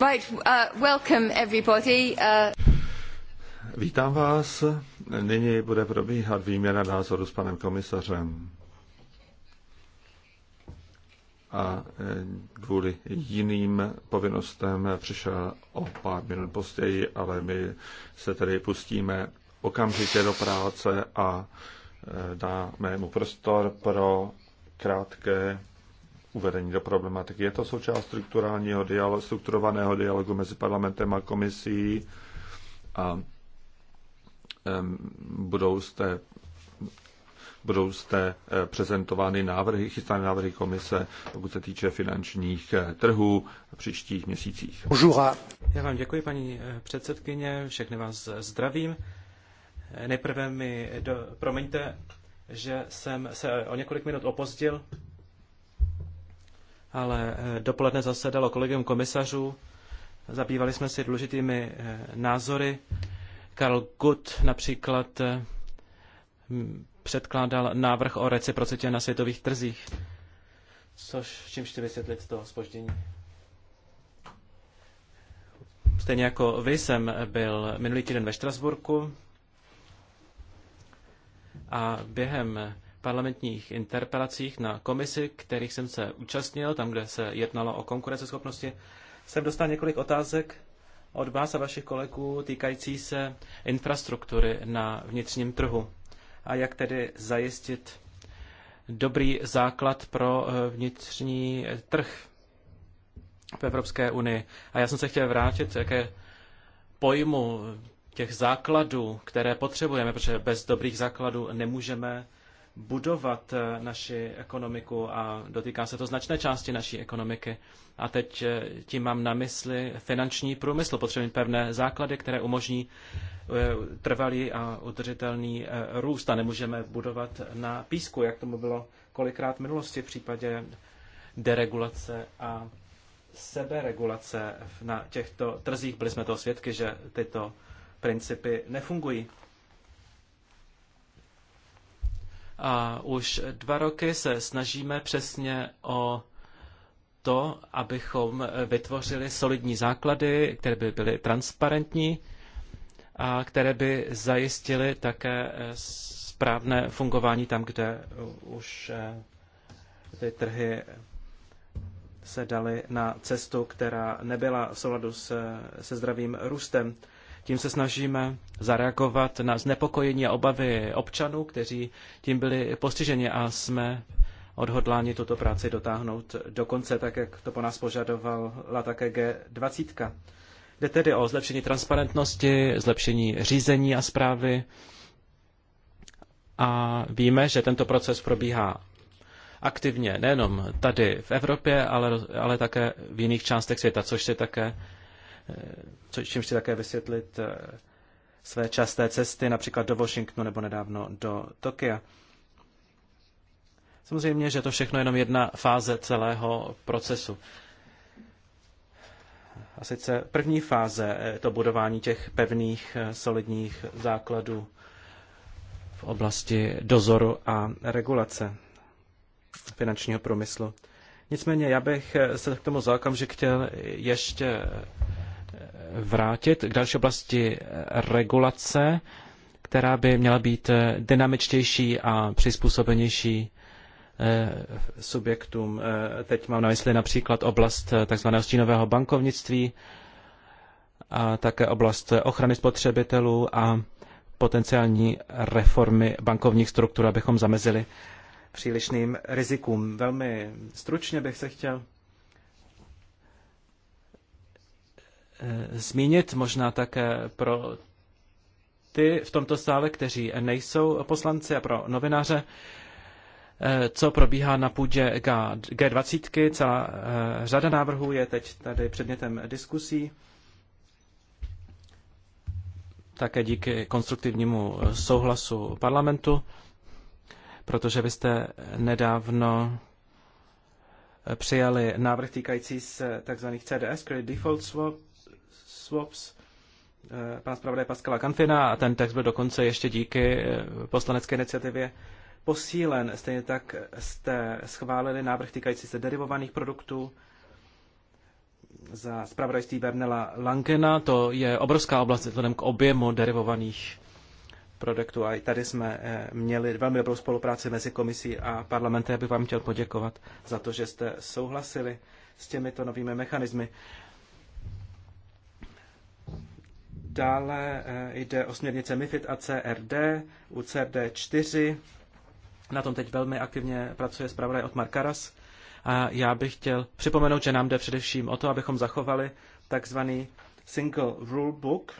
Right, uh, welcome everybody. Uh... Vítám vás. Nyní bude probíhat výměna názoru s panem komisařem. A eh, kvůli jiným povinnostem přišel o pár minut později, ale my se tedy pustíme okamžitě do práce a eh, dáme mu prostor pro krátké uvedení do problematiky. Je to součást strukturálního dialogu, strukturovaného dialogu mezi parlamentem a komisí a budou zde budou zde eh, prezentovány návrhy, chystané návrhy komise, pokud se týče finančních eh, trhů v příštích měsících. Bonjour. Já vám děkuji, paní eh, předsedkyně, všechny vás zdravím. Nejprve mi do, promiňte, že jsem se o několik minut opozdil ale eh, dopoledne zasedalo kolegium komisařů. Zabývali jsme si důležitými eh, názory. Karl Gut například eh, předkládal návrh o reciprocitě na světových trzích, což čím chci vysvětlit to toho spoždění. Stejně jako vy jsem byl minulý týden ve Štrasburku a během parlamentních interpelacích na komisi, kterých jsem se účastnil, tam, kde se jednalo o konkurenceschopnosti, jsem dostal několik otázek od vás a vašich kolegů týkající se infrastruktury na vnitřním trhu a jak tedy zajistit dobrý základ pro eh, vnitřní trh v Evropské unii. A já jsem se chtěl vrátit ke pojmu těch základů, které potřebujeme, protože bez dobrých základů nemůžeme budovat eh, naši ekonomiku a dotýká se to značné části naší ekonomiky. A teď eh, tím mám na mysli finanční průmysl. Potřebujeme pevné základy, které umožní eh, trvalý a udržitelný růst a nemůžeme budovat na písku, jak tomu bylo kolikrát v minulosti v případě deregulace a seberegulace na těchto trzích. Byli jsme toho svědky, že tyto principy nefungují. A už dva roky se snažíme přesně o to, abychom vytvořili solidní základy, které by byly transparentní a které by zajistily také eh, správné fungování tam, kde už eh, ty trhy se daly na cestu, která nebyla v souladu se, se zdravým růstem. Tím se snažíme zareagovat na znepokojení a obavy občanů, kteří tím byli postiženi a jsme odhodláni tuto práci dotáhnout do konce, tak jak to po nás požadovala také G20. Jde tedy o zlepšení transparentnosti, zlepšení řízení a zprávy. A víme, že tento proces probíhá aktivně nejenom tady v Evropě, ale, ale také v jiných částech světa, což si také Eh, co, čím chci také vysvětlit eh, své časté cesty, například do Washingtonu nebo nedávno do Tokia. Samozřejmě, že to všechno je jenom jedna fáze celého procesu. A sice první fáze eh, to budování těch pevných, solidních základů v oblasti dozoru a regulace finančního průmyslu. Nicméně já bych se k tomu za okamžik chtěl ještě vrátit k další oblasti regulace, která by měla být dynamičtější a přizpůsobenější eh, subjektům. Eh, teď mám na mysli například oblast eh, tzv. stínového bankovnictví a také oblast ochrany spotřebitelů a potenciální reformy bankovních struktur, abychom zamezili přílišným rizikům. Velmi stručně bych se chtěl Eh, zmínit, možná také pro ty v tomto sále, kteří nejsou poslanci a pro novináře, eh, co probíhá na půdě G20. Celá eh, řada návrhů je teď tady předmětem diskusí. Také díky konstruktivnímu souhlasu parlamentu, protože vy jste nedávno přijali návrh týkající se tzv. CDS, Credit Default Swap, swaps eh, pan zpravodaj Paskala Kanfina a ten text byl dokonce ještě díky eh, poslanecké iniciativě posílen. Stejně tak jste schválili návrh týkající se derivovaných produktů za zpravodajství Bernela Langena. To je obrovská oblast vzhledem k objemu derivovaných produktů a i tady jsme eh, měli velmi dobrou spolupráci mezi komisí a parlamentem. Já bych vám chtěl poděkovat za to, že jste souhlasili s těmito novými mechanismy. Dále eh, jde o směrnice MIFID a CRD, u CRD 4. Na tom teď velmi aktivně pracuje zpravodaj od Markaras. A já bych chtěl připomenout, že nám jde především o to, abychom zachovali takzvaný single rule book.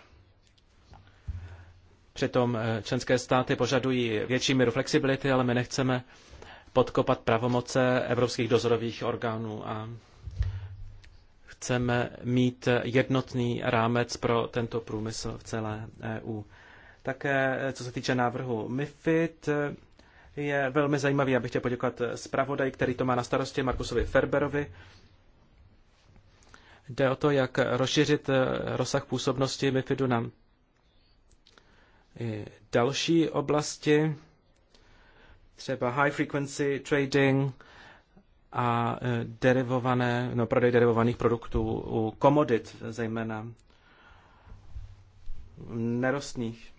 Přitom eh, členské státy požadují větší míru flexibility, ale my nechceme podkopat pravomoce evropských dozorových orgánů a chceme mít jednotný rámec pro tento průmysl v celé EU. Také co se týče návrhu MIFID, je velmi zajímavý. Abych chtěl poděkovat zpravodaj, který to má na starosti, Markusovi Ferberovi. Jde o to, jak rozšířit rozsah působnosti MIFIDu na i další oblasti, třeba high frequency trading, a e, derivované, no, prodej derivovaných produktů u komodit, zejména nerostných.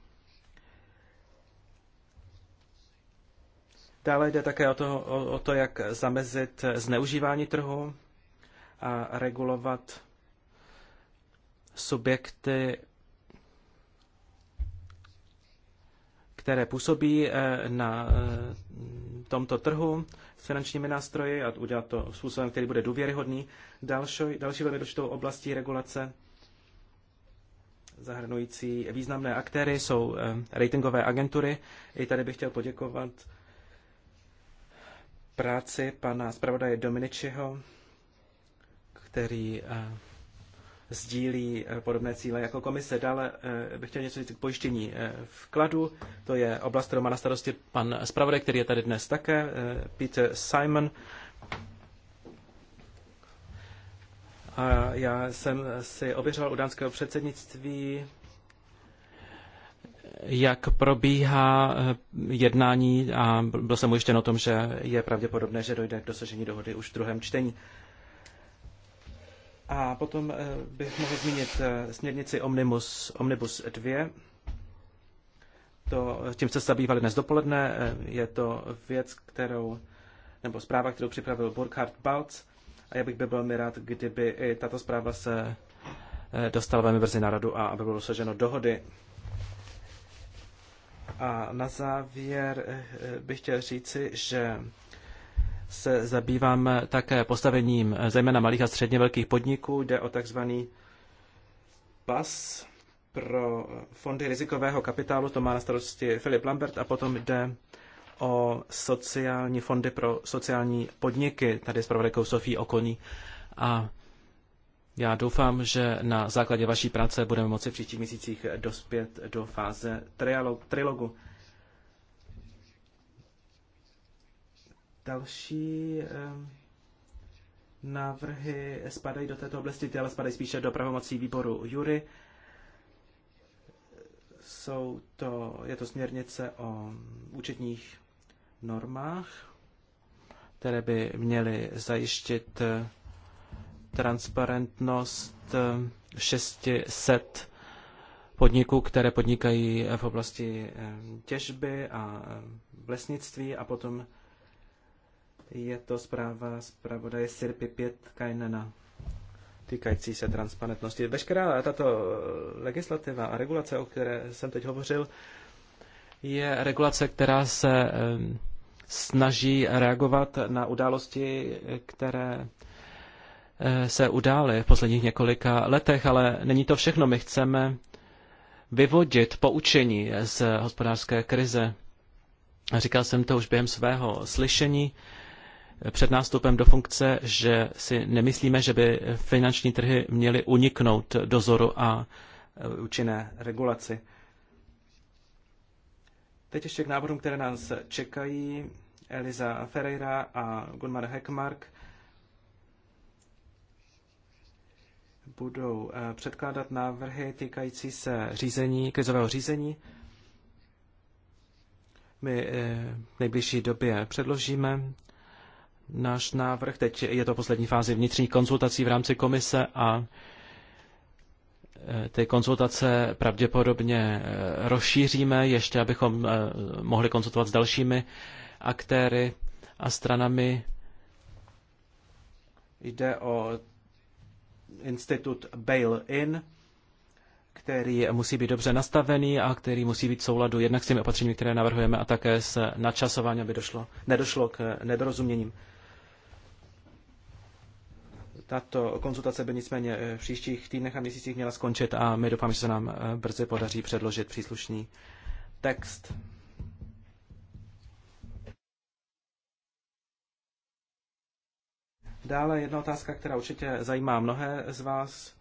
Dále jde také o to, o, o to, jak zamezit zneužívání trhu a regulovat subjekty, které působí e, na e, tomto trhu s finančními nástroji a udělat to způsobem, který bude důvěryhodný. Další, další velmi důležitou oblastí regulace zahrnující významné aktéry jsou eh, ratingové agentury. I tady bych chtěl poděkovat práci pana zpravodaje Dominičiho, který eh, sdílí eh, podobné cíle jako komise. Dále eh, bych chtěl něco říct k pojištění eh, vkladu. To je oblast, kterou má na starosti pan zpravodaj, který je tady dnes také, Peter Simon. A já jsem si ověřoval u dánského předsednictví, jak probíhá jednání a byl jsem ujištěn o tom, že je pravděpodobné, že dojde k dosažení dohody už v druhém čtení. A potom eh, bych mohl zmínit eh, směrnici Omnibus, Omnibus 2. To, eh, tím se zabývali dnes dopoledne. Je to věc, kterou, nebo zpráva, kterou připravil Burkhard Balc. A já bych byl velmi rád, kdyby i tato zpráva se dostala velmi brzy na radu a aby bylo dosaženo dohody. A na závěr bych chtěl říci, že se zabývám také postavením eh, zejména malých a středně velkých podniků. Jde o takzvaný PAS pro fondy rizikového kapitálu, to má na starosti Filip Lambert, a potom jde o sociální fondy pro sociální podniky, tady s pravodajkou Sofí Okoní. A já doufám, že na základě vaší práce budeme moci v příštích měsících dospět do fáze trialogu. Další ehm, návrhy spadají do této oblasti, ty ale spadají spíše do pravomocí výboru Jury. Jsou to, je to směrnice o účetních normách, které by měly zajištit eh, transparentnost 600 eh, podniků, které podnikají v oblasti eh, těžby a lesnictví a potom je to zpráva pravodaje Sirpy 5 Kainena týkající se transparentnosti. Veškerá tato eh, legislativa a regulace, o které jsem teď hovořil, je regulace, která se snaží reagovat na události, které eh, se udály v posledních několika letech, ale není to všechno. My chceme vyvodit poučení z hospodářské krize. Říkal jsem to už během svého slyšení před nástupem do funkce, že si nemyslíme, že by finanční trhy měly uniknout dozoru a e, účinné regulaci. Teď ještě k návodům, které nás čekají. Eliza Ferreira a Gunmar Heckmark budou e, předkládat návrhy týkající se řízení, krizového řízení. My e, v nejbližší době předložíme náš návrh. Teď je to poslední fázi vnitřních konzultací v rámci komise a e, ty konzultace pravděpodobně e, rozšíříme ještě, abychom e, mohli konzultovat s dalšími aktéry a stranami. Jde o institut bail-in, který musí být dobře nastavený a který musí být v souladu jednak s těmi opatřeními, které navrhujeme, a také s načasováním, aby došlo, nedošlo k nedorozuměním. Tato konzultace by nicméně eh, v příštích týdnech a měsících měla skončit a my doufám, že se nám eh, brzy podaří předložit příslušný text. Dále jedna otázka, která určitě zajímá mnohé z vás,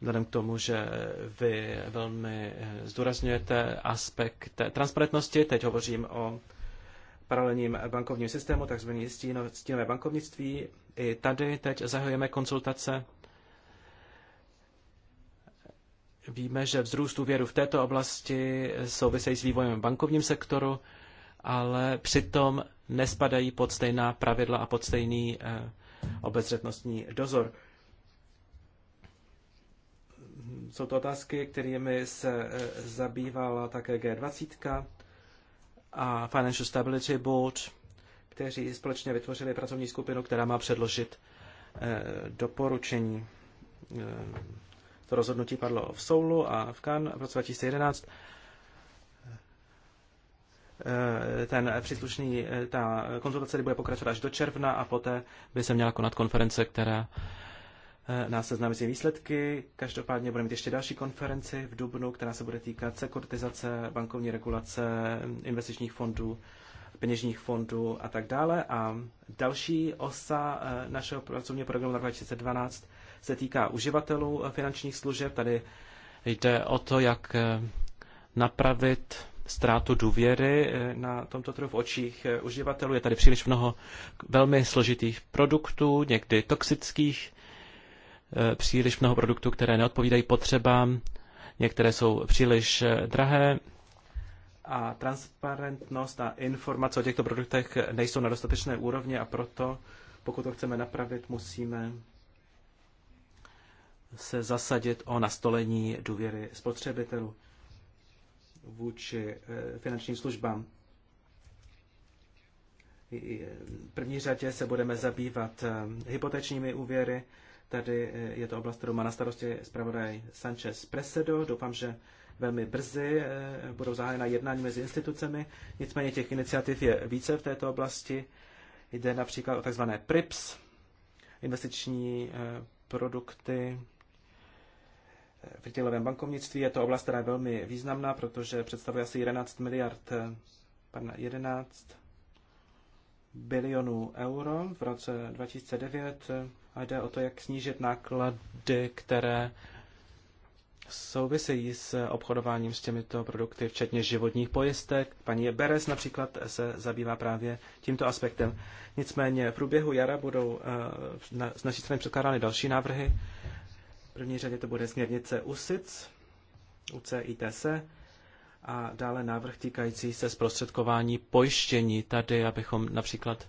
vzhledem k tomu, že vy velmi eh, zdůrazňujete aspekt transparentnosti. Teď hovořím o paralelním bankovním systému, takzvané stínové bankovnictví. I tady teď zahajujeme konzultace. Víme, že vzrůst úvěru v této oblasti souvisejí s vývojem v bankovním sektoru, ale přitom nespadají pod stejná pravidla a pod stejný eh, obezřetnostní dozor. Jsou to otázky, kterými se eh, zabývala také G20 a Financial Stability Board, kteří společně vytvořili pracovní skupinu, která má předložit eh, doporučení. Eh, to rozhodnutí padlo v Soulu a v Cannes v roce 2011 eh, ten příslušný, ta konzultace bude pokračovat až do června a poté by se měla konat konference, která Eh, nás seznámí s výsledky. Každopádně budeme mít ještě další konferenci v Dubnu, která se bude týkat sekuritizace, bankovní regulace, investičních fondů, peněžních fondů a tak dále. A další osa eh, našeho pracovního programu na 2012 se týká uživatelů eh, finančních služeb. Tady jde o to, jak napravit ztrátu důvěry na tomto trhu v očích uživatelů. Je tady příliš mnoho velmi složitých produktů, někdy toxických, Eh, příliš mnoho produktů, které neodpovídají potřebám, některé jsou příliš eh, drahé a transparentnost a informace o těchto produktech nejsou na dostatečné úrovni a proto, pokud to chceme napravit, musíme se zasadit o nastolení důvěry spotřebitelů vůči eh, finančním službám. V první řadě se budeme zabývat hypotečními úvěry Tady eh, je to oblast, kterou má na starosti zpravodaj Sanchez Presedo. Doufám, že velmi brzy eh, budou zahájena jednání mezi institucemi. Nicméně těch iniciativ je více v této oblasti. Jde například o tzv. PRIPS, investiční eh, produkty v retailovém bankovnictví. Je to oblast, která je velmi významná, protože představuje asi 11 miliard, pardon, 11 bilionů euro v roce 2009 a jde o to, jak snížit náklady, které souvisejí s obchodováním s těmito produkty, včetně životních pojistek. Paní Beres například se zabývá právě tímto aspektem. Nicméně v průběhu jara budou eh, z naší strany předkládány další návrhy. V první řadě to bude směrnice USIC, UCITS, a dále návrh týkající se zprostředkování pojištění tady, abychom například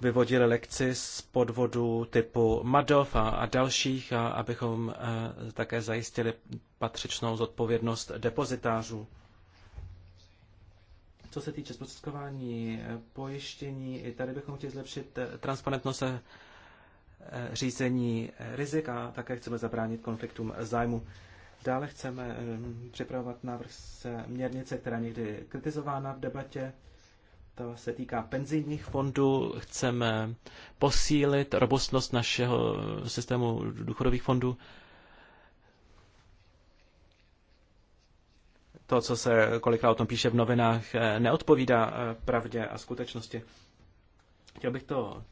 vyvodili lekci z podvodu typu Madov a, a dalších, a abychom a, e, také zajistili patřičnou zodpovědnost depozitářů. Co se týče zprostředkování e, pojištění, i tady bychom chtěli zlepšit e, transparentnost řízení rizik a také chceme zabránit konfliktům zájmu. Dále chceme připravovat návrh směrnice, která někdy kritizována v debatě to se týká penzijních fondů. Chceme posílit robustnost našeho systému důchodových fondů. To, co se kolikrát o tom píše v novinách, neodpovídá eh, pravdě a skutečnosti. Chtěl bych to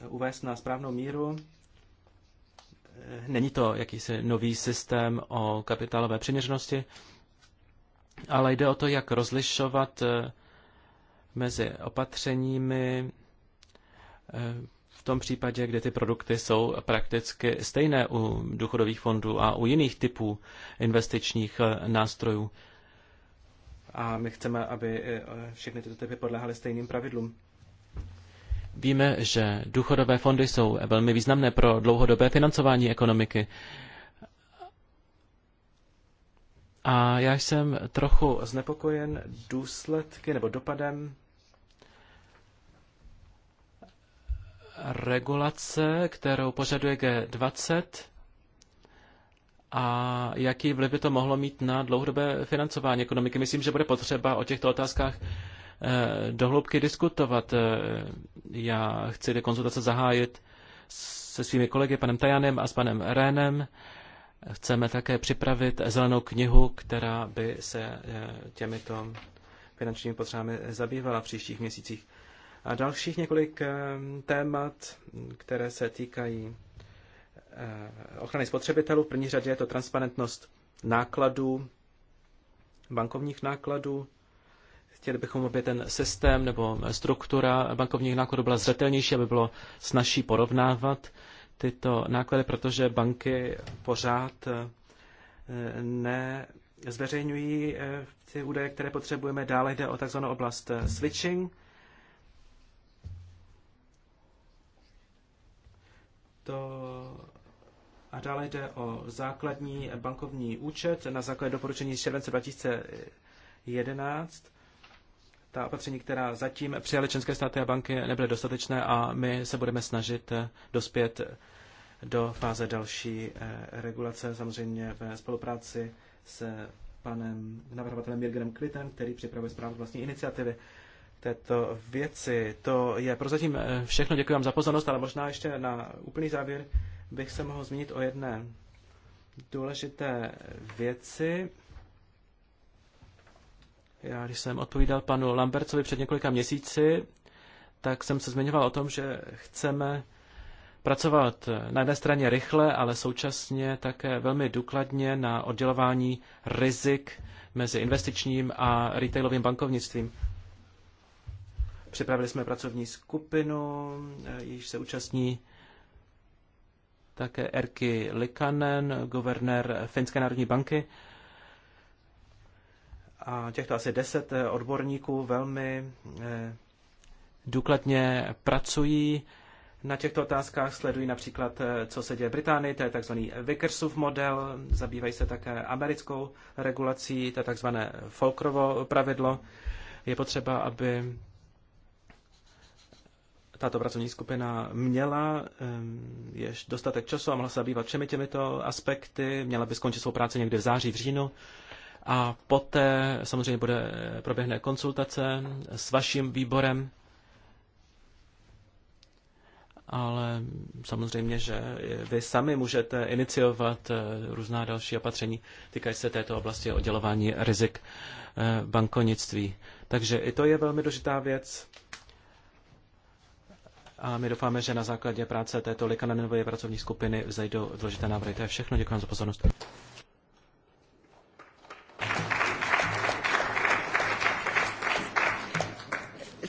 eh, uvést na správnou míru. Eh, není to jakýsi nový systém o kapitálové přiměřenosti, ale jde o to, jak rozlišovat mezi opatřeními eh, v tom případě, kdy ty produkty jsou prakticky stejné u důchodových fondů a u jiných typů investičních eh, nástrojů. A my chceme, aby eh, všechny tyto typy podléhaly stejným pravidlům. Víme, že důchodové fondy jsou velmi významné pro dlouhodobé financování ekonomiky. A já jsem trochu znepokojen důsledky nebo dopadem regulace, kterou požaduje G20 a jaký vliv by to mohlo mít na dlouhodobé financování ekonomiky. Myslím, že bude potřeba o těchto otázkách eh, dohloubky diskutovat. Eh, já chci ty konzultace zahájit se svými kolegy, panem Tajanem a s panem Rénem. Chceme také připravit zelenou knihu, která by se eh, těmito finančními potřebami zabývala v příštích měsících. A dalších několik eh, témat, které se týkají eh, ochrany spotřebitelů. V první řadě je to transparentnost nákladů, bankovních nákladů. Chtěli bychom, aby ten systém nebo struktura bankovních nákladů byla zřetelnější, aby bylo snažší porovnávat tyto náklady, protože banky pořád eh, nezveřejňují ty údaje, které potřebujeme. Dále jde o takzvanou oblast switching, to a dále jde o základní bankovní účet na základě doporučení z července 2011. Ta opatření, která zatím přijaly české státy a banky, nebyly dostatečné a my se budeme snažit eh, dospět do fáze další eh, regulace, samozřejmě ve spolupráci se panem navrhovatelem Jirgenem Klitem, který připravuje zprávu vlastní iniciativy této věci. To je prozatím eh, všechno. Děkuji vám za pozornost, ale možná ještě na úplný závěr bych se mohl zmínit o jedné důležité věci. Já, když jsem odpovídal panu Lambercovi před několika měsíci, tak jsem se zmiňoval o tom, že chceme pracovat na jedné straně rychle, ale současně také velmi důkladně na oddělování rizik mezi investičním a retailovým bankovnictvím. Připravili jsme pracovní skupinu, eh, již se účastní také Erky Likanen, guvernér Finské národní banky. A těchto asi deset eh, odborníků velmi eh, důkladně pracují na těchto otázkách, sledují například, co se děje v Británii, to je tzv. Vickersův model, zabývají se také americkou regulací, to je tzv. Folkrovo pravidlo. Je potřeba, aby tato pracovní skupina měla jež dostatek času a mohla se zabývat všemi těmito aspekty, měla by skončit svou práci někde v září, v říjnu a poté samozřejmě bude, proběhne konsultace s vaším výborem, ale samozřejmě, že vy sami můžete iniciovat eh, různá další opatření týkající se této oblasti oddělování rizik eh, bankovnictví. Takže i to je velmi důležitá věc a my doufáme, že na základě práce této Likanenové pracovní skupiny vzejdou důležité návrhy. To je všechno. Děkuji za pozornost.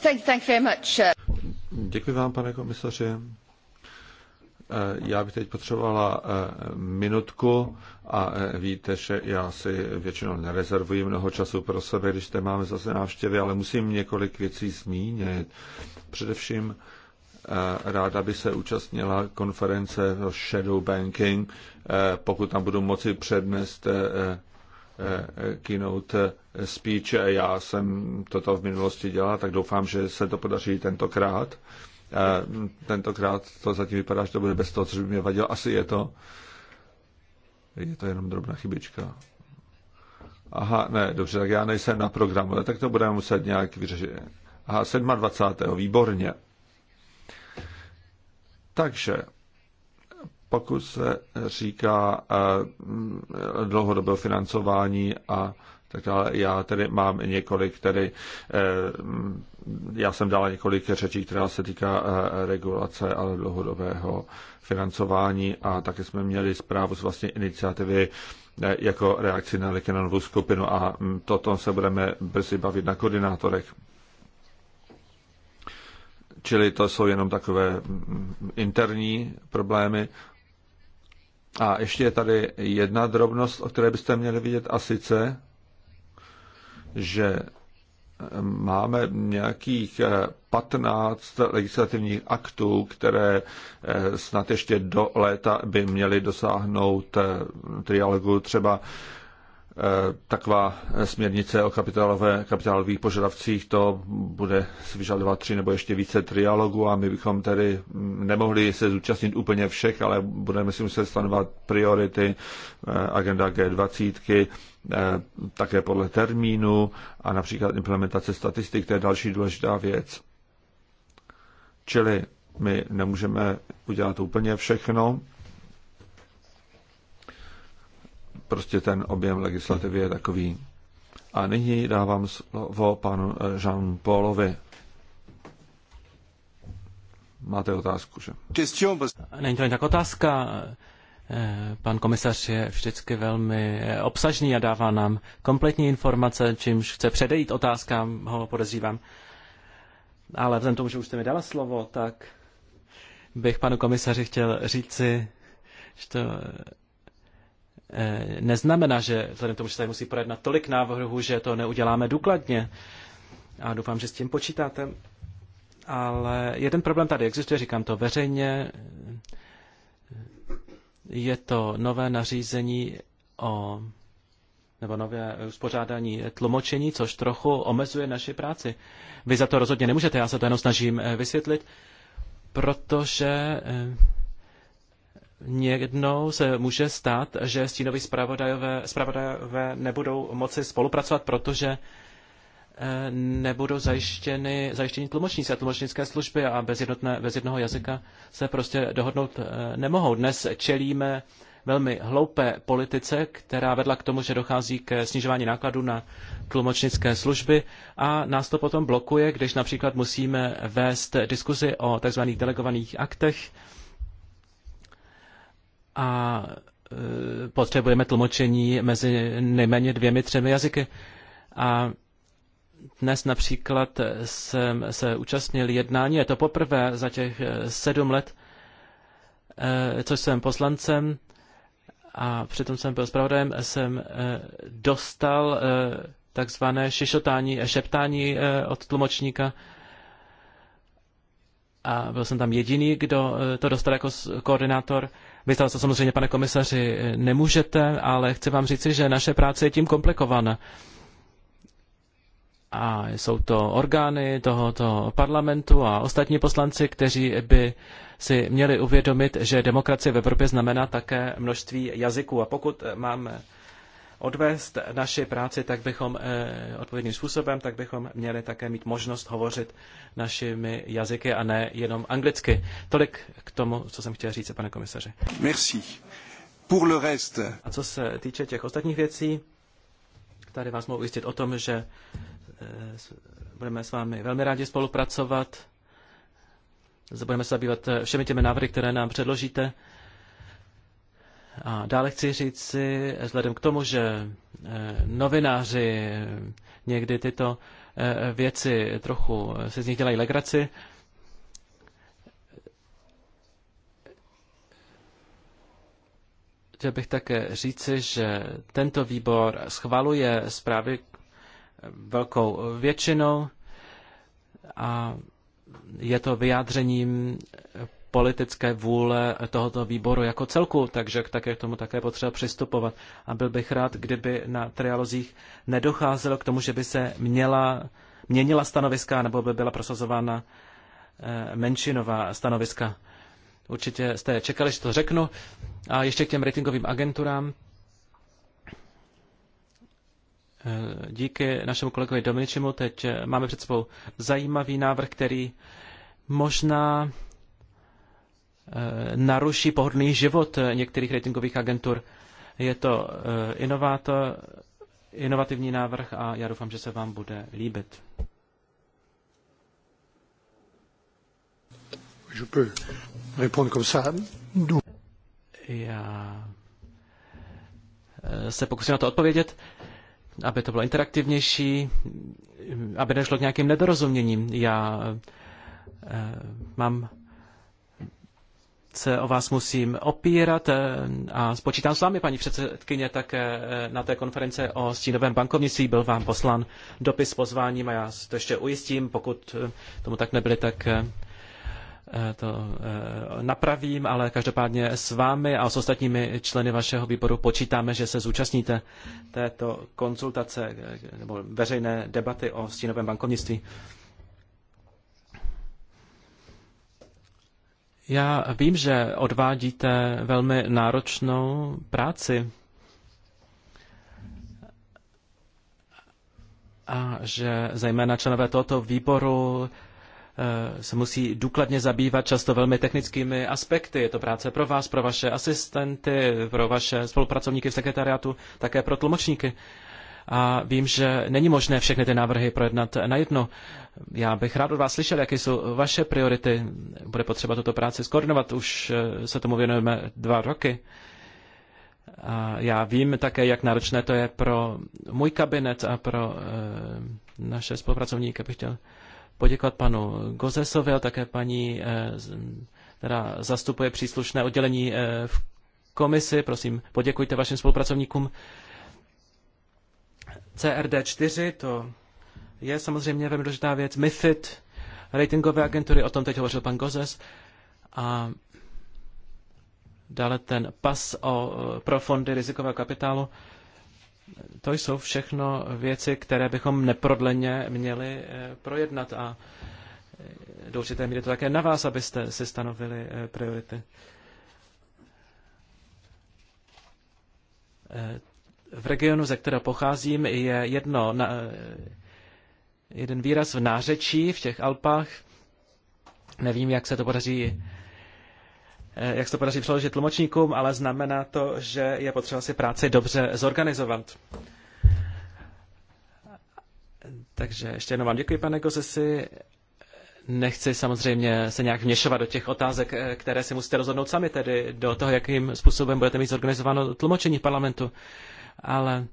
Thank, thank very much. Uh, Děkuji vám, pane komisaři. Eh, já bych teď potřebovala eh, minutku a eh, víte, že já si většinou nerezervuji mnoho času pro sebe, když tam máme zase návštěvy, ale musím několik věcí zmínit. Především ráda by se účastnila konference o Shadow Banking, e, pokud tam budu moci přednést e, e, keynote speech. Já jsem toto v minulosti dělal, tak doufám, že se to podaří tentokrát. Tentokrát to zatím vypadá, že to bude bez toho, co by mě vadilo. Asi je to. Je to jenom drobná chybička. Aha, ne, dobře, tak já nejsem na programu, tak to budeme muset nějak vyřešit. Aha, 27. výborně. Takže pokud se říká eh, dlouhodobého financování a tak dále. Já tedy mám několik, tedy eh, já jsem dala několik řečí, která se týká eh, regulace, ale dlouhodobého financování a také jsme měli zprávu z vlastní iniciativy jako reakci na Likenovu skupinu a mm, toto se budeme brzy bavit na koordinátorech. Čili to jsou jenom takové interní problémy. A ještě je tady jedna drobnost, o které byste měli vidět, a sice, že máme nějakých 15 legislativních aktů, které snad ještě do léta by měly dosáhnout trialogu třeba Eh, taková směrnice o kapitálové, kapitálových požadavcích, to bude vyžadovat tři nebo ještě více trialogů a my bychom tedy mm, nemohli se zúčastnit úplně všech, ale budeme si muset stanovat priority, eh, agenda G20, eh, také podle termínu a například implementace statistik, to je další důležitá věc. Čili my nemůžeme udělat úplně všechno, prostě ten objem legislativy je takový. A nyní dávám slovo panu eh, Jean-Paulovi. Máte otázku, že? Není to jen tak otázka. Eh, pan komisař je vždycky velmi eh, obsažný a dává nám kompletní informace, čímž chce předejít otázkám, ho podezřívám. Ale vzhledem tomu, že už jste mi dala slovo, tak bych panu komisaři chtěl říci, že to Eh, neznamená, že vzhledem k tomu, že se tady musí projednat tolik návrhů, že to neuděláme důkladně. A doufám, že s tím počítáte. Ale jeden problém tady existuje, říkám to veřejně. Je to nové nařízení o nebo nové uspořádání tlumočení, což trochu omezuje naši práci. Vy za to rozhodně nemůžete, já se to jenom snažím eh, vysvětlit, protože eh, Někdou se může stát, že stínoví zpravodajové, zpravodajové nebudou moci spolupracovat, protože eh, nebudou zajištěny, zajištěni tlumočníci a tlumočnické služby a bez, jednotné, bez jednoho jazyka se prostě dohodnout eh, nemohou. Dnes čelíme velmi hloupé politice, která vedla k tomu, že dochází ke snižování nákladů na tlumočnické služby a nás to potom blokuje, když například musíme vést diskuzi o tzv. delegovaných aktech, a e, potřebujeme tlumočení mezi nejméně dvěmi, třemi jazyky. A dnes například jsem se účastnil jednání, je to poprvé za těch e, sedm let, e, což jsem poslancem a přitom jsem byl zpravodajem, jsem dostal takzvané šišotání, šeptání od tlumočníka a byl jsem tam jediný, kdo to dostal jako koordinátor vy to samozřejmě, pane komisaři, nemůžete, ale chci vám říci, že naše práce je tím komplikovaná. A jsou to orgány tohoto parlamentu a ostatní poslanci, kteří by si měli uvědomit, že demokracie v Evropě znamená také množství jazyků. A pokud eh, máme odvést naši práci tak bychom eh, odpovědným způsobem, tak bychom měli také mít možnost hovořit našimi jazyky a ne jenom anglicky. Tolik k tomu, co jsem chtěl říct, pane komisaři. Merci. Pour le reste. A co se týče těch ostatních věcí, tady vás mohu ujistit o tom, že eh, budeme s vámi velmi rádi spolupracovat. Budeme se zabývat eh, všemi těmi návrhy, které nám předložíte. A dále chci říct si, vzhledem k tomu, že eh, novináři eh, někdy tyto eh, věci trochu se z nich dělají legraci, chtěl bych také říci, že tento výbor schvaluje zprávy velkou většinou a je to vyjádřením politické vůle tohoto výboru jako celku, takže také k tomu také potřeba přistupovat. A byl bych rád, kdyby na trialozích nedocházelo k tomu, že by se měla, měnila stanoviska nebo by byla prosazována eh, menšinová stanoviska. Určitě jste čekali, že to řeknu. A ještě k těm ratingovým agenturám. Eh, díky našemu kolegovi Dominičemu teď eh, máme před sebou zajímavý návrh, který možná Eh, naruší pohodlný život některých ratingových agentur. Je to eh, inovátor, inovativní návrh a já doufám, že se vám bude líbit. Je peux répondre comme ça. Já eh, se pokusím na to odpovědět, aby to bylo interaktivnější, aby nešlo k nějakým nedorozuměním. Já mám se o vás musím opírat eh, a spočítám s vámi, paní předsedkyně, také eh, na té konference o stínovém bankovnictví byl vám poslan dopis s pozváním a já to ještě ujistím, pokud eh, tomu tak nebyli, tak to napravím, ale každopádně s vámi a s ostatními členy vašeho výboru počítáme, že se zúčastníte této konzultace nebo veřejné debaty o stínovém bankovnictví. Já vím, že odvádíte velmi náročnou práci a že zejména členové tohoto výboru eh, se musí důkladně zabývat často velmi technickými aspekty. Je to práce pro vás, pro vaše asistenty, pro vaše spolupracovníky v sekretariátu, také pro tlumočníky a vím, že není možné všechny ty návrhy projednat jedno. Já bych rád od vás slyšel, jaké jsou vaše priority. Bude potřeba tuto práci skoordinovat, už eh, se tomu věnujeme dva roky. A já vím také, jak náročné to je pro můj kabinet a pro eh, naše spolupracovníky. Bych chtěl poděkovat panu Gozesovi a také paní, eh, která zastupuje příslušné oddělení v komisi. Prosím, poděkujte vašim spolupracovníkům CRD4, to je samozřejmě velmi důležitá věc. MIFID, ratingové agentury, o tom teď hovořil pan Gozes. A dále ten pas o, pro fondy rizikového kapitálu. To jsou všechno věci, které bychom neprodleně měli eh, projednat a eh, do určité míry to také na vás, abyste si stanovili eh, priority v regionu, ze kterého pocházím, je jedno, na, eh, jeden výraz v nářečí v těch Alpách. Nevím, jak se to podaří eh, jak se to podaří přeložit tlumočníkům, ale znamená to, že je potřeba si práci dobře zorganizovat. Takže ještě jednou vám děkuji, pane Gozesi. Nechci samozřejmě se nějak vněšovat do těch otázek, eh, které si musíte rozhodnout sami, tedy do toho, jakým způsobem budete mít zorganizováno tlumočení v parlamentu ale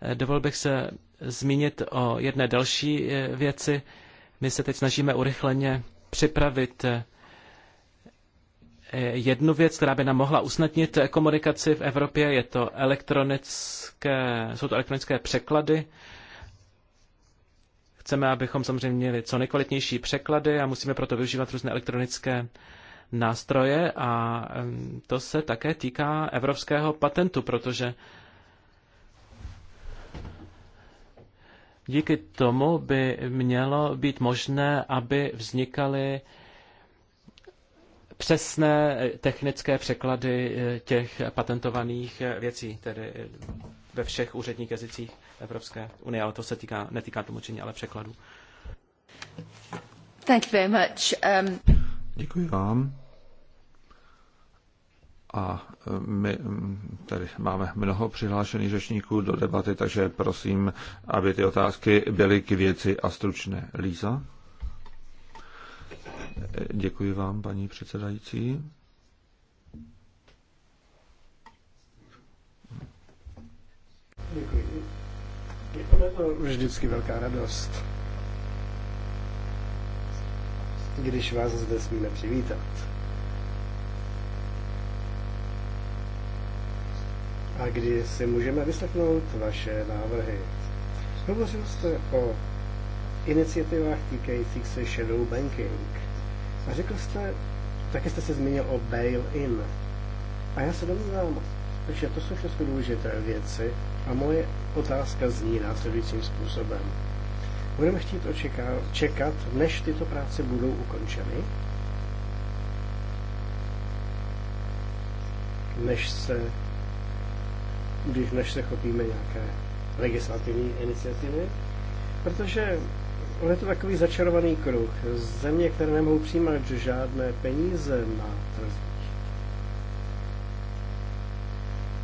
eh, dovolil bych se zmínit o jedné další eh, věci. My se teď snažíme urychleně připravit eh, jednu věc, která by nám mohla usnadnit komunikaci v Evropě, je to elektronické, jsou to elektronické překlady. Chceme, abychom samozřejmě měli co nejkvalitnější překlady a musíme proto využívat různé elektronické nástroje a to se také týká evropského patentu, protože Díky tomu by mělo být možné, aby vznikaly přesné technické překlady eh, těch patentovaných eh, věcí, tedy eh, ve všech úředních jazycích Evropské unie, ale to se týká, netýká tlumočení, ale překladů. Thank you very much. Um... Děkuji vám a e, my tady máme mnoho přihlášených řečníků do debaty, takže prosím, aby ty otázky byly k věci a stručné. Líza? E, děkuji vám, paní předsedající. Děkuji. Je to vždycky velká radost, když vás zde smíme přivítat. a kdy si můžeme vyslechnout vaše návrhy. Hovořil jste o iniciativách týkajících se shadow banking. A řekl jste, taky jste se zmínil o bail-in. A já se domnívám, že to jsou všechno důležité věci a moje otázka zní následujícím způsobem. Budeme chtít očeká- čekat, než tyto práce budou ukončeny? Než se když než se chopíme nějaké legislativní iniciativy, protože on je to takový začarovaný kruh. Země, které nemohou přijímat žádné peníze na trzích,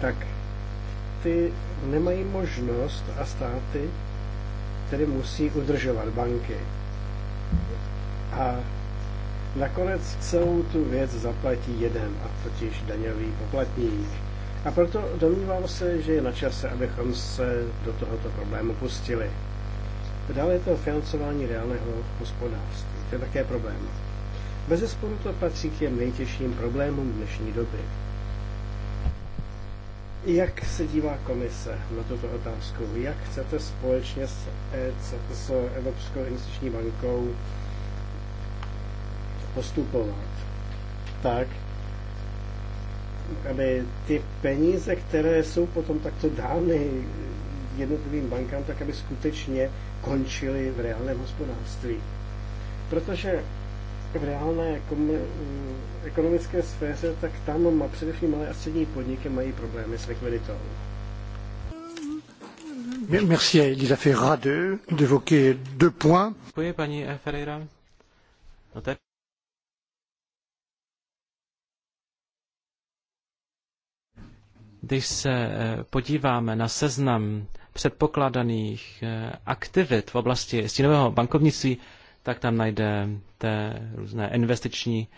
tak ty nemají možnost a státy které musí udržovat banky. A nakonec celou tu věc zaplatí jeden, a totiž daňový poplatník a proto domnívám se, že je na čase, abychom se do tohoto problému pustili. Dále je to financování reálného hospodářství. To je také problém. Bez zesporu to patří k těm nejtěžším problémům dnešní doby. Jak se dívá komise na tuto otázku? Jak chcete společně s, EC, s Evropskou investiční bankou postupovat tak, aby ty peníze, které jsou potom takto dány jednotlivým bankám, tak aby skutečně končily v reálném hospodářství. Protože v reálné ekonomické sféře, tak tam má především malé a střední podniky mají problémy s likviditou. Merci Elisa Ferrade d'évoquer deux points. Oui, Pani Ferreira. No, Když se eh, podíváme na seznam předpokládaných eh, aktivit v oblasti stínového bankovnictví, tak tam najde té různé investiční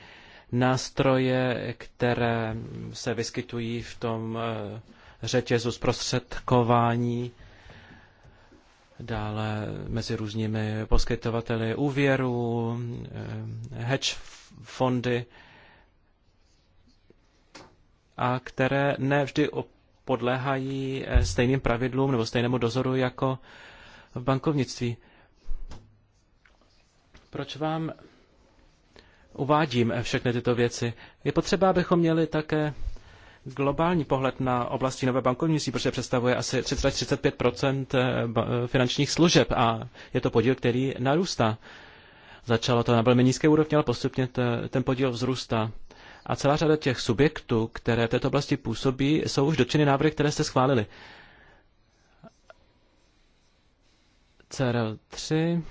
nástroje, které se vyskytují v tom eh, řetězu zprostředkování, dále mezi různými poskytovateli úvěru, hedge fondy, a které nevždy podléhají eh, stejným pravidlům nebo stejnému dozoru jako v bankovnictví. Proč vám uvádím eh, všechny tyto věci? Je potřeba, abychom měli také globální pohled na oblasti nové bankovnictví, protože představuje asi 30-35 eh, finančních služeb a je to podíl, který narůstá. Začalo to na velmi nízké úrovni, ale postupně ten podíl vzrůstá. A celá řada těch subjektů, které v této oblasti působí, jsou už dotčeny návrhy, které jste schválili. CRL 3,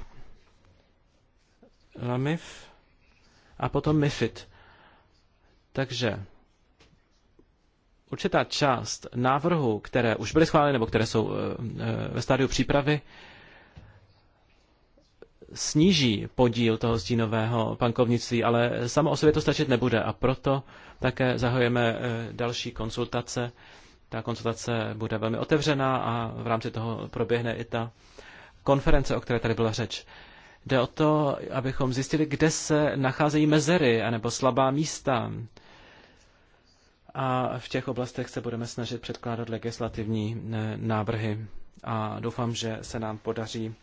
LAMIF a potom MIFID. Takže určitá část návrhů, které už byly schváleny nebo které jsou eh, eh, ve stádiu přípravy, sníží podíl toho stínového bankovnictví, ale samo o sobě to stačit nebude a proto také zahajujeme eh, další konsultace. Ta konsultace bude velmi otevřená a v rámci toho proběhne i ta konference, o které tady byla řeč. Jde o to, abychom zjistili, kde se nacházejí mezery anebo slabá místa. A v těch oblastech se budeme snažit předkládat legislativní eh, návrhy. A doufám, že se nám podaří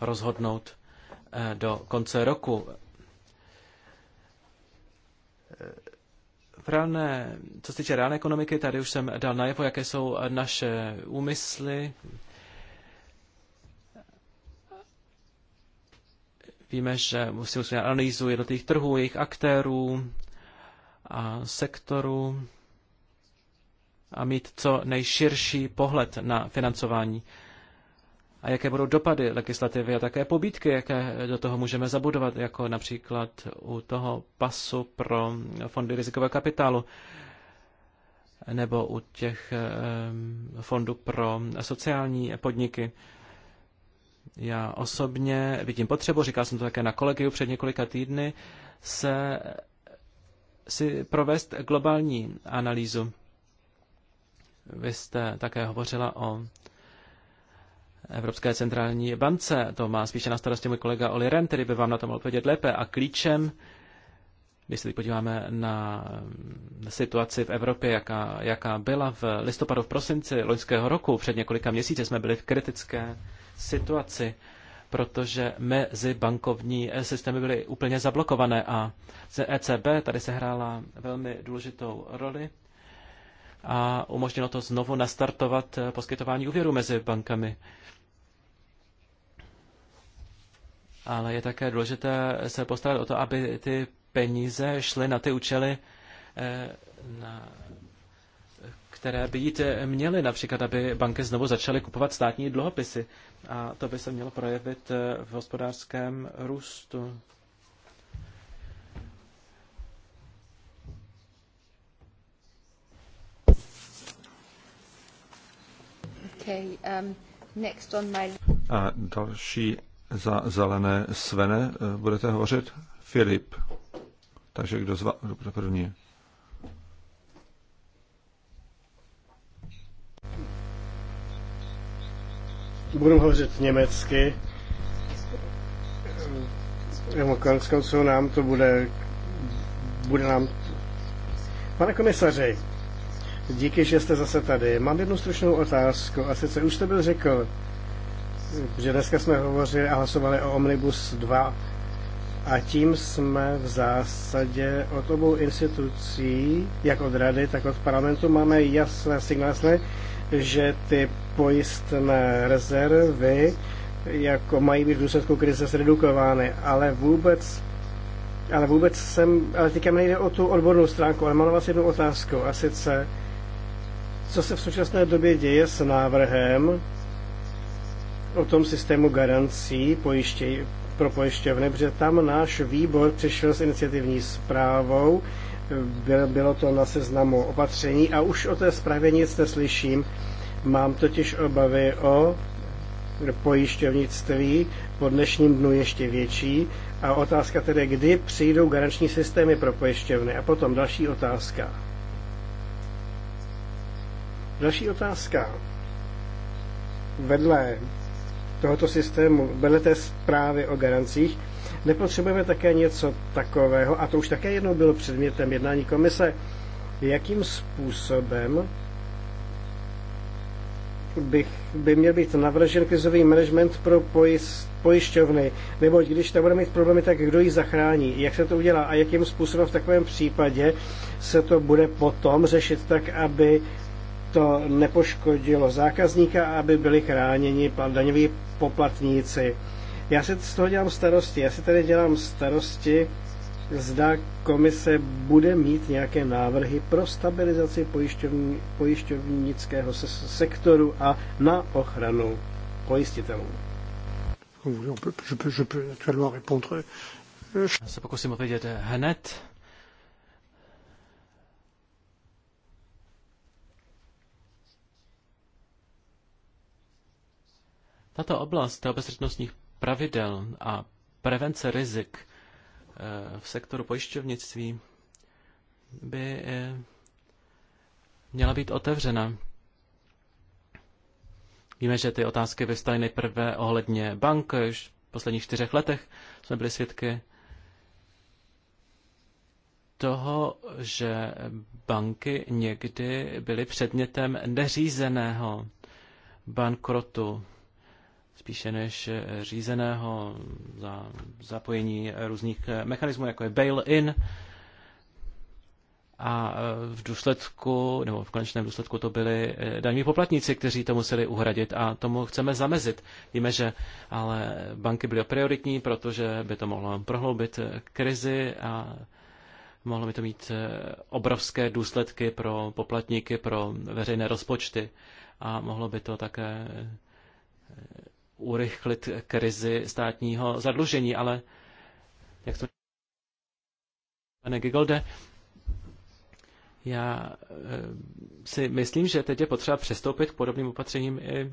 rozhodnout eh, do konce roku. Eh, v reálné, co se týče reálné ekonomiky, tady už jsem dal najevo, jaké jsou eh, naše úmysly. Víme, že musíme udělat analýzu jednotlivých trhů, jejich aktérů a sektorů a mít co nejširší pohled na financování a jaké budou dopady legislativy a také pobídky, jaké do toho můžeme zabudovat, jako například u toho pasu pro fondy rizikového kapitálu nebo u těch fondů pro sociální podniky. Já osobně vidím potřebu, říkal jsem to také na kolegiu před několika týdny, se si provést globální analýzu. Vy jste také hovořila o Evropské centrální bance. To má spíše na starosti můj kolega Oli Ren, který by vám na tom odpovědět lépe. A klíčem, když se teď podíváme na situaci v Evropě, jaká, jaká byla v listopadu, v prosinci loňského roku, před několika měsíci jsme byli v kritické situaci, protože mezi bankovní systémy byly úplně zablokované a ECB e tady se hrála velmi důležitou roli a umožnilo to znovu nastartovat poskytování úvěru mezi bankami. ale je také důležité se postarat o to, aby ty peníze šly na ty účely, eh, na, které by jít měly, například, aby banky znovu začaly kupovat státní dluhopisy. A to by se mělo projevit eh, v hospodářském růstu. Okay, um, next on my... A další za zelené Svene eh, budete hovořit? Filip. Takže kdo z vás? Dobře, první. Budu hovořit německy. co nám to bude, bude nám... Pane komisaři, díky, že jste zase tady. Mám jednu stručnou otázku a sice už jste byl řekl, že dneska jsme hovořili a hlasovali o Omnibus 2 a tím jsme v zásadě od obou institucí, jak od rady, tak od parlamentu, máme jasné signály, že ty pojistné rezervy jako mají být v důsledku krize zredukovány, ale vůbec ale vůbec jsem, ale teďka nejde o tu odbornou stránku, ale mám na vás jednu otázku a sice, co se v současné době děje s návrhem o tom systému garancí pojištěj, pro pojišťovny, protože tam náš výbor přišel s iniciativní zprávou, bylo to na seznamu opatření a už o té zprávě nic neslyším. Mám totiž obavy o pojišťovnictví po dnešním dnu ještě větší a otázka tedy, kdy přijdou garanční systémy pro pojišťovny. A potom další otázka. Další otázka. Vedle tohoto systému, vedle zprávy o garancích, nepotřebujeme také něco takového, a to už také jednou bylo předmětem jednání komise, jakým způsobem bych, by měl být navržen krizový management pro pojist, pojišťovny, neboť když tam bude mít problémy, tak kdo ji zachrání, jak se to udělá a jakým způsobem v takovém případě se to bude potom řešit tak, aby to nepoškodilo zákazníka, aby byli chráněni daňoví poplatníci. Já si z toho dělám starosti. Já si tady dělám starosti, zda komise bude mít nějaké návrhy pro stabilizaci pojišťovnického sektoru a na ochranu pojistitelů. Já se pokusím odpovědět hned. Tato oblast obezřetnostních pravidel a prevence rizik eh, v sektoru pojišťovnictví by eh, měla být otevřena. Víme, že ty otázky vystaly nejprve ohledně bank, už v posledních čtyřech letech jsme byli svědky toho, že banky někdy byly předmětem neřízeného bankrotu spíše než eh, řízeného za zapojení různých eh, mechanismů, jako je bail-in. A eh, v důsledku, nebo v konečném důsledku to byli daňoví poplatníci, kteří to museli uhradit a tomu chceme zamezit. Víme, že ale banky byly prioritní, protože by to mohlo prohloubit krizi a mohlo by to mít obrovské důsledky pro poplatníky, pro veřejné rozpočty a mohlo by to také urychlit krizi státního zadlužení, ale jak to pane Gigolde, já eh, si myslím, že teď je potřeba přestoupit k podobným opatřením i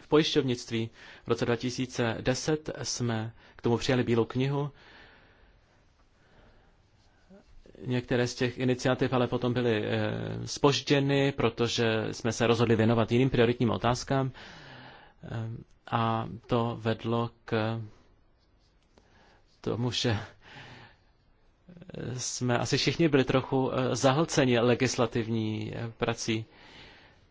v pojišťovnictví. V roce 2010 jsme k tomu přijali Bílou knihu. Některé z těch iniciativ ale potom byly spožděny, eh, protože jsme se rozhodli věnovat jiným prioritním otázkám. Ehm, a to vedlo k tomu, že jsme asi všichni byli trochu eh, zahlceni legislativní eh, prací.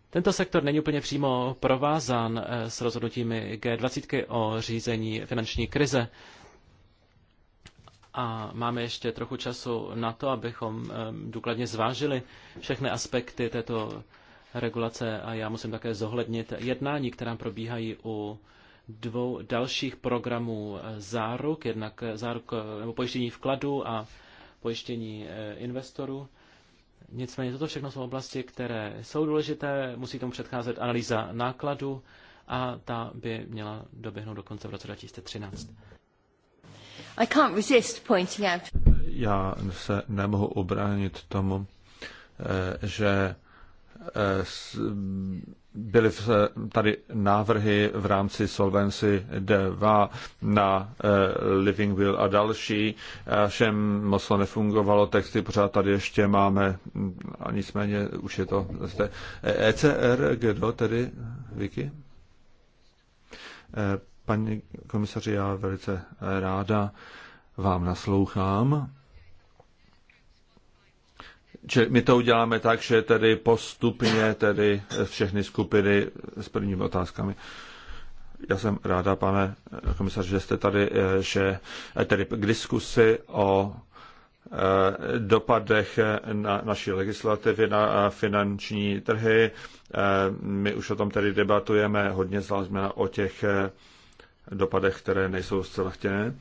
Tento sektor není úplně přímo provázán eh, s rozhodnutími G20 o řízení finanční krize. A máme ještě trochu času na to, abychom ehm, důkladně zvážili všechny aspekty této regulace a já musím také zohlednit jednání, která probíhají u dvou dalších programů záruk, jednak záruk nebo pojištění vkladu a pojištění eh, investorů. Nicméně toto všechno jsou oblasti, které jsou důležité, musí tomu předcházet analýza nákladu a ta by měla doběhnout do konce v roce 2013. I can't resist pointing out. Já se nemohu obránit tomu, eh, že Eh, byly tady návrhy v rámci Solvency 2 na eh, Living Will a další. Všem moc to nefungovalo, texty pořád tady ještě máme, a nicméně už je to zde. ECR, eh, e kdo tedy? Vicky? Paní komisaři, já velice ráda vám naslouchám Čili my to uděláme tak, že tedy postupně tedy všechny skupiny s prvními otázkami. Já jsem ráda, pane komisař, že jste tady, eh, že eh, tedy k diskusi o eh, dopadech na naší legislativy na finanční trhy. My už o tom tedy debatujeme hodně, zvlášť o těch dopadech, které nejsou zcela chtěné.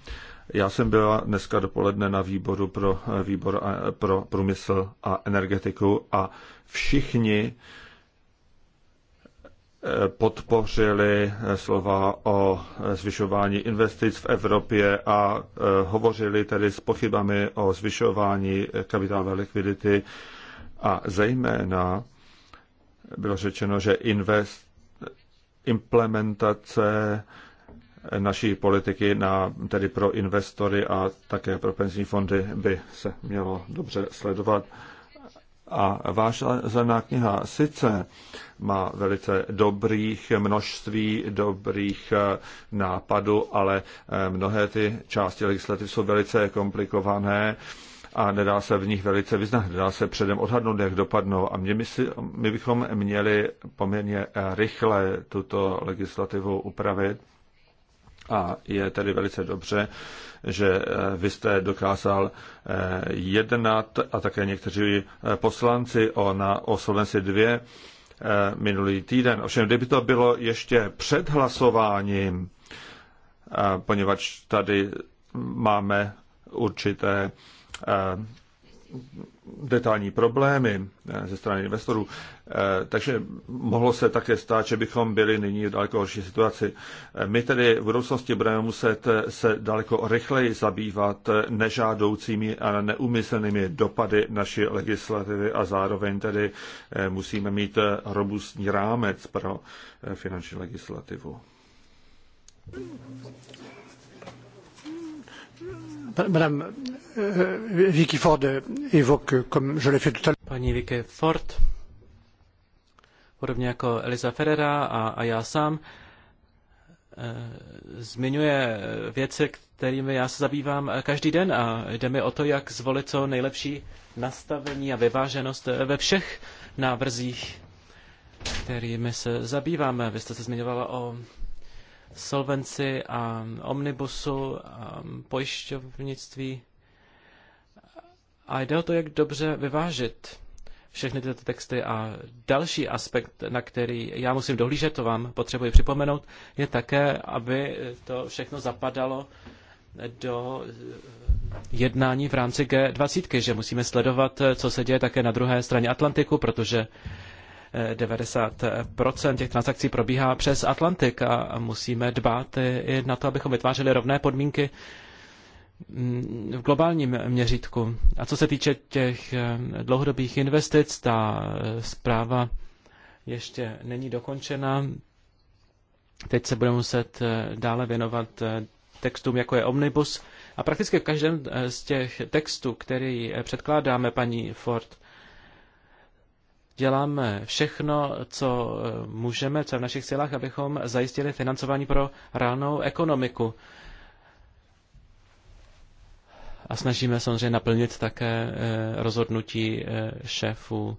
Já jsem byla dneska dopoledne na výboru pro, výbor a, eh, pro průmysl a energetiku a všichni eh, podpořili eh, slova o zvyšování investic v Evropě a hovořili tedy s pochybami o zvyšování kapitálové likvidity a zejména bylo řečeno, že invest, implementace naší politiky na, tedy pro investory a také pro penzijní fondy by se mělo dobře sledovat. A váš zelená kniha sice má velice dobrých množství, dobrých eh, nápadů, ale eh, mnohé ty části legislativ jsou velice komplikované a nedá se v nich velice vyznat, nedá se předem odhadnout, jak dopadnou. A my, si, my bychom měli poměrně eh, rychle tuto legislativu upravit a je tedy velice dobře, že eh, vy jste dokázal eh, jednat a také někteří eh, poslanci o, na, o Solvency 2 minulý týden. Ovšem, kdyby to bylo ještě před hlasováním, poněvadž tady máme určité detailní problémy eh, ze strany investorů, eh, takže mohlo se také stát, že bychom byli nyní v daleko horší situaci. Eh, my tedy v budoucnosti budeme muset se daleko rychleji zabývat nežádoucími a neumyslnými dopady naší legislativy a zároveň tedy musíme mít robustní rámec pro finanční legislativu. Madame eh, eh, Vicky Ford évoque, comme je l'ai fait tout à l'heure. Paní Vicky Ford, podobně jako Eliza Ferrera a, a já sám, eh, zmiňuje věci, kterými já se zabývám každý den a jde mi o to, jak zvolit co nejlepší nastavení a vyváženost ve všech návrzích, kterými se zabýváme. Vy jste se zmiňovala o solvenci a omnibusu a pojišťovnictví. A jde o to, jak dobře vyvážit všechny tyto texty a další aspekt, na který já musím dohlížet, to vám potřebuji připomenout, je také, aby to všechno zapadalo do jednání v rámci G20, že musíme sledovat, co se děje také na druhé straně Atlantiku, protože 90% těch transakcí probíhá přes Atlantik a musíme dbát i na to, abychom vytvářeli rovné podmínky mm, v globálním měřítku. A co se týče těch eh, dlouhodobých investic, ta eh, zpráva ještě není dokončena. Teď se budeme muset eh, dále věnovat textům, jako je Omnibus. A prakticky v každém z těch textů, který předkládáme paní Ford, děláme všechno, co eh, můžeme, co je v našich silách, abychom zajistili financování pro reálnou ekonomiku. A snažíme samozřejmě naplnit také eh, rozhodnutí eh, šéfů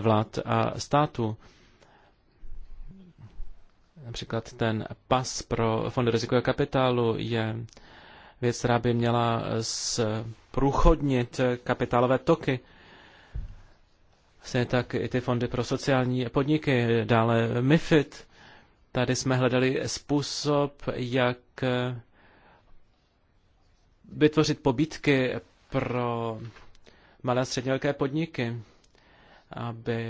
vlád a států. Například ten pas pro fondy rizikového kapitálu je věc, která by měla zprůchodnit kapitálové toky. Stejně tak i ty fondy pro sociální podniky, dále MIFID. Tady jsme hledali způsob, jak eh, vytvořit pobítky pro malé a středně velké podniky, aby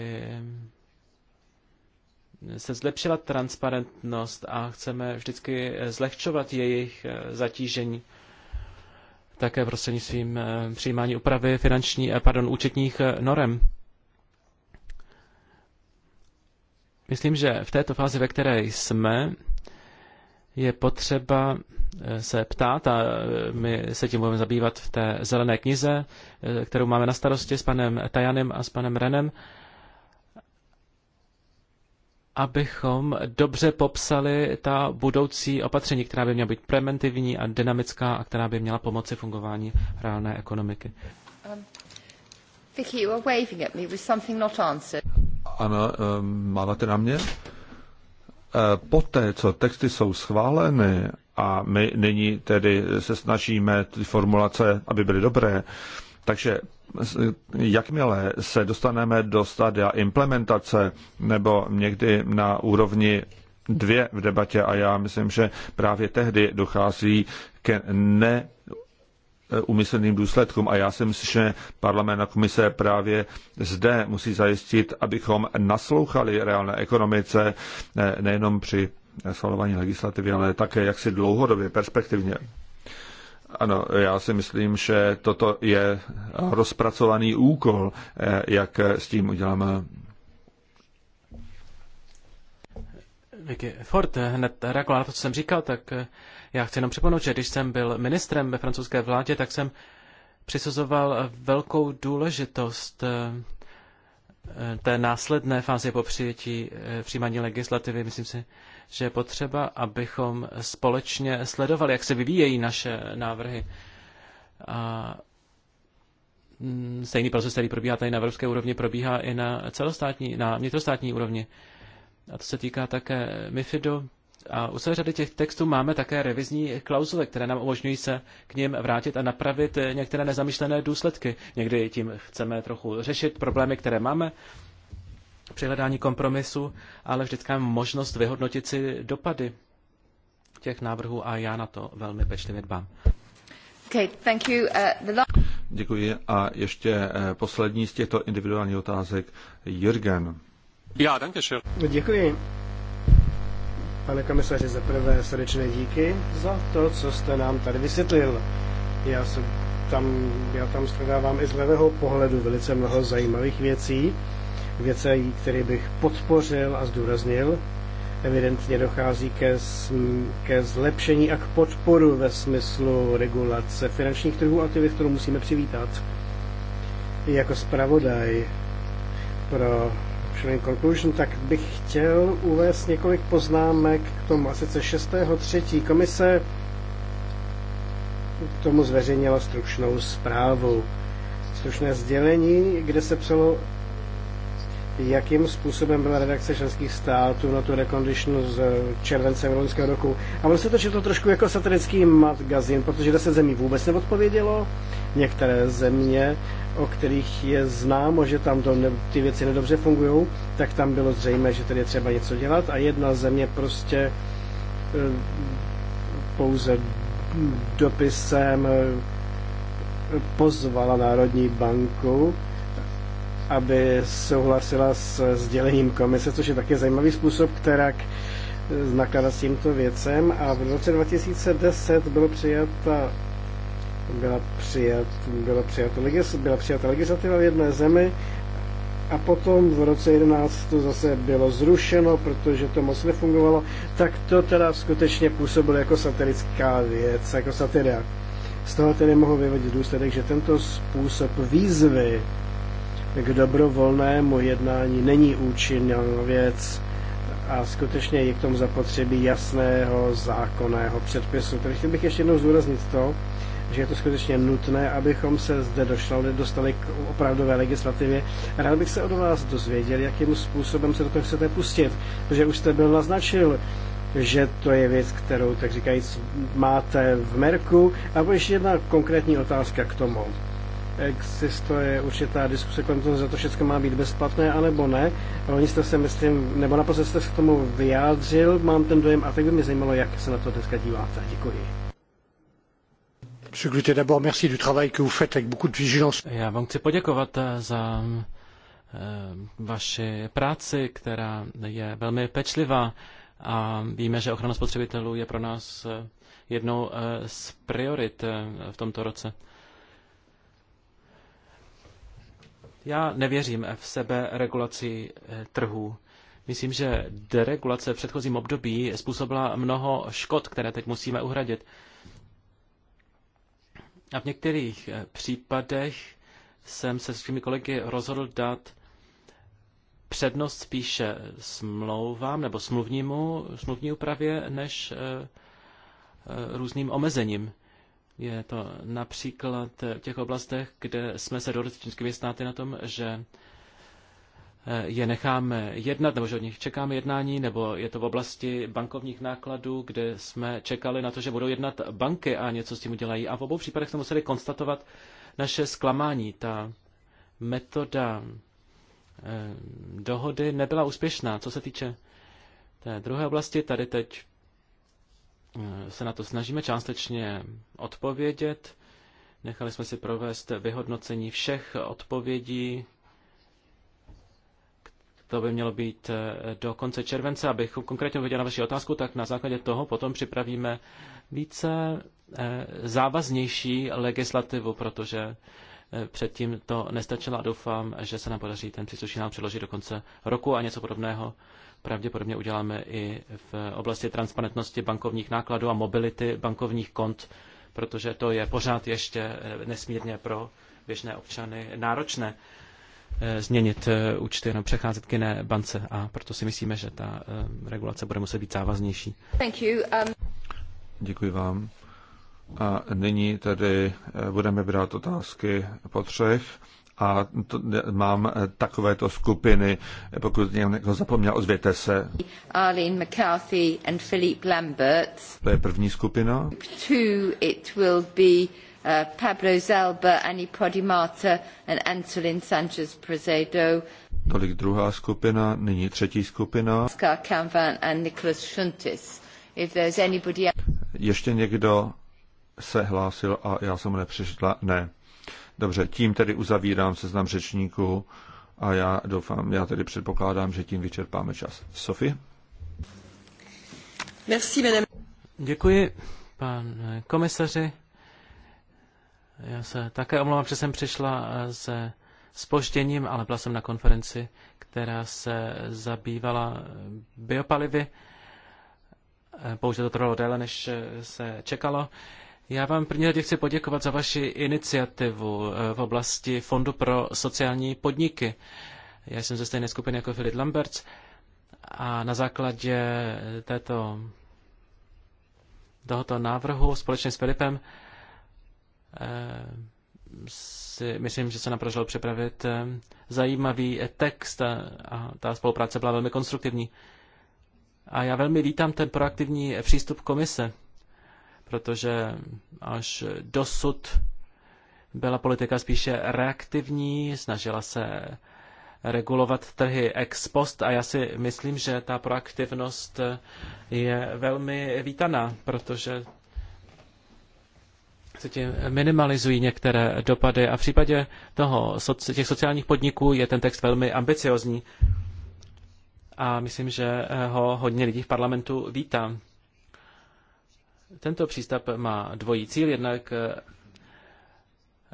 se zlepšila transparentnost a chceme vždycky zlehčovat jejich eh, zatížení také prostřednictvím eh, přijímání úpravy finanční, pardon, účetních norem. Myslím, že v této fázi, ve které jsme, je potřeba eh, se ptát a eh, my se tím budeme zabývat v té zelené knize, eh, kterou máme na starosti s panem Tajanem a s panem Renem, abychom dobře popsali ta budoucí opatření, která by měla být preventivní a dynamická a která by měla pomoci fungování reálné ekonomiky. Um, Vicky, you waving at me with something not answered. Ano, máváte ehm, na mě? Eh, poté, co texty jsou schváleny a my nyní tedy se snažíme ty formulace, aby byly dobré, takže jakmile se dostaneme do stadia implementace nebo někdy na úrovni dvě v debatě a já myslím, že právě tehdy dochází k ne Eh, úmyslným důsledkům. A já si myslím, že parlament a komise právě zde musí zajistit, abychom naslouchali reálné ekonomice eh, nejenom při schvalování legislativy, ale také jaksi dlouhodobě, perspektivně. Ano, já si myslím, že toto je rozpracovaný úkol, eh, jak s tím uděláme. Vicky Ford hned reagovala na to, co jsem říkal, tak já chci jenom připomenout, že když jsem byl ministrem ve francouzské vládě, tak jsem přisuzoval velkou důležitost eh, té následné fázi po přijetí eh, přijímání legislativy. Myslím si, že je potřeba, abychom společně sledovali, jak se vyvíjejí naše návrhy. A mm, stejný proces, který probíhá tady na evropské úrovni, probíhá i na celostátní, na vnitrostátní úrovni. A to se týká také MIFIDu. A u celé řady těch textů máme také revizní klauzule, které nám umožňují se k ním vrátit a napravit některé nezamýšlené důsledky. Někdy tím chceme trochu řešit problémy, které máme při hledání kompromisu, ale vždycky máme možnost vyhodnotit si dopady těch návrhů a já na to velmi pečlivě dbám. Okay, thank you. Uh, the Děkuji. A ještě uh, poslední z těchto individuálních otázek, Jürgen. Já, danke schön. Děkuji. Pane komisaři, za prvé srdečné díky za to, co jste nám tady vysvětlil. Já, se tam, já tam středávám i z levého pohledu velice mnoho zajímavých věcí, věcí, které bych podpořil a zdůraznil. Evidentně dochází ke, ke zlepšení a k podporu ve smyslu regulace finančních trhů a ty, kterou musíme přivítat. Jako zpravodaj pro Čili conclusion, tak bych chtěl uvést několik poznámek k tomu. A sice 6.3. komise k tomu zveřejnila stručnou zprávu. Stručné sdělení, kde se psalo, jakým způsobem byla redakce členských států na tu recondition z července loňského roku. A on se to četl trošku jako satirický magazín, protože 10 zemí vůbec neodpovědělo, některé země, o kterých je známo, že tam to ne, ty věci nedobře fungují, tak tam bylo zřejmé, že tady je třeba něco dělat a jedna země prostě e, pouze dopisem e, pozvala Národní banku, aby souhlasila s sdělením komise, což je také zajímavý způsob, která e, nakladá s tímto věcem. A v roce 2010 bylo přijata byla, přijat, byla, přijata, byla přijata legislativa v jedné zemi a potom v roce 11 to zase bylo zrušeno, protože to moc nefungovalo, tak to teda skutečně působilo jako satirická věc, jako satira. Z toho tedy mohu vyvodit důsledek, že tento způsob výzvy k dobrovolnému jednání není účinná věc a skutečně je k tomu zapotřebí jasného zákonného předpisu. Tedy chtěl bych ještě jednou zdůraznit to, že je to skutečně nutné, abychom se zde došlali, dostali k opravdové legislativě. Rád bych se od vás dozvěděl, jakým způsobem se do toho chcete pustit, protože už jste byl naznačil, že to je věc, kterou, tak říkajíc, máte v Merku. A ještě jedna konkrétní otázka k tomu. Existuje určitá diskuse kolem toho, že to všechno má být bezplatné, anebo ne. Oni jste se, myslím, nebo naposled jste se k tomu vyjádřil, mám ten dojem, a tak by mě zajímalo, jak se na to dneska díváte. Děkuji. Monsieur Gluté, d'abord merci du travail que vous faites avec beaucoup de vigilance. Já vám chci poděkovat eh, za eh, vaši práci, která je velmi pečlivá a víme, že ochrana spotřebitelů je pro nás eh, jednou z priorit v tomto roce. Já nevěřím v sebe regulaci trhů. Myslím, že deregulace v předchozím období způsobila mnoho škod, které teď musíme uhradit. A v některých eh, případech jsem se s svými kolegy rozhodl dát přednost spíše smlouvám nebo smluvnímu, smluvní úpravě než eh, eh, různým omezením. Je to například v těch oblastech, kde jsme se dohodli s čínskými státy na tom, že Eh, je necháme jednat, nebo že od nich čekáme jednání, nebo je to v oblasti bankovních nákladů, kde jsme čekali na to, že budou jednat banky a něco s tím udělají. A v obou případech jsme museli konstatovat naše zklamání. Ta metoda eh, dohody nebyla úspěšná. Co se týče té druhé oblasti, tady teď eh, se na to snažíme částečně odpovědět. Nechali jsme si provést vyhodnocení všech odpovědí to by mělo být eh, do konce července. Abych konkrétně věděli na vaši otázku, tak na základě toho potom připravíme více eh, závaznější legislativu, protože eh, předtím to nestačilo a doufám, že se nám podaří ten příslušný nám přeložit do konce roku a něco podobného pravděpodobně uděláme i v oblasti transparentnosti bankovních nákladů a mobility bankovních kont, protože to je pořád ještě nesmírně pro běžné občany náročné. Eh, změnit eh, účty, jenom přecházet k jiné bance a proto si myslíme, že ta eh, regulace bude muset být závaznější. Thank you. Um... Děkuji vám. A nyní tedy budeme brát otázky po třech a to, mám takovéto skupiny, pokud někdo zapomněl, ozvěte se. Arlene McCarthy and Philippe Lambert. To je první skupina. Two, it will be Uh, Pablo Zalba, Annie Podimata and Antolin Sanchez Prezedo. Tolik druhá skupina, nyní třetí skupina. Oscar Canvan and Nicholas Shuntis. If there's anybody Ještě někdo se hlásil a já jsem nepřišla? Ne. Dobře, tím tedy uzavírám seznam řečníků a já doufám, já tedy předpokládám, že tím vyčerpáme čas. Sophie? Merci, madame. Děkuji, pane komisaři. Já se také omlouvám, že jsem přišla eh, se spožděním, ale byla jsem na konferenci, která se zabývala eh, biopalivy. Eh, Bohužel to trvalo déle, než se čekalo. Já vám první řadě chci poděkovat za vaši iniciativu v oblasti Fondu pro sociální podniky. Já jsem ze stejné skupiny jako Filip Lamberts a na základě této, tohoto návrhu společně s Filipem Eh, si myslím, že se nám podařilo připravit eh, zajímavý text a ta spolupráce byla velmi konstruktivní. A já velmi vítám ten proaktivní přístup komise, protože až dosud byla politika spíše reaktivní, snažila se regulovat trhy ex post a já si myslím, že ta proaktivnost je velmi vítaná, protože se minimalizují některé dopady a v případě toho, těch sociálních podniků je ten text velmi ambiciozní a myslím, že eh, ho hodně lidí v parlamentu vítá. Tento přístup má dvojí cíl, jednak eh,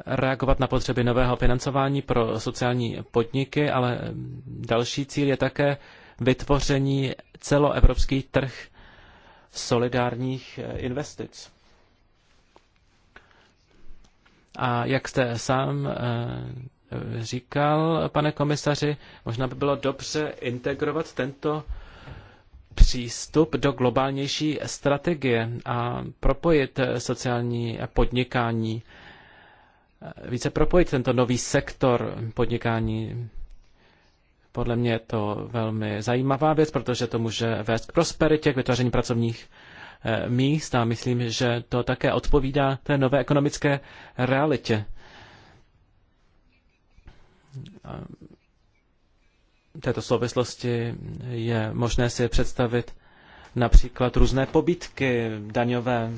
reagovat na potřeby nového financování pro sociální podniky, ale mm, další cíl je také vytvoření celoevropský trh solidárních eh, investic. A jak jste sám eh, říkal, pane komisaři, možná by bylo dobře integrovat tento přístup do globálnější strategie a propojit eh, sociální podnikání, eh, více propojit tento nový sektor podnikání. Podle mě je to velmi zajímavá věc, protože to může vést k prosperitě, k vytvoření pracovních Eh, míst a myslím, že to také odpovídá té nové ekonomické realitě. V této souvislosti je možné si představit například různé pobytky daňové,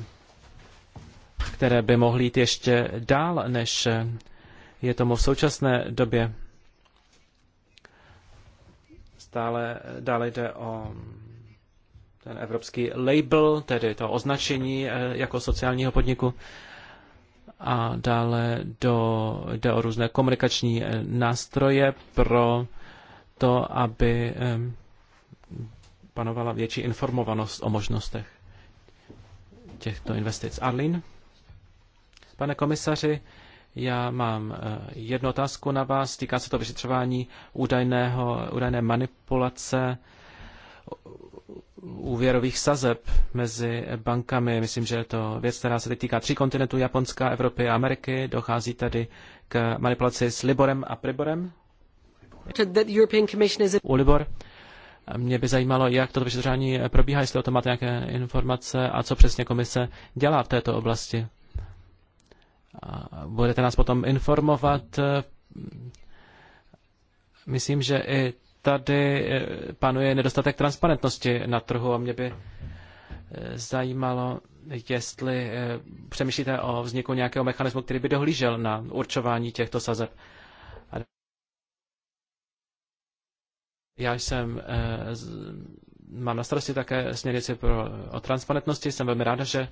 které by mohly jít ještě dál, než je tomu v současné době. Stále dále jde o ten evropský label, tedy to označení eh, jako sociálního podniku a dále do, jde o různé komunikační eh, nástroje pro to, aby panovala větší informovanost o možnostech těchto investic. Arlin, Pane komisaři, já mám eh, jednu otázku na vás. Týká se to vyšetřování údajného, údajné manipulace úvěrových sazeb mezi bankami. Myslím, že je to věc, která se teď týká tří kontinentů, Japonska, Evropy a Ameriky. Dochází tady k manipulaci s Liborem a Priborem. U Libor. Mě by zajímalo, jak toto vyšetřování probíhá, jestli o tom máte nějaké informace a co přesně komise dělá v této oblasti. A budete nás potom informovat. Myslím, že i tady eh, panuje nedostatek transparentnosti na trhu a mě by eh, zajímalo, jestli eh, přemýšlíte o vzniku nějakého mechanismu, který by dohlížel na určování těchto sazeb. Já jsem, mám na starosti také směrnici pro, o transparentnosti, jsem velmi ráda, že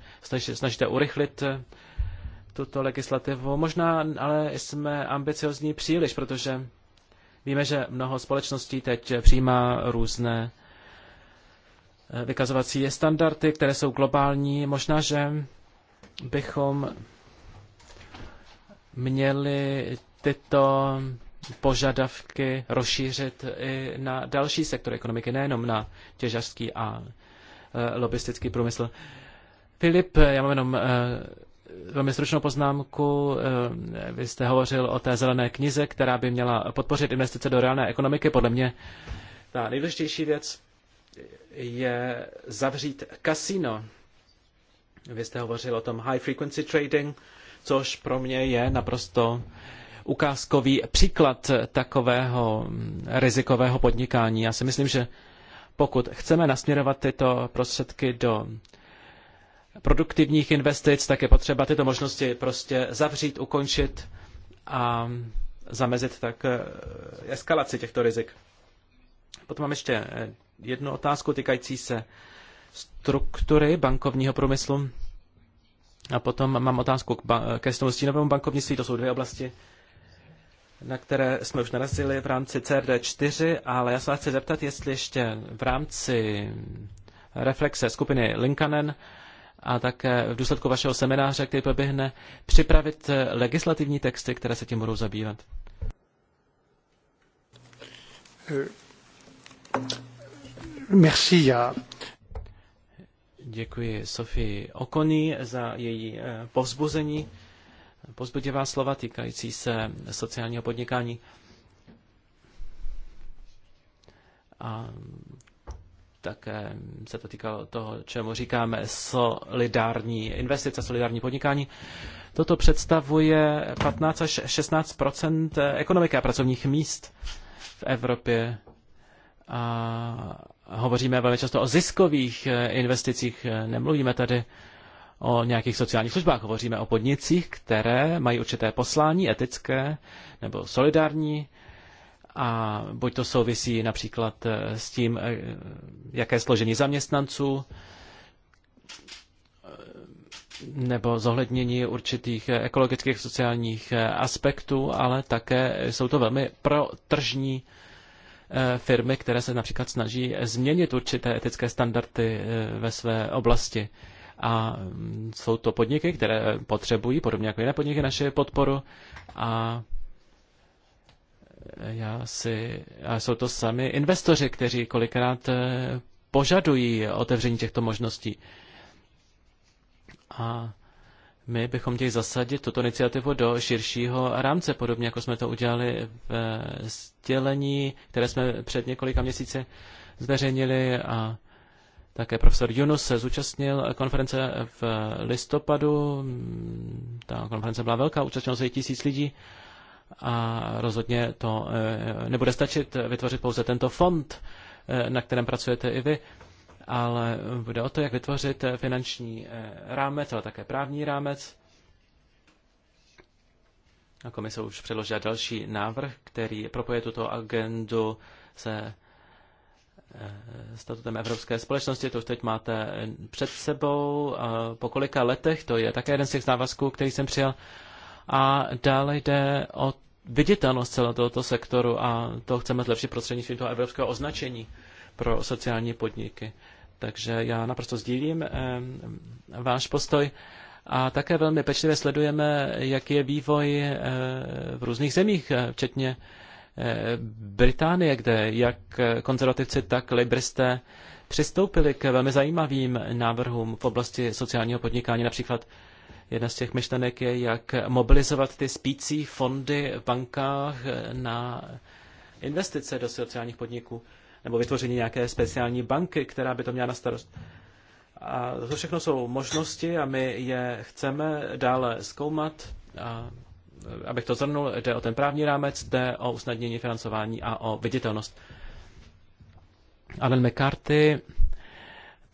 snažíte urychlit tuto legislativu. Možná ale jsme ambiciozní příliš, protože Víme, že mnoho společností teď přijímá různé eh, vykazovací standardy, které jsou globální. Možná, že bychom měli tyto požadavky rozšířit i na další sektory ekonomiky, nejenom na těžařský a eh, lobistický průmysl. Filip, já mám jenom eh, velmi stručnou poznámku. Eh, vy jste hovořil o té zelené knize, která by měla podpořit investice do reálné ekonomiky. Podle mě ta nejdůležitější věc je zavřít kasino. Vy jste hovořil o tom high frequency trading, což pro mě je naprosto ukázkový příklad takového rizikového podnikání. Já si myslím, že pokud chceme nasměrovat tyto prostředky do produktivních investic, tak je potřeba tyto možnosti prostě zavřít, ukončit a zamezit tak eh, eskalaci těchto rizik. Potom mám ještě eh, jednu otázku týkající se struktury bankovního průmyslu. A potom mám otázku ke stínovému bankovnictví. To jsou dvě oblasti, na které jsme už narazili v rámci CRD4, ale já se vás chci zeptat, jestli ještě v rámci reflexe skupiny Linkanen a také v důsledku vašeho semináře, který proběhne, připravit eh, legislativní texty, které se tím budou zabývat? Eh, merci. Já. Děkuji Sofii Okony za její eh, povzbuzení, pozbudivá slova týkající se sociálního podnikání. A také se to týkalo toho, čemu říkáme solidární investice, solidární podnikání. Toto představuje 15 až 16 ekonomiky a pracovních míst v Evropě. A hovoříme velmi často o ziskových investicích, nemluvíme tady o nějakých sociálních službách, hovoříme o podnicích, které mají určité poslání etické nebo solidární a buď to souvisí například eh, s tím, eh, jaké složení zaměstnanců, eh, nebo zohlednění určitých ekologických sociálních aspektů, ale také jsou to velmi protržní firmy, které se například snaží změnit určité etické standardy ve své oblasti. A mm, jsou to podniky, které potřebují, podobně jako jiné podniky, naše podporu a já si, a jsou to sami investoři, kteří kolikrát eh, požadují otevření těchto možností. A my bychom chtěli zasadit tuto iniciativu do širšího rámce, podobně jako jsme to udělali v eh, sdělení, které jsme před několika měsíci zveřejnili a také profesor Yunus se zúčastnil konference v listopadu. Ta konference byla velká, účastnilo se i tisíc lidí a rozhodně to eh, nebude stačit vytvořit pouze tento fond, eh, na kterém pracujete i vy, ale bude o to, jak vytvořit eh, finanční rámec, ale také právní rámec. A komise už předložila další návrh, který propoje tuto agendu se statutem Evropské společnosti, to už teď máte před sebou. Po kolika letech, to je také jeden z těch závazků, který jsem přijal, a dále jde o viditelnost celého tohoto sektoru a to chceme zlepšit prostřednictvím toho evropského označení pro sociální podniky. Takže já naprosto sdílím eh, váš postoj a také velmi pečlivě sledujeme, jaký je vývoj eh, v různých zemích, eh, včetně eh, Británie, kde jak konzervativci, tak libristé přistoupili k velmi zajímavým návrhům v oblasti sociálního podnikání, například eh, Jedna z těch myšlenek je, jak mobilizovat ty spící fondy v bankách eh, na investice do sociálních podniků nebo vytvoření nějaké speciální banky, která by to měla na starost. A to všechno jsou možnosti a my je chceme dále zkoumat. A eh, abych to zhrnul, jde o ten právní rámec, jde o usnadnění financování a o viditelnost. Alan McCarthy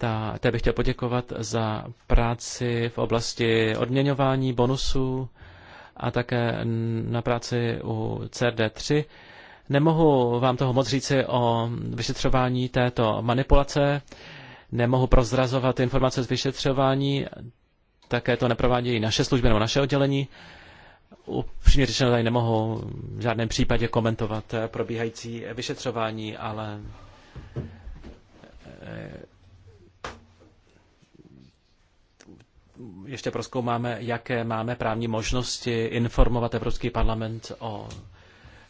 ta, té bych chtěl poděkovat za práci v oblasti odměňování bonusů a také na práci u CRD3. Nemohu vám toho moc říci o vyšetřování této manipulace, nemohu prozrazovat informace z vyšetřování, také to neprovádějí naše služby nebo naše oddělení. Upřímně řečeno, tady nemohu v žádném případě komentovat probíhající vyšetřování, ale ještě proskoumáme, jaké máme právní možnosti informovat Evropský parlament o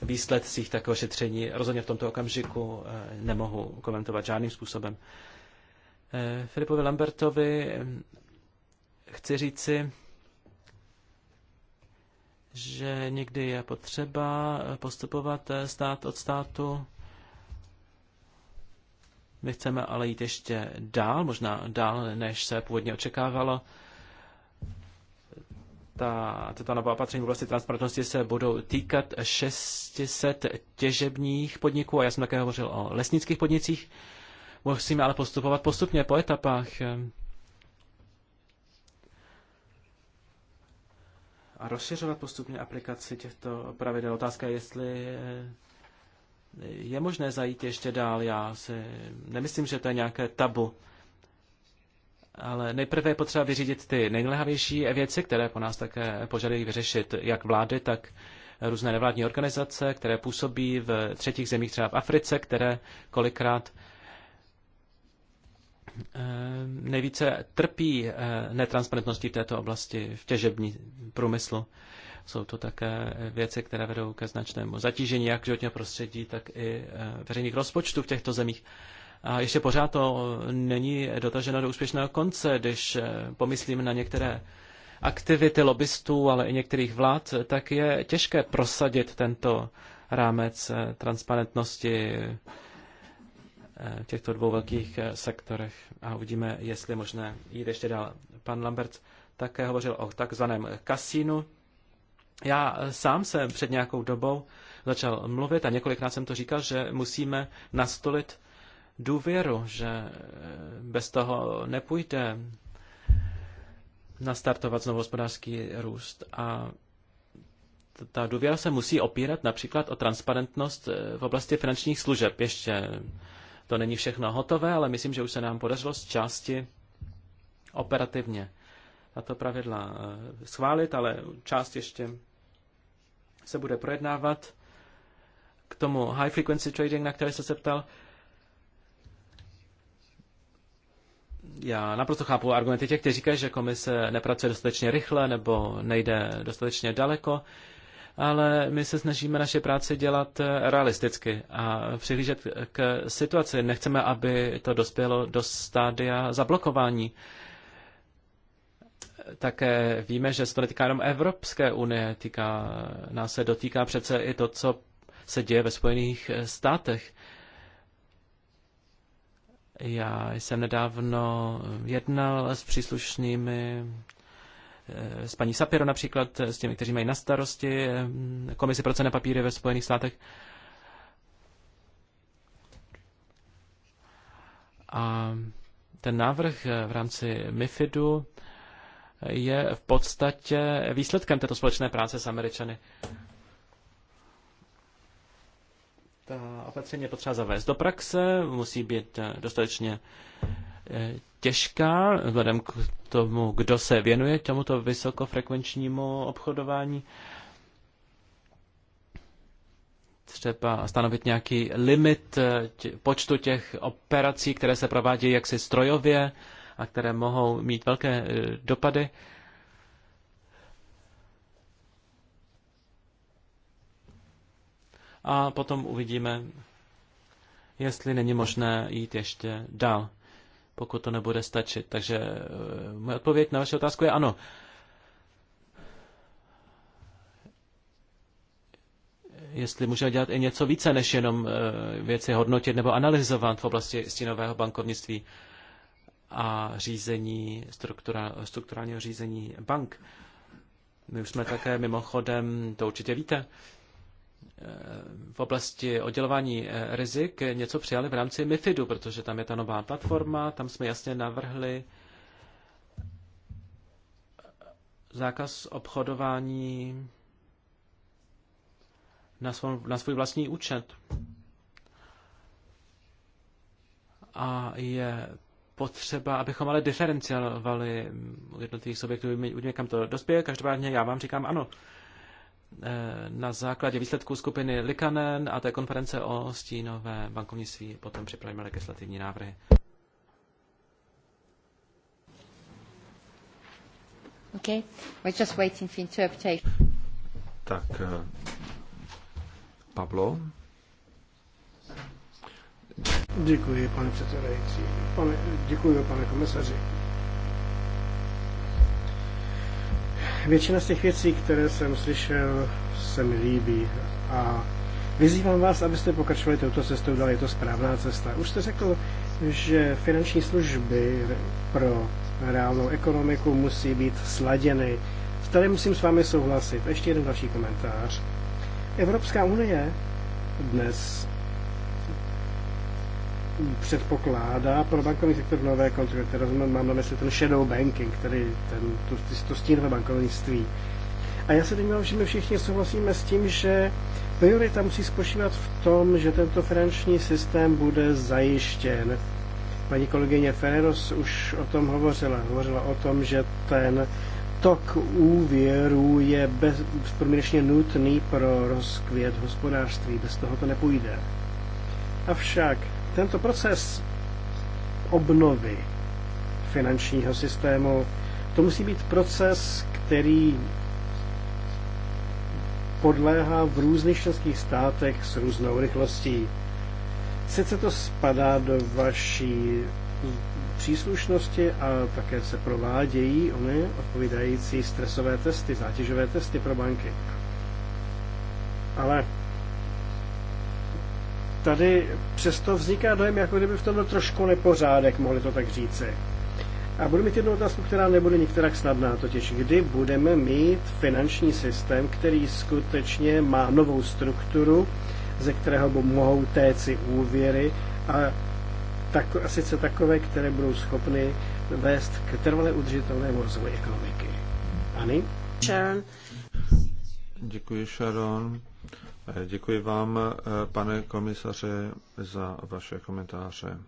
výsledcích takového šetření. Rozhodně v tomto okamžiku eh, nemohu komentovat žádným způsobem. Eh, Filipovi Lambertovi eh, chci říci, že někdy je potřeba postupovat stát od státu. My chceme ale jít ještě dál, možná dál, než se původně očekávalo ta, tato nová opatření v oblasti transparentnosti se budou týkat 600 těžebních podniků a já jsem také hovořil o lesnických podnicích. Musíme ale postupovat postupně po etapách. A rozšiřovat postupně aplikaci těchto pravidel. Otázka je, jestli eh, je možné zajít ještě dál. Já si nemyslím, že to je nějaké tabu. Ale nejprve je potřeba vyřídit ty nejnelehavější věci, které po nás také požadují vyřešit jak vlády, tak různé nevládní organizace, které působí v třetích zemích, třeba v Africe, které kolikrát eh, nejvíce trpí eh, netransparentností v této oblasti, v těžební průmyslu. Jsou to také věci, které vedou ke značnému zatížení jak životního prostředí, tak i eh, veřejných rozpočtů v těchto zemích. A ještě pořád to není dotaženo do úspěšného konce, když eh, pomyslím na některé aktivity lobbystů, ale i některých vlád, tak je těžké prosadit tento rámec eh, transparentnosti eh, v těchto dvou velkých sektorech. A uvidíme, jestli možné jít ještě dál. Pan Lambert také hovořil o takzvaném kasínu. Já sám jsem před nějakou dobou začal mluvit a několikrát jsem to říkal, že musíme nastolit důvěru, že eh, bez toho nepůjde nastartovat znovu hospodářský růst. A ta důvěra se musí opírat například o transparentnost eh, v oblasti finančních služeb. Ještě to není všechno hotové, ale myslím, že už se nám podařilo z části operativně tato pravidla eh, schválit, ale část ještě se bude projednávat. K tomu high frequency trading, na které se ptal, já naprosto chápu argumenty těch, kteří říkají, že komise nepracuje dostatečně rychle nebo nejde dostatečně daleko, ale my se snažíme naše práci dělat realisticky a přihlížet k situaci. Nechceme, aby to dospělo do stádia zablokování. Také víme, že se to netýká jenom Evropské unie, týká, nás se dotýká přece i to, co se děje ve Spojených státech já jsem nedávno jednal s příslušnými, eh, s paní Sapiro například, s těmi, kteří mají na starosti eh, komisi pro cené papíry ve Spojených státech. A ten návrh eh, v rámci MIFIDu je v podstatě výsledkem této společné práce s Američany ta opatření je potřeba zavést do praxe, musí být eh, dostatečně eh, těžká, vzhledem k tomu, kdo se věnuje tomuto vysokofrekvenčnímu obchodování. Třeba stanovit nějaký limit eh, počtu těch operací, které se provádějí jaksi strojově a které mohou mít velké dopady. a potom uvidíme, jestli není možné jít ještě dál, pokud to nebude stačit. Takže eh, moje odpověď na vaši otázku je ano. Jestli můžeme dělat i něco více, než jenom eh, věci hodnotit nebo analyzovat v oblasti stínového bankovnictví a řízení, struktura, strukturálního řízení bank. My už jsme také mimochodem, to určitě víte, v oblasti oddělování eh, rizik něco přijali v rámci MIFIDu, protože tam je ta nová platforma, tam jsme jasně navrhli zákaz obchodování na, svůj, na svůj vlastní účet. A je potřeba, abychom ale diferenciovali jednotlivých subjektů, uvidíme, kam to dospěje. Každopádně já vám říkám ano, Eh, na základě výsledků skupiny Likanen a té konference o stínové bankovnictví potom připravíme legislativní návrhy. Okay. We're just waiting for interpretation. Tak, eh, Pablo. Děkuji, pane předsedající. Pane, děkuji, pane komisaři. většina z těch věcí, které jsem slyšel, se mi líbí a vyzývám vás, abyste pokračovali touto cestou, dali je to správná cesta. Už jste řekl, že finanční služby pro reálnou ekonomiku musí být sladěny. Tady musím s vámi souhlasit. Ještě jeden další komentář. Evropská unie dnes předpokládá pro bankovní sektor nové kontroly. rozumím mám na mysli ten shadow banking, tedy ten, to, to stínové bankovnictví. A já se domnívám, že my všichni souhlasíme s tím, že priorita musí spočívat v tom, že tento finanční systém bude zajištěn. Paní kolegyně Ferreros už o tom hovořila. Hovořila o tom, že ten tok úvěrů je bezpodmínečně nutný pro rozkvět hospodářství. Bez toho to nepůjde. Avšak tento proces obnovy finančního systému, to musí být proces, který podléhá v různých členských státech s různou rychlostí. Sice to spadá do vaší příslušnosti a také se provádějí ony odpovídající stresové testy, zátěžové testy pro banky. Ale tady přesto vzniká dojem, jako kdyby v tom byl trošku nepořádek, mohli to tak říci. A budu mít jednu otázku, která nebude nikterak snadná, totiž kdy budeme mít finanční systém, který skutečně má novou strukturu, ze kterého mohou téci úvěry a, tak, a sice takové, které budou schopny vést k trvalé udržitelnému rozvoji ekonomiky. Ani? Sharon. Děkuji, Sharon. Děkuji vám, pane komisaře, za vaše komentáře.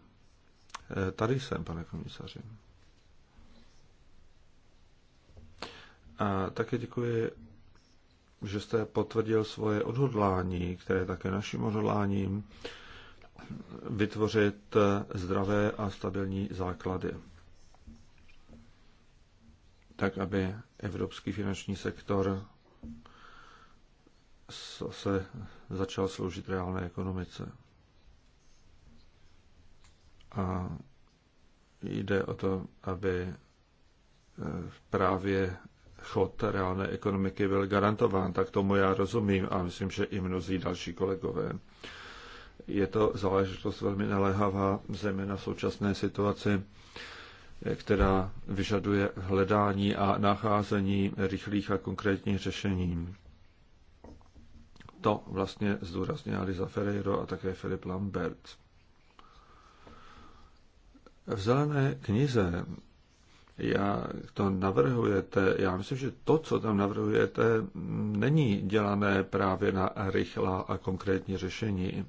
Tady jsem, pane komisaři. A také děkuji, že jste potvrdil svoje odhodlání, které je také naším odhodláním, vytvořit zdravé a stabilní základy. Tak, aby evropský finanční sektor se začal sloužit reálné ekonomice. A jde o to, aby eh, právě chod reálné ekonomiky byl garantován. Tak tomu já rozumím a myslím, že i mnozí další kolegové. Je to záležitost velmi naléhavá, zejména v současné situaci, která vyžaduje hledání a nacházení rychlých a konkrétních řešení. To vlastně zdůraznila Liza Ferreiro a také Filip Lambert. V zelené knize, já to navrhujete, já myslím, že to, co tam navrhujete, není dělané právě na rychlá a konkrétní řešení.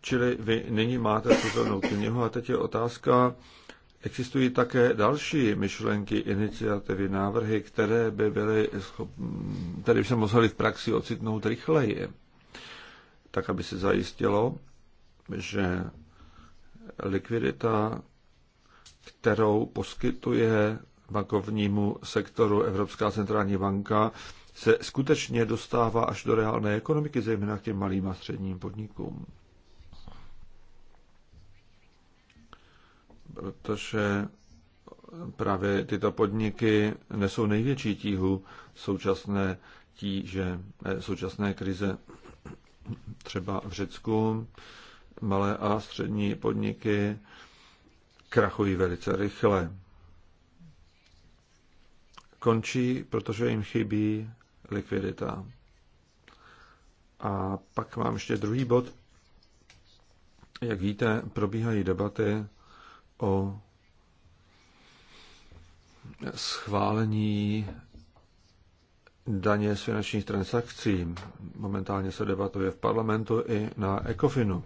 Čili vy nyní máte tu zelenou knihu a teď je otázka, Existují také další myšlenky, iniciativy, návrhy, které by byly, které by se museli v praxi ocitnout rychleji, tak aby se zajistilo, že likvidita, kterou poskytuje bankovnímu sektoru Evropská centrální banka, se skutečně dostává až do reálné ekonomiky, zejména k těm malým a středním podnikům. protože právě tyto podniky nesou největší tíhu současné tíže, eh, současné krize. Třeba v Řecku malé a střední podniky krachují velice rychle. Končí, protože jim chybí likvidita. A pak mám ještě druhý bod. Jak víte, probíhají debaty o schválení daně z finančních transakcí. Momentálně se debatuje v parlamentu i na ECOFINu.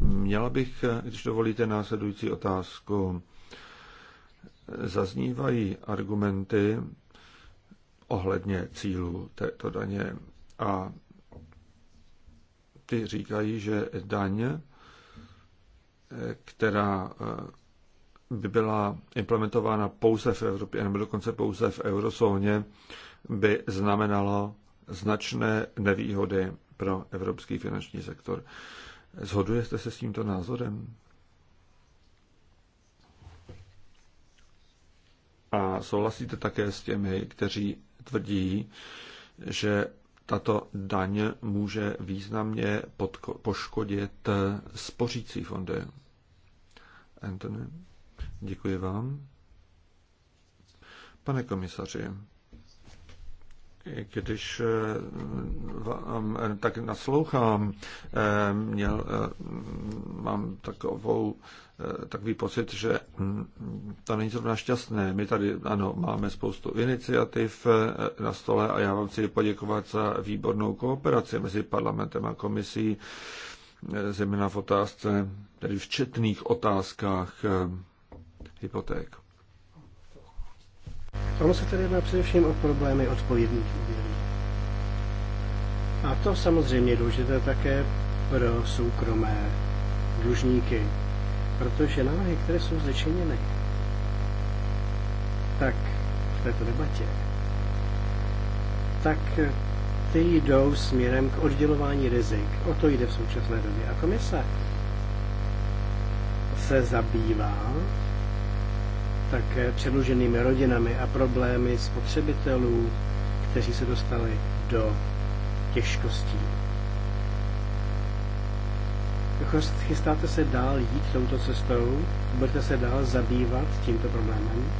Měla bych, když dovolíte, následující otázku. Zaznívají argumenty ohledně cílů této daně a ty říkají, že daň která eh, by byla implementována pouze v Evropě, nebo dokonce pouze v eurozóně, by znamenalo značné nevýhody pro evropský finanční sektor. Zhodujete se s tímto názorem? A souhlasíte také s těmi, kteří tvrdí, že tato daň může významně poškodit spořící fondy. Anthony, děkuji vám. Pane komisaři, když eh, vám eh, tak naslouchám, eh, měl, mám takovou Eh, takový pocit, že hm, to není zrovna šťastné. My tady, ano, máme spoustu iniciativ eh, na stole a já vám chci poděkovat za výbornou kooperaci mezi parlamentem a komisí, eh, zejména v otázce, tedy v četných otázkách hypoték. Ono se tedy jedná především o problémy odpovědných úvěrů. A to samozřejmě je důležité také pro soukromé dlužníky, Protože návrhy, které jsou zde činěny, tak v této debatě, tak ty jdou směrem k oddělování rizik. O to jde v současné době. A komise se zabývá také předluženými rodinami a problémy spotřebitelů, kteří se dostali do těžkostí. Jako chystáte se dál jít touto cestou? Budete se dál zabývat tímto problémem?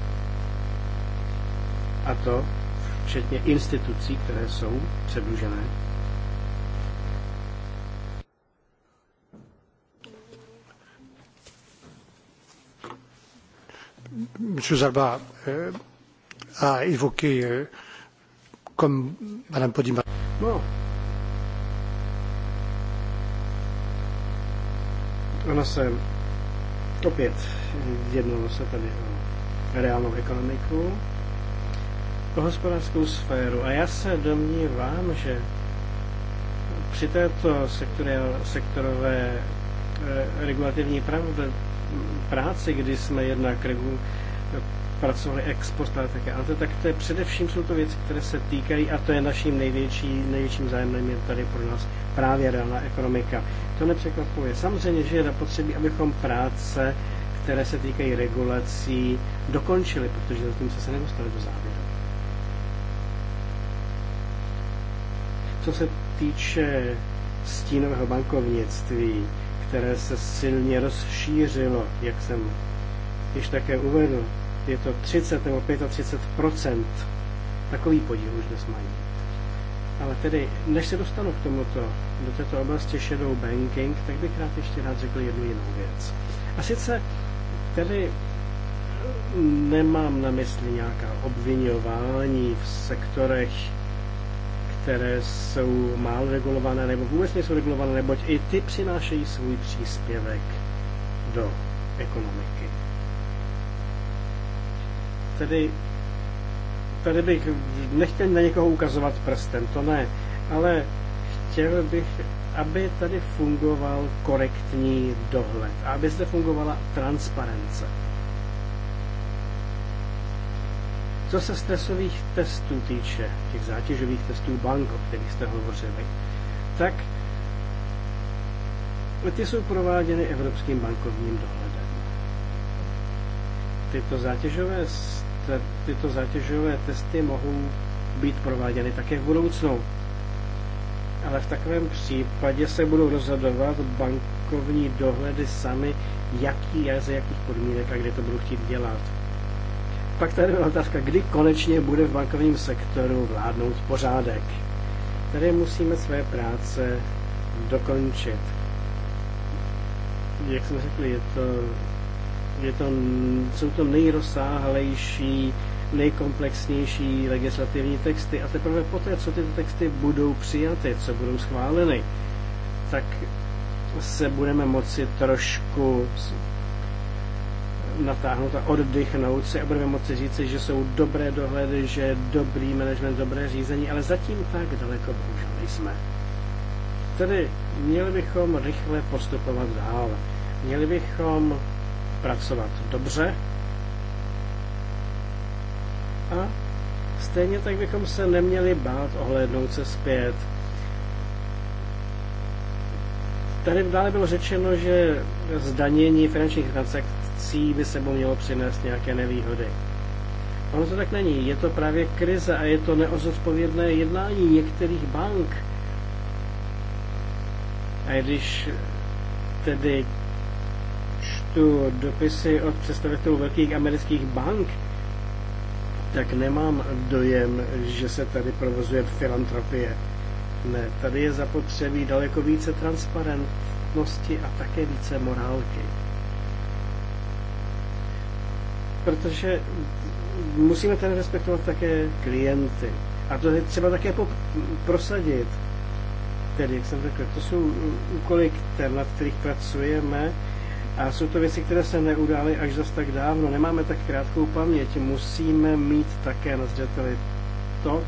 A to včetně institucí, které jsou předlužené? Monsieur Zalba euh, a évoqué, euh, comme Madame Podimata. Bon. No, Ano se opět jednalo se tady o reálnou ekonomiku, o hospodářskou sféru. A já se domnívám, že při této sektorové eh, regulativní práci, kdy jsme jednak regu, pracovali ex post také. Ale to, tak to je, především jsou to věci, které se týkají, a to je naším největší, největším zájemem je tady pro nás právě reálná ekonomika. To nepřekvapuje. Samozřejmě, že je zapotřebí, abychom práce, které se týkají regulací, dokončili, protože zatím se se nedostali do závěru. Co se týče stínového bankovnictví, které se silně rozšířilo, jak jsem již také uvedl, je to 30 nebo 35 Takový podíl už dnes mají. Ale tedy, než se dostanu k tomuto, do této oblasti shadow banking, tak bych rád ještě rád řekl jednu jinou věc. A sice tedy nemám na mysli nějaká obvinování v sektorech, které jsou málo regulované nebo vůbec nejsou regulované, neboť i ty přinášejí svůj příspěvek do ekonomiky. Tedy tady bych nechtěl na někoho ukazovat prstem, to ne, ale chtěl bych, aby tady fungoval korektní dohled a aby zde fungovala transparence. Co se stresových testů týče, těch zátěžových testů bank, o kterých jste hovořili, tak ty jsou prováděny Evropským bankovním dohledem. Tyto zátěžové tyto, tyto zátěžové testy mohou být prováděny také v budoucnu. Ale v takovém případě se budou rozhodovat bankovní dohledy sami, jaký je za jakých podmínek a kde to budou chtít dělat. Pak tady byla otázka, kdy konečně bude v bankovním sektoru vládnout pořádek. Tady musíme své práce dokončit. Jak jsem řekl, je to že to, jsou to nejrozsáhlejší, nejkomplexnější legislativní texty a teprve poté, co tyto texty budou přijaty, co budou schváleny, tak se budeme moci trošku natáhnout a oddychnout si a budeme moci říci, že jsou dobré dohledy, že je dobrý management, dobré řízení, ale zatím tak daleko bohužel nejsme. Tedy měli bychom rychle postupovat dál. Měli bychom pracovat dobře a stejně tak bychom se neměli bát ohlédnout se zpět. Tady dále bylo řečeno, že zdanění finančních transakcí by se mělo přinést nějaké nevýhody. Ono to tak není. Je to právě krize a je to neozodpovědné jednání některých bank. A když tedy čtu dopisy od představitelů velkých amerických bank, tak nemám dojem, že se tady provozuje filantropie. Ne, tady je zapotřebí daleko více transparentnosti a také více morálky. Protože musíme tady respektovat také klienty. A to je třeba také prosadit. Tedy, jak jsem řekl, to jsou úkoly, které, nad kterých pracujeme a jsou to věci, které se neudály až zas tak dávno. Nemáme tak krátkou paměť. Musíme mít také na zřeteli to,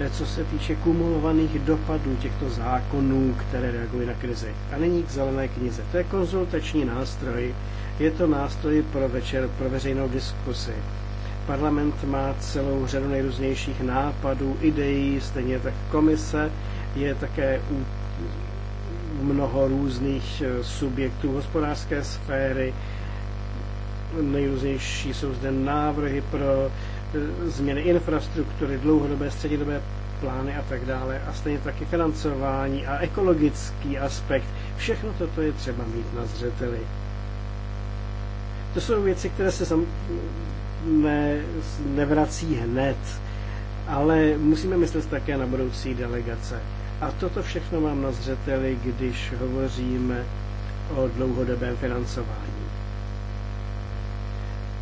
eh, co se týče kumulovaných dopadů těchto zákonů, které reagují na krizi. A není k zelené knize. To je konzultační nástroj. Je to nástroj pro večer, pro veřejnou diskusi. Parlament má celou řadu nejrůznějších nápadů, ideí, stejně tak komise je také mnoho různých eh, subjektů hospodářské sféry. Nejrůznější jsou zde návrhy pro eh, změny infrastruktury, dlouhodobé, střednědobé plány a tak dále. A stejně taky financování a ekologický aspekt. Všechno toto je třeba mít na zřeteli. To jsou věci, které se sam, ne, nevrací hned, ale musíme myslet také na budoucí delegace. A toto všechno mám na zřeteli, když hovoříme o dlouhodobém financování.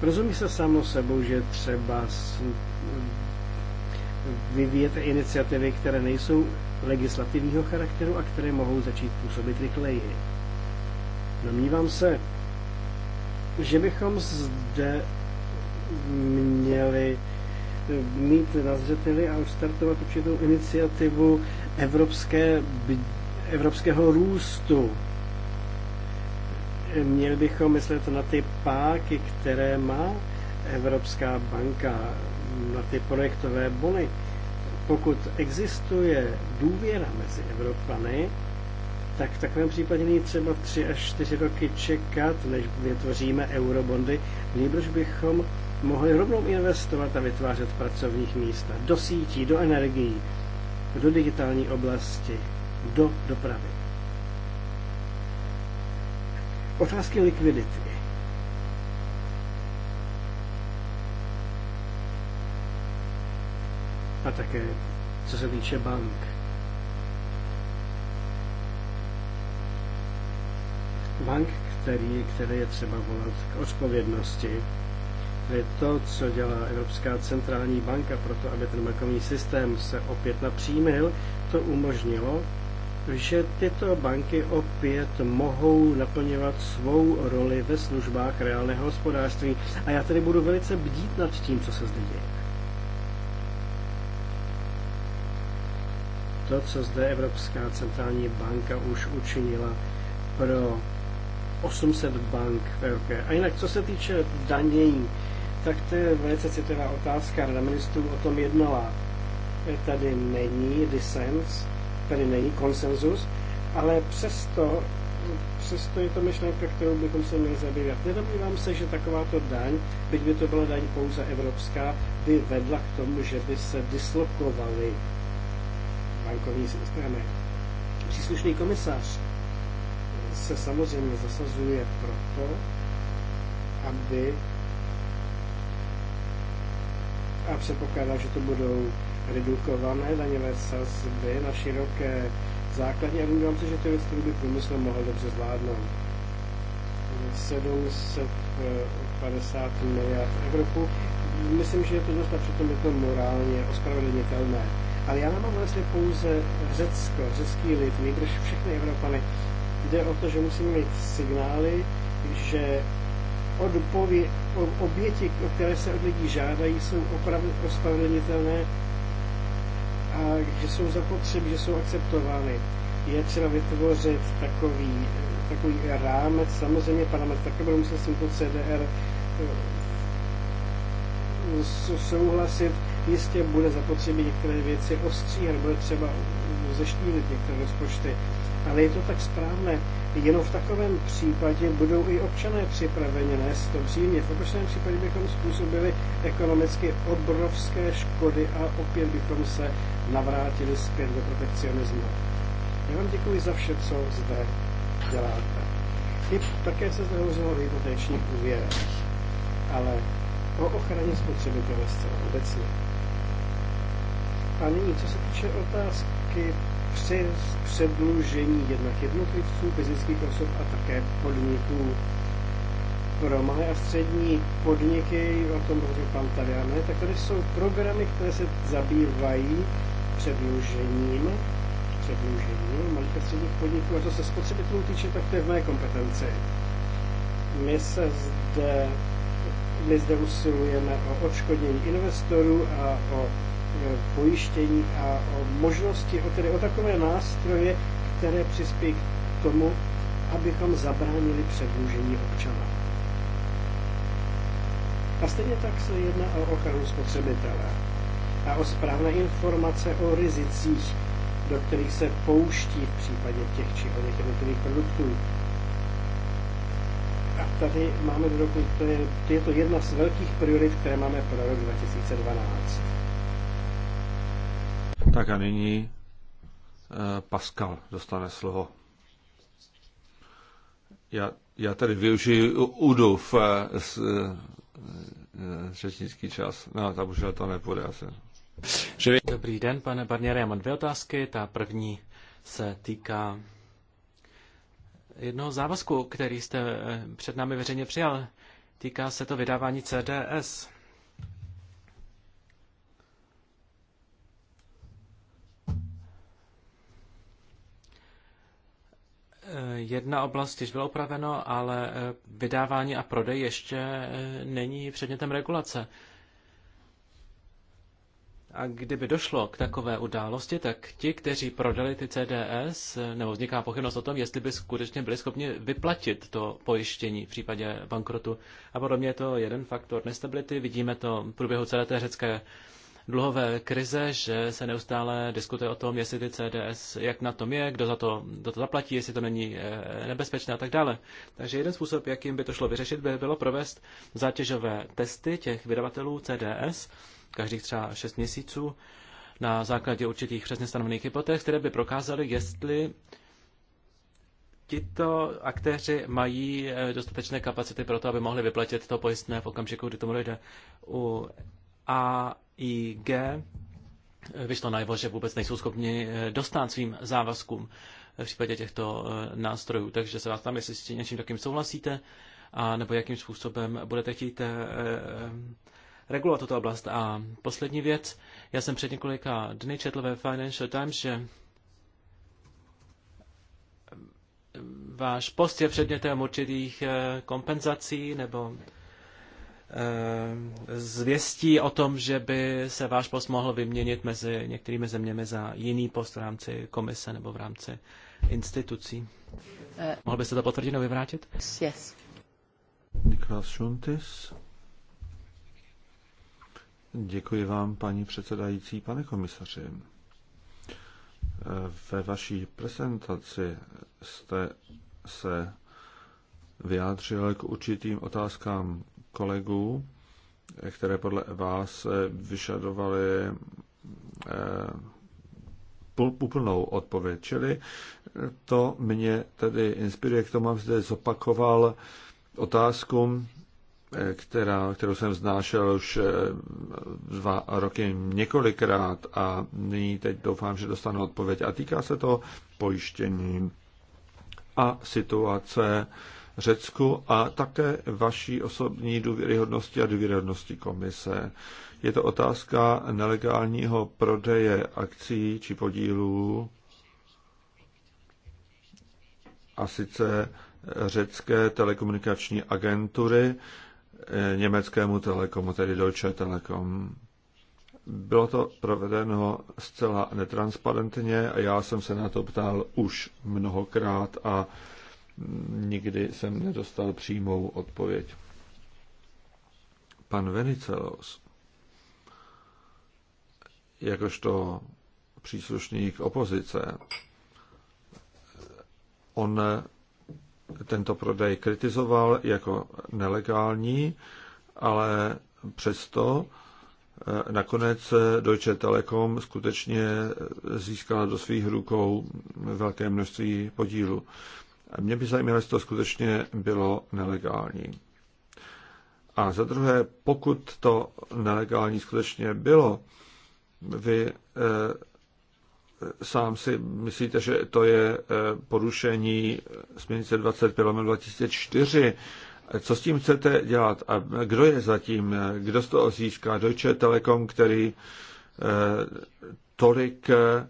Rozumí se samo sebou, že třeba vyvíjet iniciativy, které nejsou legislativního charakteru a které mohou začít působit rychleji. Domnívám se, že bychom zde měli mít na zřeteli a už startovat určitou iniciativu evropské, evropského růstu. Měli bychom myslet na ty páky, které má Evropská banka, na ty projektové bony. Pokud existuje důvěra mezi Evropany, tak v takovém případě není třeba tři až čtyři roky čekat, než vytvoříme eurobondy. Nejbrž bychom mohli rovnou investovat a vytvářet pracovních místa do sítí, do energií do digitální oblasti, do dopravy. Otázky likvidity. A také, co se týče bank. Bank, který, které je třeba volat k odpovědnosti, aby to, co dělá Evropská centrální banka pro to, aby ten bankovní systém se opět napřímil, to umožnilo, že tyto banky opět mohou naplňovat svou roli ve službách reálného hospodářství. A já tedy budu velice bdít nad tím, co se zde děje. To, co zde Evropská centrální banka už učinila pro 800 bank v Evropě. A jinak, co se týče danění, tak to je velice citlivá otázka. Rada ministrů o tom jednala. E, tady není dissens, tady není konsenzus, ale přesto, přesto je to myšlenka, kterou bychom se měli zabývat. Nedomnívám se, že takováto daň, byť by to byla daň pouze evropská, by vedla k tomu, že by se dislokovaly bankovní systémy. Příslušný komisař se samozřejmě zasazuje proto, aby a předpokládám, že to budou redukované daňové sazby na široké základně a vnímám se, že ty věci by průmysl mohl dobře zvládnout. 750 eh, miliard Evropu. Myslím, že je to dost a přitom je to morálně ospravedlnitelné. Ale já nemám vlastně pouze Řecko, řecký lid, nejbrž všechny Evropany. Jde o to, že musíme mít signály, že oběti, oběti, které se od lidí žádají, jsou opravdu ospravedlnitelné a že jsou zapotřebí, že jsou akceptovány. Je třeba vytvořit takový, takový rámec, samozřejmě parlament také budou muset eh, s tímto CDR souhlasit, jistě bude zapotřebí některé věci ostříhat, bude třeba rozeštílit některé rozpočty, ale je to tak správné. Jenom v takovém případě budou i občané připraveni nést to břímě. V opačném případě bychom způsobili ekonomicky obrovské škody a opět bychom se navrátili zpět do protekcionismu. Já vám děkuji za vše, co zde děláte. I také se zde hovořilo o hypotečních úvěrech, ale o ochraně spotřebitele zcela obecně. A nyní, co se týče otázky při předlužení jednak jednotlivců, fyzických osob a také podniků. Pro malé a střední podniky, o tom hovořil pan Taliane, tak tady jsou programy, které se zabývají předlužením, předlužením malých a středních podniků. A co se spotřebitelů týče, tak to je v mé kompetenci. My se zde, my zde usilujeme o odškodnění investorů a o Eh, pojištění a o možnosti, o, tedy o takové nástroje, které přispějí k tomu, abychom zabránili předlužení občana. A stejně tak se jedná o ochranu spotřebitele a o správné informace o rizicích, do kterých se pouští v případě těch či oněch jednotlivých produktů. A tady máme do roku, to je, je to jedna z velkých priorit, které máme pro rok 2012. Tak a nyní eh, Pascal dostane slovo. Já, já tady využiju UDUV z, eh, eh, řečnický čas. No, tam už to nepůjde asi. Dobrý den, pane Barniere, já mám dvě otázky. Ta první se týká jednoho závazku, který jste před námi veřejně přijal. Týká se to vydávání CDS. jedna oblast již bylo upraveno, ale eh, vydávání a prodej ještě eh, není předmětem regulace. A kdyby došlo k takové události, tak ti, kteří prodali ty CDS, eh, nebo vzniká pochybnost o tom, jestli by skutečně byli schopni vyplatit to pojištění v případě bankrotu. A podobně je to jeden faktor nestability. Vidíme to v průběhu celé té řecké dluhové krize, že se neustále diskutuje o tom, jestli ty CDS, jak na tom je, kdo za to, kdo to zaplatí, jestli to není eh, nebezpečné a tak dále. Takže jeden způsob, jakým by to šlo vyřešit, by bylo provést zátěžové testy těch vydavatelů CDS, každých třeba 6 měsíců, na základě určitých přesně stanovených hypoték, které by prokázaly, jestli tito aktéři mají eh, dostatečné kapacity pro to, aby mohli vyplatit to pojistné v okamžiku, kdy tomu dojde. U, a IG vyšlo najevo, že vůbec nejsou schopni eh, dostat svým závazkům eh, v případě těchto eh, nástrojů. Takže se vás tam, jestli s něčím takým souhlasíte, a nebo jakým způsobem budete chtít regulovat tuto oblast. A poslední věc, já jsem před několika dny četl ve Financial Times, že váš post je předmětem určitých kompenzací nebo Eh, zvěstí o tom, že by se váš post mohl vyměnit mezi některými zeměmi za jiný post v rámci komise nebo v rámci institucí. Uh, mohl byste to potvrdit nebo vyvrátit? Yes. Niklas Šuntis. Děkuji vám, paní předsedající, pane komisaři. Eh, ve vaší prezentaci jste se vyjádřil k určitým otázkám kolegů, které podle vás vyžadovaly eh, úplnou odpověď. Čili eh, to mě tedy inspiruje k tomu, abych zde zopakoval otázku, eh, která, kterou jsem znášel už dva roky několikrát a nyní teď doufám, že dostanu odpověď. A týká se to pojištění a situace Řecku a také vaší osobní důvěryhodnosti a důvěryhodnosti komise. Je to otázka nelegálního prodeje akcí či podílů a sice řecké telekomunikační agentury eh, německému telekomu, tedy Deutsche Telekom. Bylo to provedeno zcela netransparentně a já jsem se na to ptal už mnohokrát a nikdy jsem nedostal přímou odpověď. Pan Venicelos, jakožto příslušník opozice, on tento prodej kritizoval jako nelegální, ale přesto eh, nakonec Deutsche Telekom skutečně získala do svých rukou velké množství podílu. Mě by zajímalo, jestli to skutečně bylo nelegální. A za druhé, pokud to nelegální skutečně bylo, vy e, sám si myslíte, že to je e, porušení eh, směrnice 20 2004. Co s tím chcete dělat? A kdo je zatím? Kdo z toho získá? Deutsche Telekom, který e, tolik e,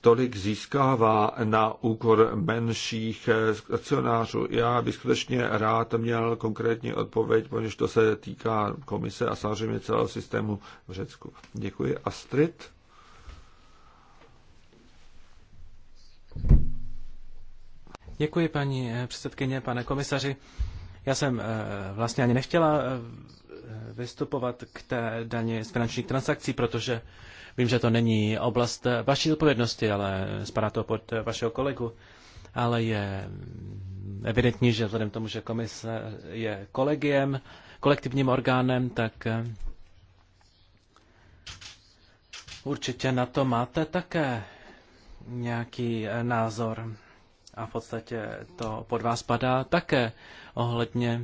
tolik získává na úkor menších akcionářů. Já bych skutečně rád měl konkrétní odpověď, protože to se týká komise a samozřejmě celého systému v Řecku. Děkuji. Astrid? Děkuji, paní eh, předsedkyně, pane komisaři. Já jsem eh, vlastně ani nechtěla eh, vystupovat k té daně z finančních transakcí, protože vím, že to není oblast vaší odpovědnosti, ale spadá to pod vašeho kolegu. Ale je evidentní, že vzhledem k tomu, že komise je kolegiem, kolektivním orgánem, tak eh, určitě na to máte také nějaký eh, názor. A v podstatě to pod vás padá také ohledně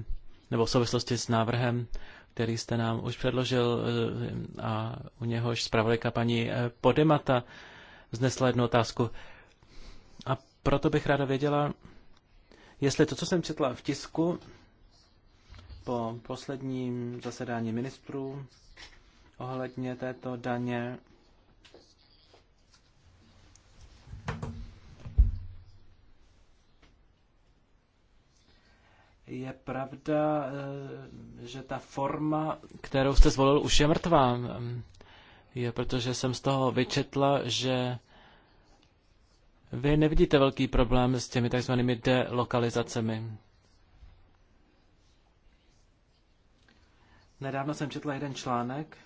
nebo v souvislosti s návrhem který jste nám už předložil eh, a u něhož zpravodajka paní eh, Podemata vznesla jednu otázku. A proto bych ráda věděla, jestli to, co jsem četla v tisku po posledním zasedání ministrů ohledně této daně, Je pravda, eh, že ta forma, kterou jste zvolil, už je mrtvá. Je, protože jsem z toho vyčetla, že vy nevidíte velký problém s těmi takzvanými delokalizacemi. Nedávno jsem četla jeden článek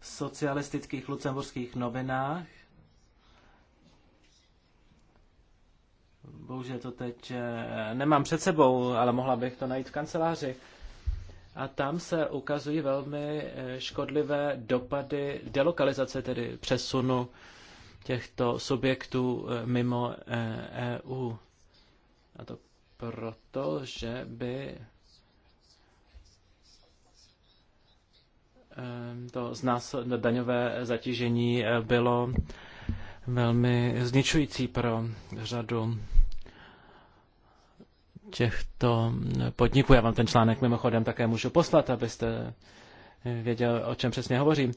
v socialistických lucemburských novinách, Bohužel to teď eh, nemám před sebou, ale mohla bych to najít v kanceláři. A tam se ukazují velmi eh, škodlivé dopady delokalizace, tedy přesunu těchto subjektů eh, mimo EU. E A to proto, že by ehm, to znás, daňové zatížení bylo velmi zničující pro řadu těchto podniků. Já vám ten článek mimochodem také můžu poslat, abyste věděl, o čem přesně hovořím.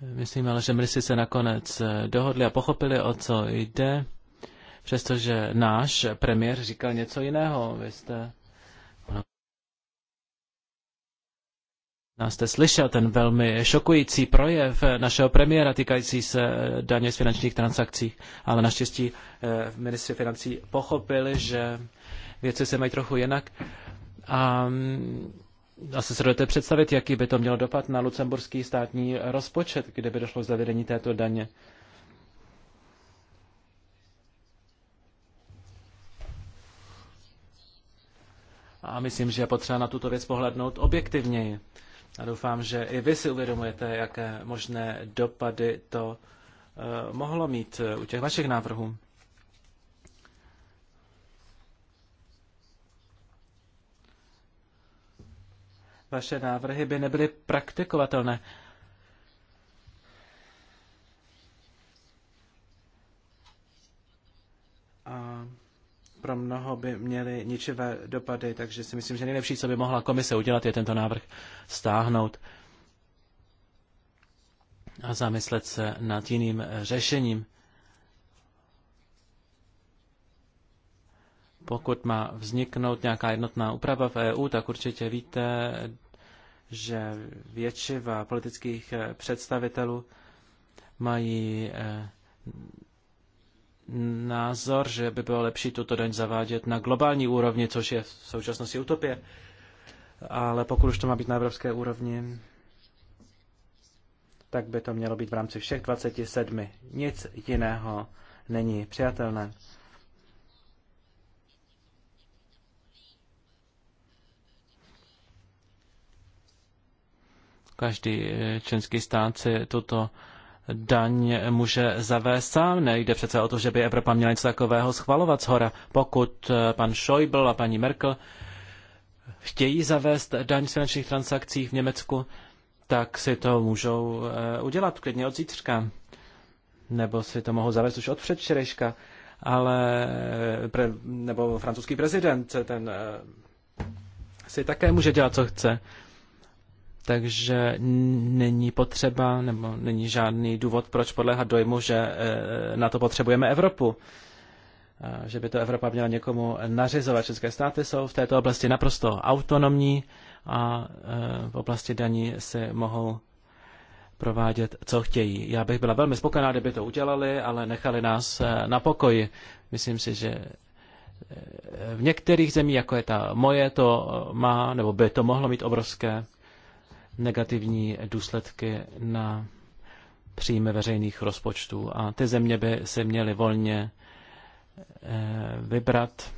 Myslím ale, že mrsi se nakonec dohodli a pochopili, o co jde, přestože náš premiér říkal něco jiného. Vy jste nás jste slyšel ten velmi šokující projev našeho premiéra týkající se eh, daně z finančních transakcí, ale naštěstí eh, ministři financí pochopili, že věci se mají trochu jinak. A mm, asi se dovedete představit, jaký by to mělo dopad na lucemburský státní rozpočet, kdyby došlo k zavedení této daně. A myslím, že je potřeba na tuto věc pohlednout objektivněji. A doufám, že i vy si uvědomujete, jaké možné dopady to eh, mohlo mít eh, u těch vašich návrhů. Vaše návrhy by nebyly praktikovatelné. A pro mnoho by měly ničivé dopady, takže si myslím, že nejlepší, co by mohla komise udělat, je tento návrh stáhnout a zamyslet se nad jiným řešením. Pokud má vzniknout nějaká jednotná úprava v EU, tak určitě víte, že většina politických představitelů mají eh, názor, že by bylo lepší tuto daň zavádět na globální úrovni, což je v současnosti utopie. Ale pokud už to má být na evropské úrovni, tak by to mělo být v rámci všech 27. Nic jiného není přijatelné. Každý eh, členský stát si tuto daň může zavést sám. Nejde přece o to, že by Evropa měla něco takového schvalovat zhora. Pokud eh, pan Schäuble a paní Merkel chtějí zavést daň z finančních transakcí v Německu, tak si to můžou eh, udělat klidně od zítřka. Nebo si to mohou zavést už od předčerejška. Ale, eh, pre, nebo francouzský prezident, ten si také může dělat, co chce takže není potřeba nebo není žádný důvod, proč podléhat dojmu, že e, na to potřebujeme Evropu. E, že by to Evropa měla někomu nařizovat. České státy jsou v této oblasti naprosto autonomní a e, v oblasti daní si mohou provádět, co chtějí. Já bych byla velmi spokojená, kdyby to udělali, ale nechali nás na pokoji. Myslím si, že v některých zemích, jako je ta moje, to má, nebo by to mohlo mít obrovské negativní důsledky na příjmy veřejných rozpočtů a ty země by se měly volně eh, vybrat.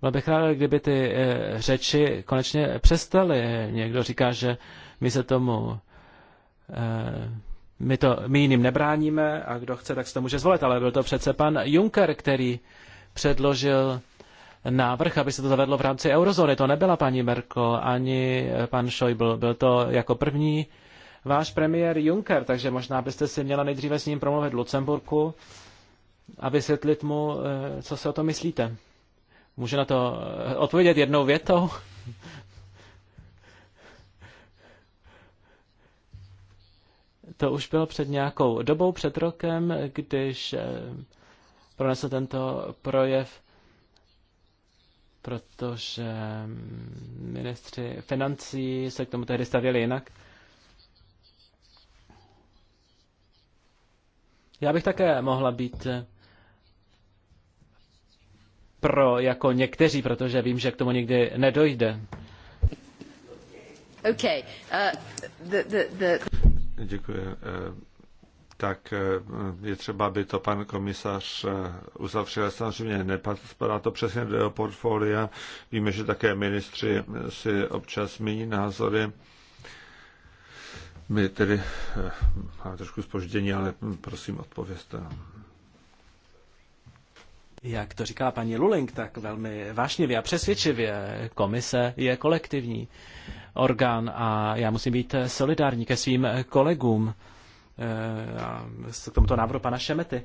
Byl bych rád, kdyby ty eh, řeči konečně přestaly. Někdo říká, že my se tomu eh, my, to, my jiným nebráníme a kdo chce, tak se to může zvolit. Ale byl to přece pan Juncker, který předložil návrh, aby se to zavedlo v rámci eurozóny. To nebyla paní Merkel ani pan Schäuble. Byl to jako první váš premiér Juncker, takže možná byste si měla nejdříve s ním promluvit v Lucemburku a vysvětlit mu, eh, co si o to myslíte. Může na to eh, odpovědět jednou větou? To už bylo před nějakou dobou, před rokem, když eh, pronesl tento projev protože ministři financí se k tomu tehdy stavěli jinak. Já bych také mohla být pro jako někteří, protože vím, že k tomu nikdy nedojde. Okay. Uh, the, the, the... Děkuji. Eh, tak eh, je třeba, aby to pan komisař eh, uzavřel. Samozřejmě nepadá to přesně do jeho portfolia. Víme, že také ministři si občas mění názory. My tedy eh, máme trošku spoždění, ale prosím, odpověste nám. Jak to říká paní Luling, tak velmi vášnivě a přesvědčivě. Komise je kolektivní orgán a já musím být solidární ke svým kolegům k tomuto návrhu pana Šemety.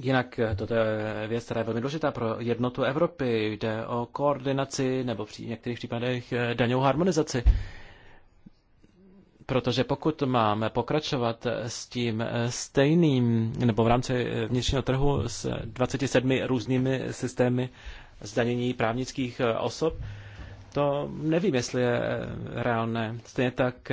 Jinak eh, toto je věc, která je velmi důležitá pro jednotu Evropy. Jde o koordinaci nebo v některých případech eh, daňovou harmonizaci. Protože pokud máme pokračovat eh, s tím stejným, nebo v rámci vnitřního trhu s 27 různými systémy zdanění právnických osob, to nevím, jestli je reálné. Stejně tak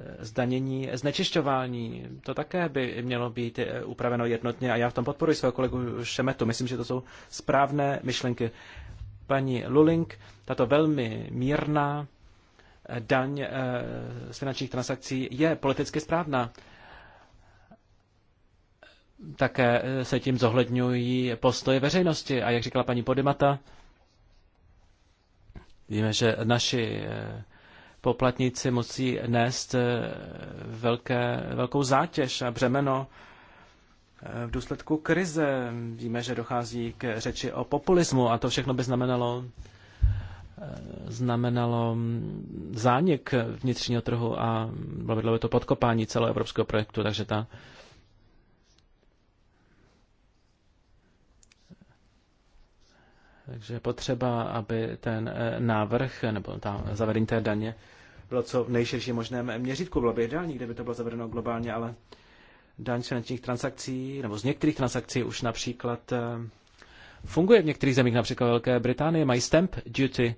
Eh, zdanění znečišťování. To také by mělo být eh, upraveno jednotně a já v tom podporuji svého kolegu Šemetu. Myslím, že to jsou správné myšlenky. Paní Luling, tato velmi mírná eh, daň z finančních transakcí je politicky správná. Také se tím zohledňují postoje veřejnosti a jak říkala paní Podimata, víme, že naši poplatníci musí nést eh, velké, velkou zátěž a břemeno eh, v důsledku krize. Víme, že dochází k řeči o populismu a to všechno by znamenalo eh, znamenalo mm, zánik vnitřního trhu a bylo by to podkopání celého evropského projektu, takže ta Takže je potřeba, aby ten návrh nebo ta zavedení té daně bylo co v nejširším možném měřítku. Bylo by ideální, kdyby to bylo zavedeno globálně, ale daň z finančních transakcí, nebo z některých transakcí už například eh, funguje v některých zemích, například Velké Británie, mají stamp duty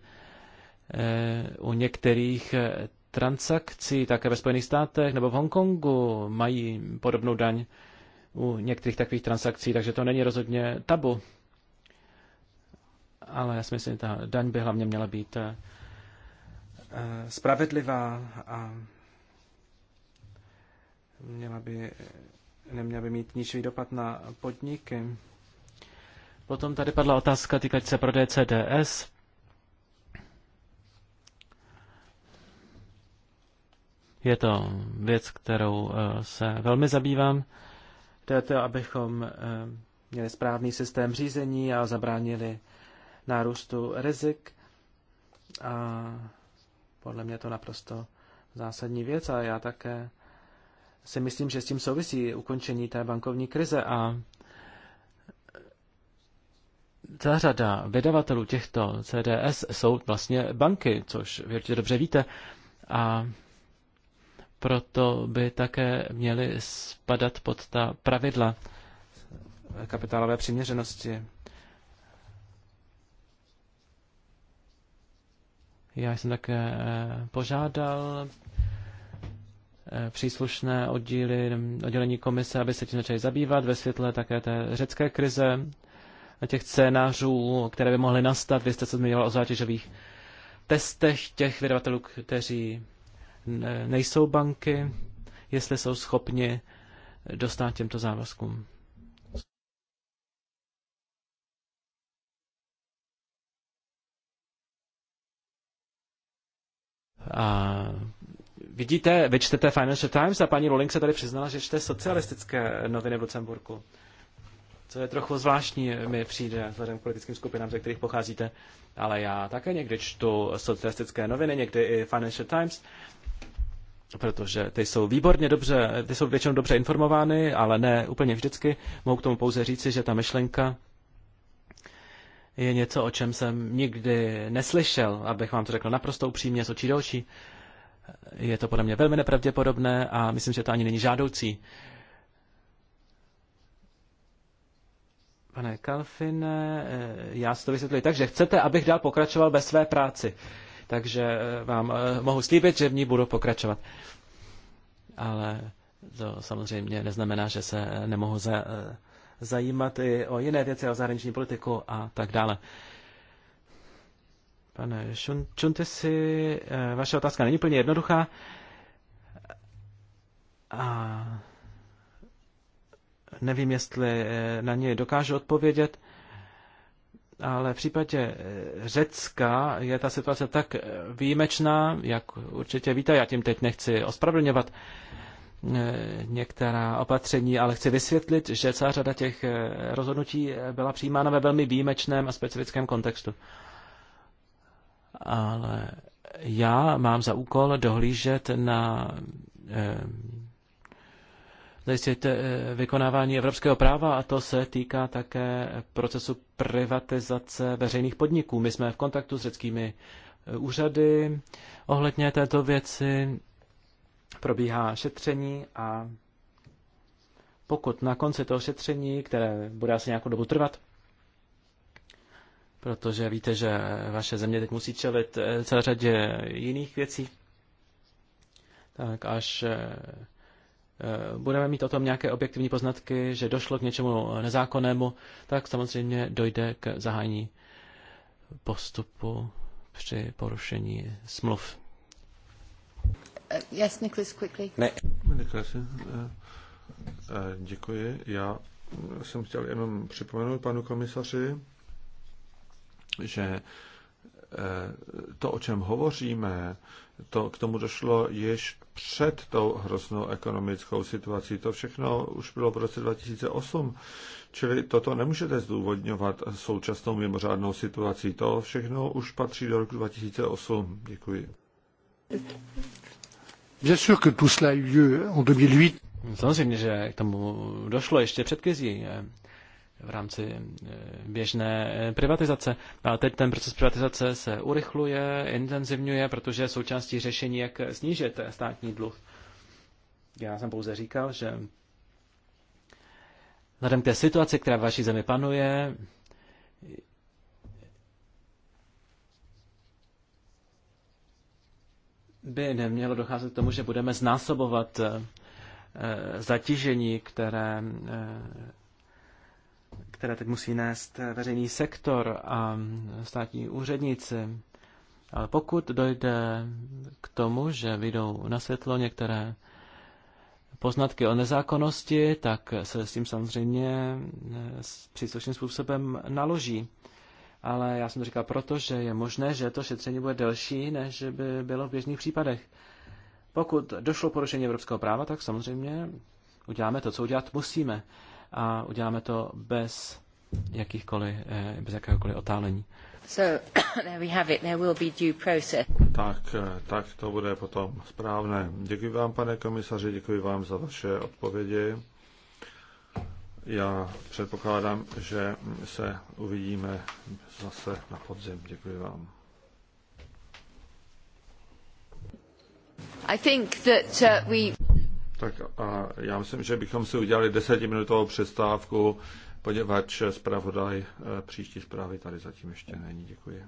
eh, u některých eh, transakcí, také ve Spojených státech nebo v Hongkongu mají podobnou daň u některých takových transakcí, takže to není rozhodně tabu. Ale já si myslím, ta daň by hlavně měla být Eh, spravedlivá a měla by, neměla by mít ničivý dopad na podniky. Potom tady padla otázka týkající se prodeje CDS. Je to věc, kterou eh, se velmi zabývám. To je to, abychom eh, měli správný systém řízení a zabránili nárůstu rizik. A podle mě je to naprosto zásadní věc a já také si myslím, že s tím souvisí ukončení té bankovní krize a celá řada vydavatelů těchto CDS jsou vlastně banky, což vy určitě dobře víte. A proto by také měly spadat pod ta pravidla kapitálové přiměřenosti. Já jsem také eh, požádal eh, příslušné oddíly, oddělení komise, aby se tím začali zabývat ve světle také té řecké krize a těch scénářů, které by mohly nastat. Vy jste se zmiňoval o zátěžových testech těch vydavatelů, kteří nejsou banky, jestli jsou schopni dostat těmto závazkům. A vidíte, vy čtete Financial Times a paní Rowling se tady přiznala, že čte socialistické noviny v Lucemburku. Co je trochu zvláštní, mi přijde vzhledem k politickým skupinám, ze kterých pocházíte. Ale já také někdy čtu socialistické noviny, někdy i Financial Times, protože ty jsou výborně dobře, ty jsou většinou dobře informovány, ale ne úplně vždycky. Mohu k tomu pouze říci, že ta myšlenka je něco, o čem jsem nikdy neslyšel, abych vám to řekl naprosto upřímně, z očí do očí. Je to podle mě velmi nepravděpodobné a myslím, že to ani není žádoucí. Pane Kalfine, eh, já si to vysvětluji tak, že chcete, abych dál pokračoval ve své práci. Takže eh, vám eh, mohu slíbit, že v ní budu pokračovat. Ale to samozřejmě neznamená, že se nemohu za, zajímat i o jiné věci, o zahraniční politiku a tak dále. Pane Šuntesi, eh, vaše otázka není úplně jednoduchá. A nevím, jestli eh, na ně dokážu odpovědět, ale v případě eh, Řecka je ta situace tak výjimečná, jak určitě víte, já tím teď nechci ospravedlňovat E, některá opatření, ale chci vysvětlit, že celá řada těch e, rozhodnutí byla přijímána ve velmi výjimečném a specifickém kontextu. Ale já mám za úkol dohlížet na e, zajistit vykonávání evropského práva a to se týká také procesu privatizace veřejných podniků. My jsme v kontaktu s řeckými úřady ohledně této věci probíhá šetření a pokud na konci toho šetření, které bude asi nějakou dobu trvat, protože víte, že vaše země teď musí čelit eh, celé řadě jiných věcí, tak až eh, eh, budeme mít o tom nějaké objektivní poznatky, že došlo k něčemu nezákonnému, tak samozřejmě dojde k zahájení postupu při porušení smluv. Uh, yes, Nicholas, quickly. Ne. Nicholas, uh, uh, děkuji. Já jsem chtěl jenom připomenout panu komisaři, že to, o čem hovoříme, to k tomu došlo již před tou hroznou ekonomickou situací. To všechno už bylo v roce 2008, čili toto nemůžete zdůvodňovat současnou mimořádnou situací. To všechno už patří do roku 2008. Děkuji. Bien sûr que tout cela a eu lieu en 2008. Samozřejmě, že k tomu došlo ještě před krizí eh, v rámci eh, běžné eh, privatizace. A teď ten proces privatizace se urychluje, intenzivňuje, protože je součástí řešení, jak snížit státní dluh. Já jsem pouze říkal, že vzhledem k té situaci, která v vaší zemi panuje, by nemělo docházet k tomu, že budeme znásobovat eh, eh, zatížení, které, eh, které teď musí nést veřejný sektor a státní úředníci. Ale pokud dojde k tomu, že vyjdou na světlo některé poznatky o nezákonnosti, tak se s tím samozřejmě příslušným způsobem naloží ale já jsem to říkal proto, že je možné, že to šetření bude delší, než by bylo v běžných případech. Pokud došlo porušení evropského práva, tak samozřejmě uděláme to, co udělat musíme. A uděláme to bez jakýchkoliv, eh, bez jakéhokoliv otálení. So, there we have it. There will be due process. Tak, eh, tak to bude potom správné. Děkuji vám, pane komisaři, děkuji vám za vaše odpovědi já předpokládám, že se uvidíme zase na podzim. Děkuji vám. I think that, uh, we... Tak a já myslím, že bychom si udělali desetiminutovou přestávku, poněvadž zpravodaj eh, příští zprávy tady zatím ještě není. Děkuji.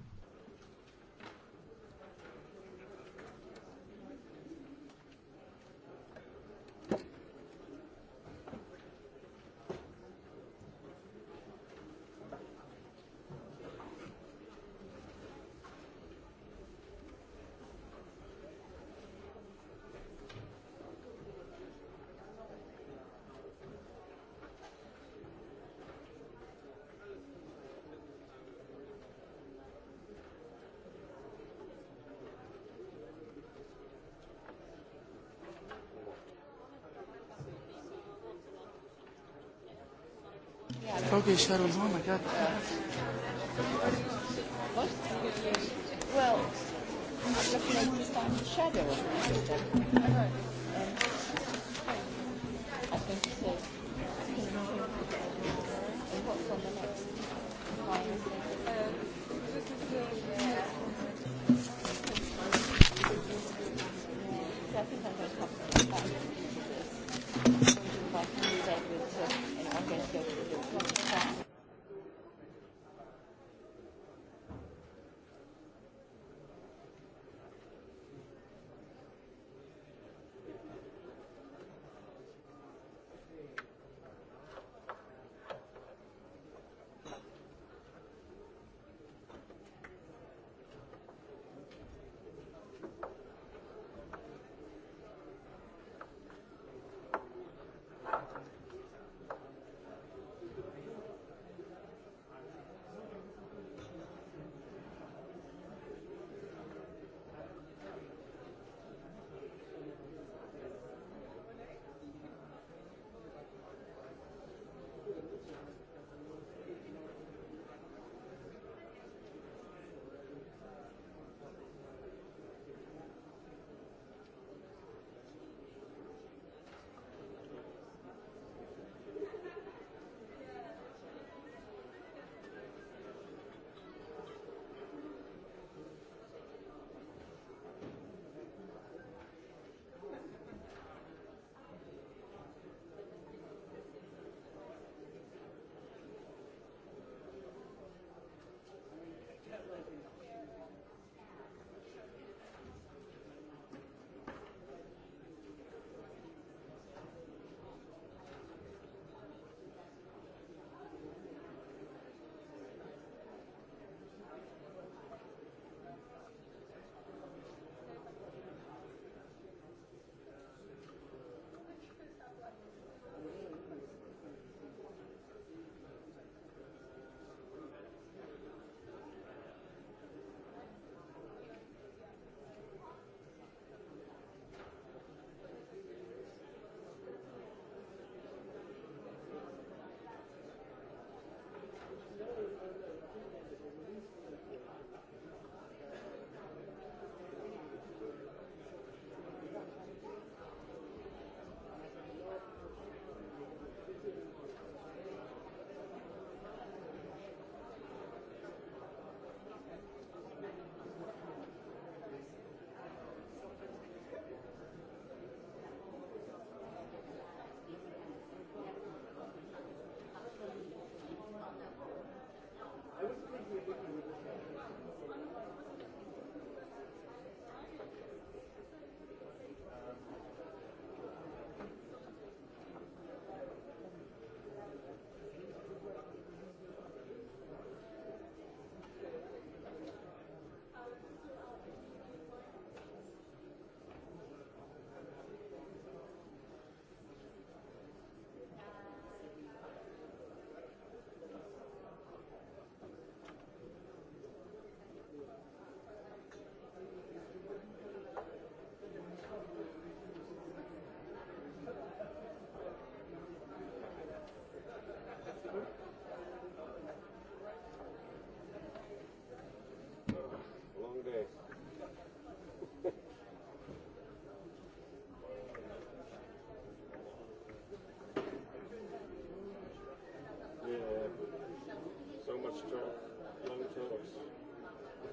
Sophia Sharon. Oh my God. What? Well, I'm looking at the shadow. I think so. And what's on the next? Uh, this is Uh,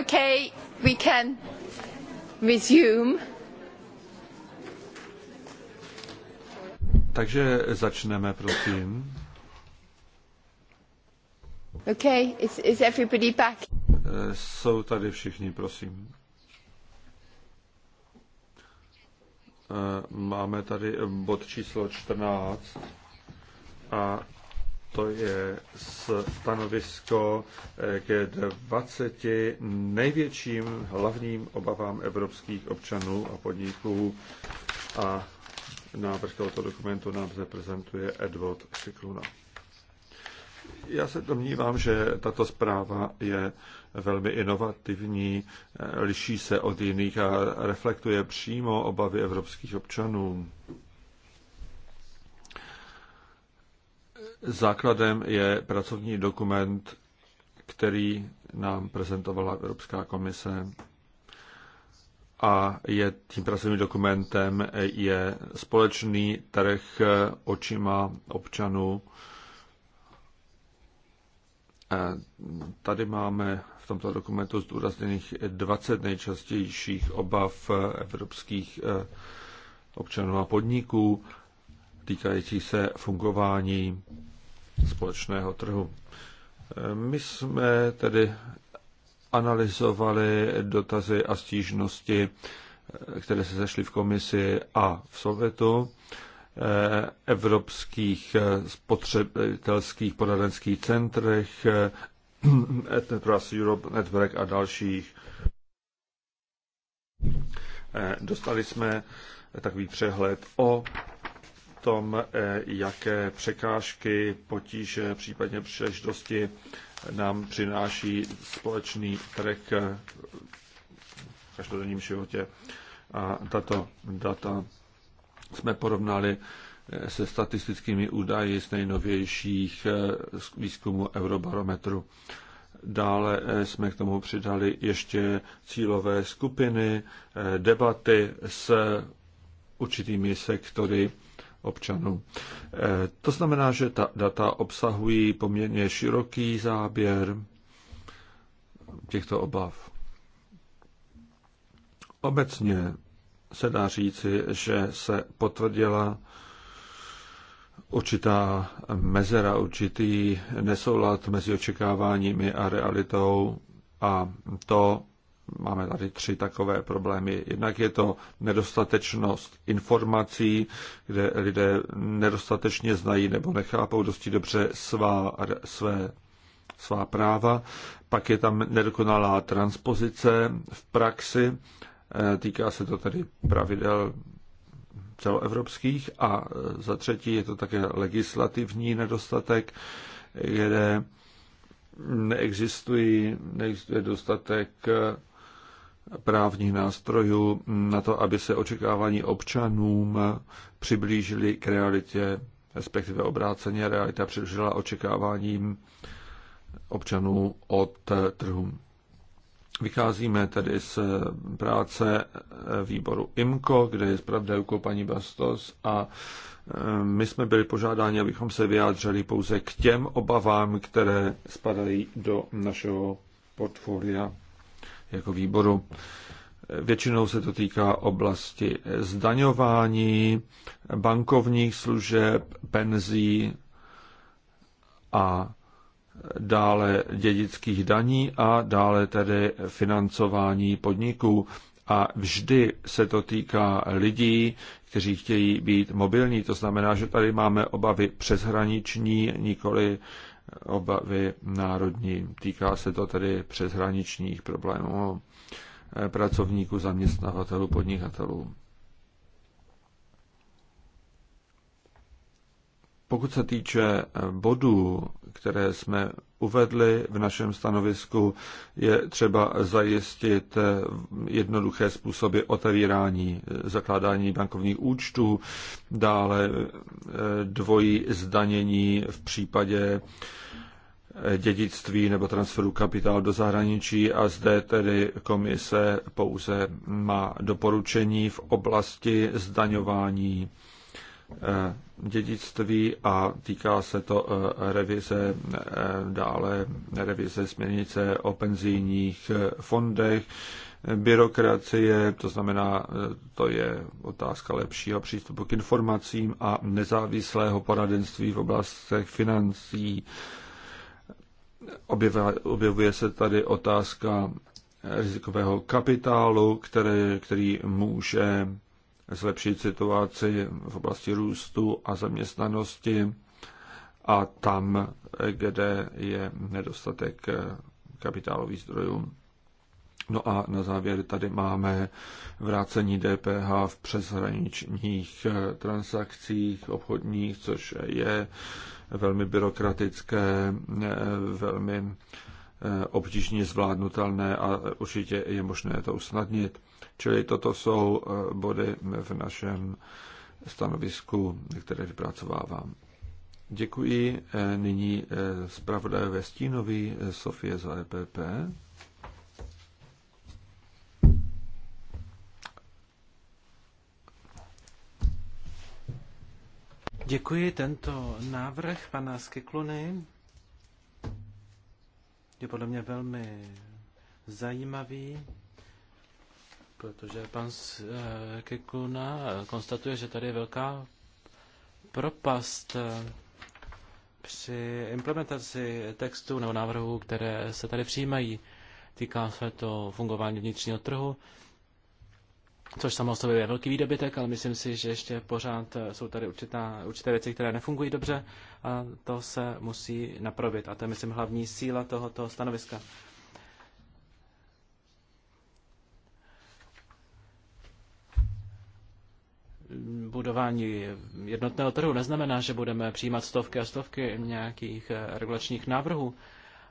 Okay, we can resume. Takže začneme, prosím. Okay, is, is everybody back? Eh, jsou tady všichni, prosím. Eh, máme tady bod číslo 14 to je stanovisko eh, k 20 největším hlavním obavám evropských občanů a podniků a návrh tohoto dokumentu nám zde prezentuje Edward Sikluna. Já se domnívám, že tato zpráva je velmi inovativní, eh, liší se od jiných a reflektuje přímo obavy evropských občanů. Základem je pracovní dokument, který nám prezentovala Evropská komise a je tím pracovním dokumentem je společný trh očima občanů. Tady máme v tomto dokumentu zdůrazněných 20 nejčastějších obav evropských eh, občanů a podniků týkající se fungování společného trhu. My jsme tedy analyzovali dotazy a stížnosti, které se zašly v komisi a v Sovětu eh, evropských eh, spotřebitelských poradenských centrech, eh, Trust Europe Network a dalších. Dostali jsme takový přehled o tom, eh, jaké překážky, potíže, případně příležitosti nám přináší společný trh v každodenním životě. A tato data jsme porovnali eh, se statistickými údaji z nejnovějších eh, výzkumů Eurobarometru. Dále jsme k tomu přidali ještě cílové skupiny, debaty s určitými sektory občanů. Eh, to znamená, že ta data obsahují poměrně široký záběr těchto obav. Obecně se dá říci, že se potvrdila určitá mezera, určitý nesoulad mezi očekáváními a realitou a to Máme tady tři takové problémy. Jednak je to nedostatečnost informací, kde lidé nedostatečně znají nebo nechápou dosti dobře svá, své, svá práva. Pak je tam nedokonalá transpozice v praxi. Eh, týká se to tedy pravidel celoevropských a eh, za třetí je to také legislativní nedostatek, kde neexistují, neexistuje dostatek eh, právních nástrojů na to, aby se očekávání občanům přiblížili k realitě, respektive obráceně realita přiblížila očekáváním občanů od trhu. Vycházíme tedy z práce výboru IMCO, kde je zpravdajkou paní Bastos a e, my jsme byli požádáni, abychom se vyjádřili pouze k těm obavám, které spadají do našeho portfolia jako výboru. Většinou se to týká oblasti zdaňování, bankovních služeb, penzí a dále dědických daní a dále tedy financování podniků. A vždy se to týká lidí, kteří chtějí být mobilní. To znamená, že tady máme obavy přeshraniční, nikoli obavy národní. Týká se to tedy přeshraničních problémů eh, pracovníků, zaměstnavatelů, podnikatelů. Pokud se týče eh, bodů, které jsme uvedli v našem stanovisku, je třeba zajistit eh, jednoduché způsoby otevírání, eh, zakládání bankovních účtů, dále dvojí zdanění v případě dědictví nebo transferu kapitálu do zahraničí a zde tedy komise pouze má doporučení v oblasti zdaňování dědictví a týká se to eh, revize eh, dále revize směrnice o penzijních eh, fondech, byrokracie, to znamená, to je otázka lepšího přístupu k informacím a nezávislého poradenství v oblastech financí. Objevuje se tady otázka rizikového kapitálu, který, který může zlepšit situaci v oblasti růstu a zaměstnanosti a tam, kde je nedostatek kapitálových zdrojů. No a na závěr tady máme vrácení DPH v přeshraničních eh, transakcích obchodních, což je velmi byrokratické, eh, velmi Eh, obtížně zvládnutelné a určitě je možné to usnadnit. Čili toto jsou eh, body v našem stanovisku, které vypracovávám. Děkuji eh, nyní zpravodajové Stínovi Sofie za EPP. Děkuji tento návrh pana Skikluny je podle mě velmi zajímavý, protože pan eh, Kekuna eh, konstatuje, že tady je velká propast eh, při implementaci textů nebo návrhů, které se tady přijímají. Týká se to fungování vnitřního trhu, což samo sobě je velký výdobytek, ale myslím si, že ještě pořád eh, jsou tady určitá, určité věci, které nefungují dobře a to se musí napravit. A to je, myslím, hlavní síla tohoto stanoviska. budování jednotného trhu neznamená, že budeme přijímat stovky a stovky nějakých eh, regulačních návrhů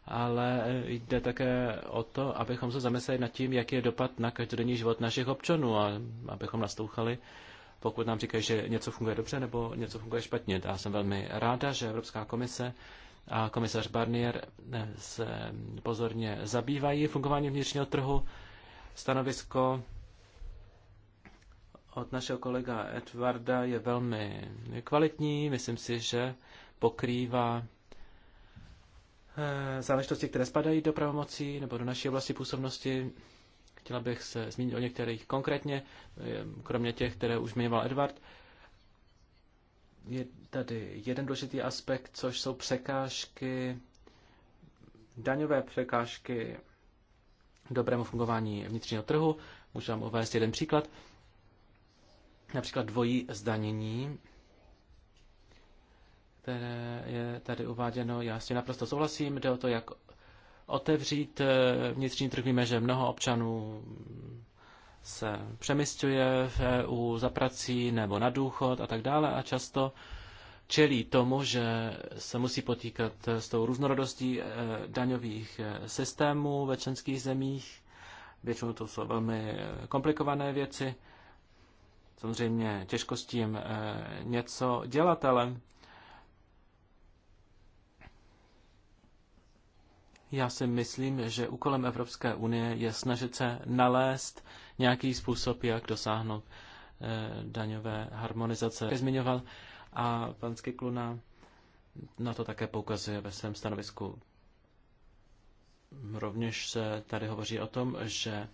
ale jde také o to, abychom se zamysleli nad tím, jaký je dopad na každodenní život našich občanů a abychom nastouchali, pokud nám říkají, že něco funguje dobře nebo něco funguje špatně. Já jsem velmi ráda, že Evropská komise a komisař Barnier se pozorně zabývají fungováním vnitřního trhu. Stanovisko od našeho kolega Edvarda je velmi kvalitní. Myslím si, že pokrývá Eh, záležitosti, které spadají do pravomocí nebo do naší oblasti působnosti. Chtěla bych se zmínit o některých konkrétně, eh, kromě těch, které už zmiňoval Edward. Je tady jeden důležitý aspekt, což jsou překážky, daňové překážky dobrému fungování vnitřního trhu. Můžu vám uvést jeden příklad. Například dvojí zdanění které je tady uváděno. Já s tím naprosto souhlasím. Jde o to, jak otevřít eh, vnitřní trh. Víme, že mnoho občanů se přemysťuje v EU za prací nebo na důchod a tak dále a často čelí tomu, že se musí potýkat s tou různorodostí eh, daňových eh, systémů ve členských zemích. Většinou to jsou velmi komplikované věci. Samozřejmě těžko s tím něco dělat, ale Já si myslím, že úkolem Evropské unie je snažit se nalézt nějaký způsob, jak dosáhnout eh, daňové harmonizace. Jak zmiňoval a pan Skikluna na to také poukazuje ve svém stanovisku. Rovněž se tady hovoří o tom, že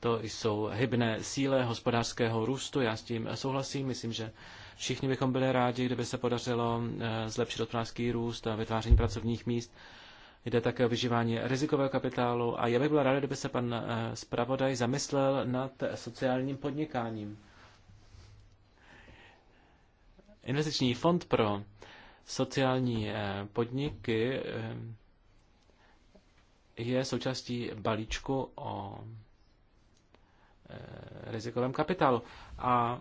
to jsou hybné síle hospodářského růstu. Já s tím souhlasím. Myslím, že všichni bychom byli rádi, kdyby se podařilo eh, zlepšit hospodářský růst a vytváření pracovních míst. Jde také o vyžívání rizikového kapitálu a já bych byla ráda, kdyby se pan eh, zpravodaj zamyslel nad sociálním podnikáním. Investiční fond pro sociální eh, podniky eh, je součástí balíčku o rizikovém kapitálu. A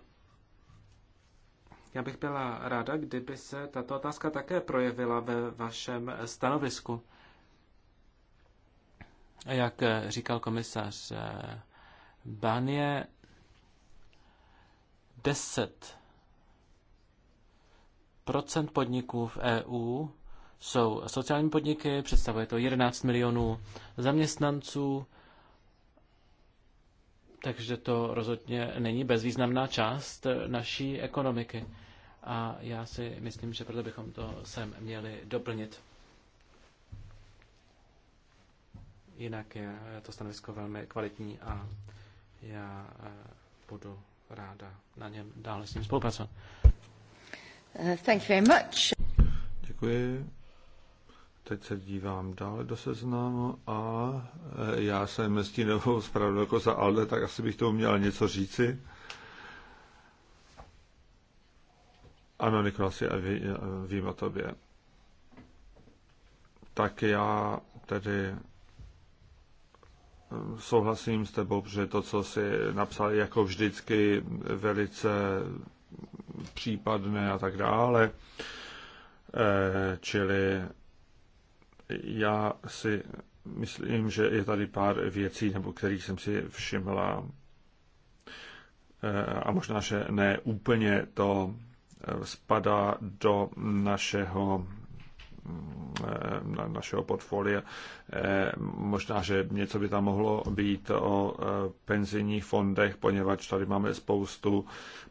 já bych byla ráda, kdyby se tato otázka také projevila ve vašem stanovisku. Jak eh, říkal komisař eh, Banie, 10 procent podniků v EU jsou sociální podniky, představuje to 11 milionů zaměstnanců, takže to rozhodně není bezvýznamná část eh, naší ekonomiky. A já si myslím, že proto bychom to sem měli doplnit. Jinak je to stanovisko velmi kvalitní a já eh, budu ráda na něm dále s ním spolupracovat. Eh, thank you very much. Děkuji. Teď se dívám dále do seznamu a eh, já jsem stínovou jako za Alde, tak asi bych tomu měl něco říci. Ano, Nikolasi, a ví, vím o tobě. Tak já tedy souhlasím s tebou, protože to, co si napsal, jako vždycky velice případné a tak dále. Eh, čili já si myslím, že je tady pár věcí, nebo kterých jsem si všimla. Eh, a možná, že ne úplně to eh, spadá do našeho Eh, našeho portfolia. Eh, možná, že něco by tam mohlo být o eh, penzijních fondech, poněvadž tady máme spoustu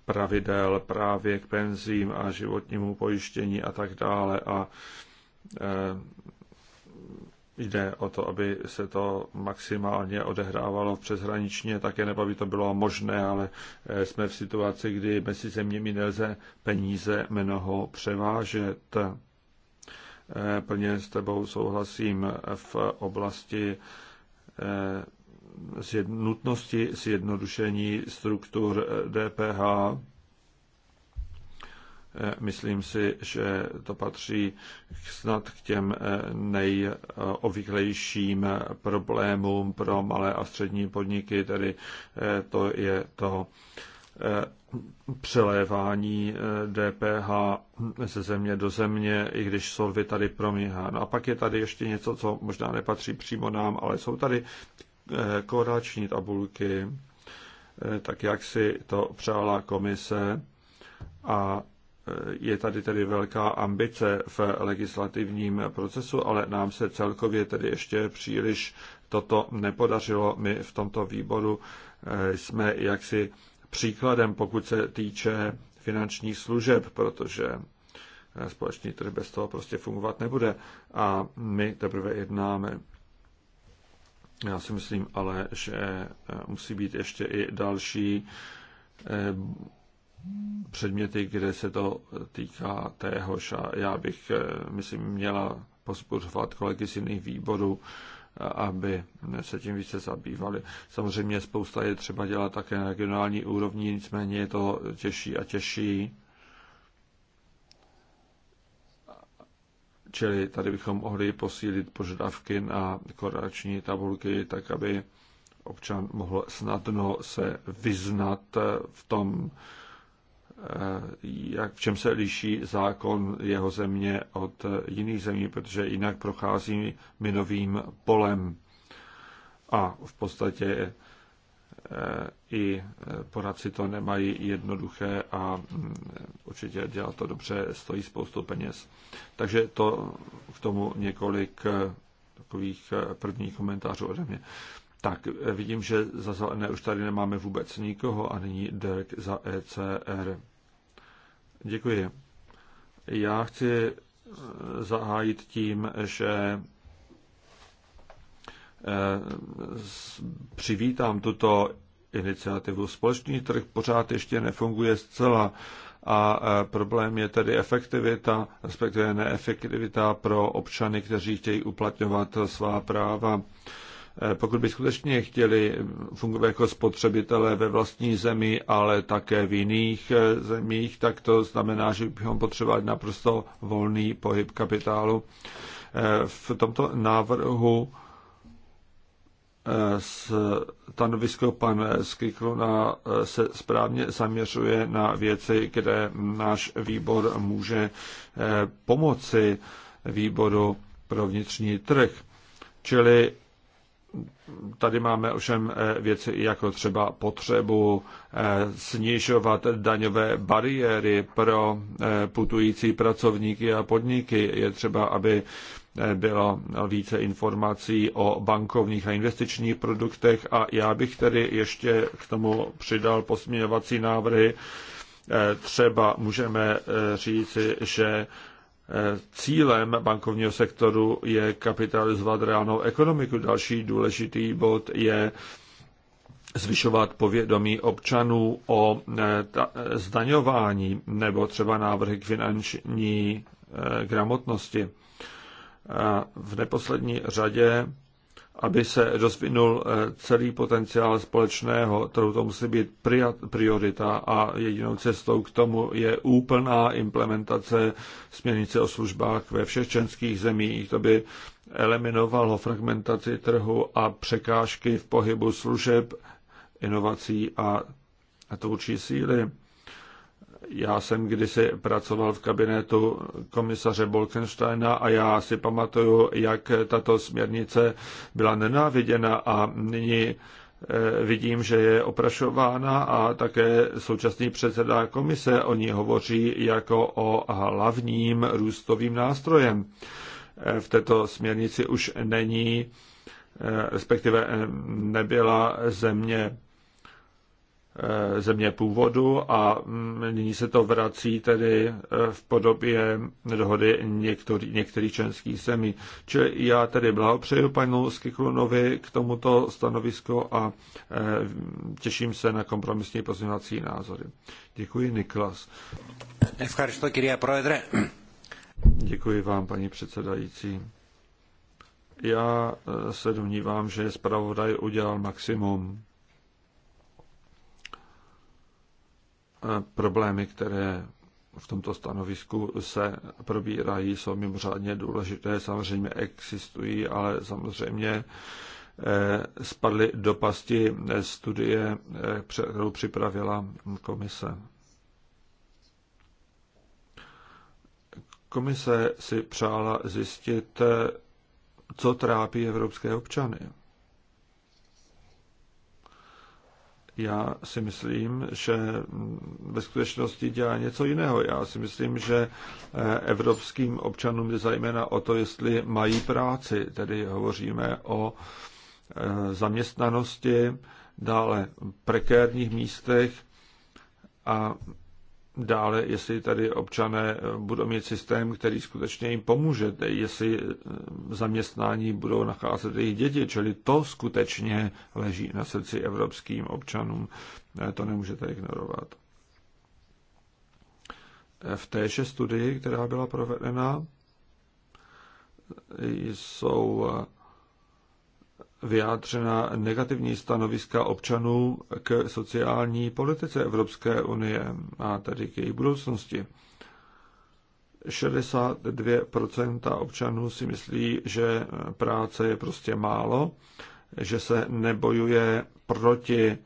pravidel právě k penzím a životnímu pojištění a tak dále. A jde o to, aby se to maximálně odehrávalo přeshraničně, také nebo by to bylo možné, ale jsme v situaci, kdy mezi zeměmi nelze peníze mnoho převážet. Eh, plně s tebou souhlasím v oblasti eh, nutnosti zjednodušení struktur DPH. Eh, myslím si, že to patří snad k těm nejovyklejším problémům pro malé a střední podniky, tedy to je to Eh, přelévání DPH eh, ze země do země, i když solvy tady promíhá. No a pak je tady ještě něco, co možná nepatří přímo nám, ale jsou tady eh, korelační tabulky, tak jak si to přála komise a je tady tedy velká ambice v legislativním procesu, ale nám se celkově tedy ještě příliš toto nepodařilo. My v tomto výboru jsme jaksi příkladem, pokud se týče finančních služeb, protože eh, společný trh bez toho prostě fungovat nebude a my teprve jednáme. Já si myslím ale, že eh, musí být ještě i další eh, předměty, kde se to týká téhož a já bych, myslím, měla pozbudovat kolegy z jiných výborů, aby se tím více zabývali. Samozřejmě spousta je třeba dělat také na regionální úrovni, nicméně je to těžší a těžší. Čili tady bychom mohli posílit požadavky na korelační tabulky, tak aby občan mohl snadno se vyznat v tom, Eh, jak, v čem se liší zákon jeho země od eh, jiných zemí, protože jinak prochází minovým polem. A v podstatě eh, i poradci to nemají jednoduché a mm, určitě dělat to dobře stojí spoustu peněz. Takže to k tomu několik takových prvních komentářů ode mě. Tak, eh, vidím, že za zelené už tady nemáme vůbec nikoho a nyní Dirk za ECR. Děkuji. Já chci eh, zahájit tím, že eh, přivítám tuto iniciativu. Společný trh pořád ještě nefunguje zcela a problém je tedy efektivita, respektive neefektivita pro občany, kteří chtějí uplatňovat svá práva. Eh, pokud by skutečně chtěli fungovat jako spotřebitelé ve vlastní zemi, ale také v jiných eh, zemích, tak to znamená, že bychom potřebovali naprosto volný pohyb kapitálu. Eh, v tomto návrhu stanovisko pan Skikluna se správně zaměřuje na věci, kde náš výbor může pomoci výboru pro vnitřní trh. Čili Tady máme ovšem eh, věci jako třeba potřebu eh, snižovat daňové bariéry pro eh, putující pracovníky a podniky. Je třeba, aby bylo více informací o bankovních a investičních produktech a já bych tedy ještě k tomu přidal posměňovací návrhy. Třeba můžeme říci, že Cílem bankovního sektoru je kapitalizovat reálnou ekonomiku. Další důležitý bod je zvyšovat povědomí občanů o eh, eh, zdaňování nebo třeba návrhy k finanční eh, gramotnosti. V neposlední řadě aby se rozvinul eh, celý potenciál společného trhu. To musí být priorita a jedinou cestou k tomu je úplná implementace směrnice o službách ve všech členských zemích. To by eliminovalo fragmentaci trhu a překážky v pohybu služeb, inovací a tvůrčí síly. Já jsem kdysi pracoval v kabinetu komisaře Bolkensteina a já si pamatuju, jak tato směrnice byla nenáviděna a nyní eh, vidím, že je oprašována a také současný předseda komise o ní hovoří jako o hlavním růstovým nástrojem. Eh, v této směrnici už není, eh, respektive nebyla země Eh, země původu a mm, nyní se to vrací tedy eh, v podobě dohody některý, některých členských zemí. Čili já tedy blahopřeju panu Skiklunovi k tomuto stanovisku a eh, těším se na kompromisní pozměňovací názory. Děkuji, Niklas. Děkuji vám, paní předsedající. Já se domnívám, že zpravodaj udělal maximum problémy, které v tomto stanovisku se probírají, jsou mimořádně důležité. Samozřejmě existují, ale samozřejmě eh, spadly do pasti studie, eh, kterou připravila komise. Komise si přála zjistit, eh, co trápí evropské občany. já si myslím, že ve skutečnosti dělá něco jiného. Já si myslím, že eh, evropským občanům je zajímá o to, jestli mají práci. Tedy hovoříme o eh, zaměstnanosti, dále prekérních místech a Dále, jestli tady občané eh, budou mít systém, který skutečně jim pomůže, jestli eh, zaměstnání budou nacházet jejich děti, čili to skutečně leží na srdci evropským občanům. Eh, to nemůžete ignorovat. V téže studii, která byla provedena, jsou vyjádřena negativní stanoviska občanů k sociální politice Evropské unie a tedy k její budoucnosti. 62% občanů si myslí, že práce je prostě málo, že se nebojuje proti eh,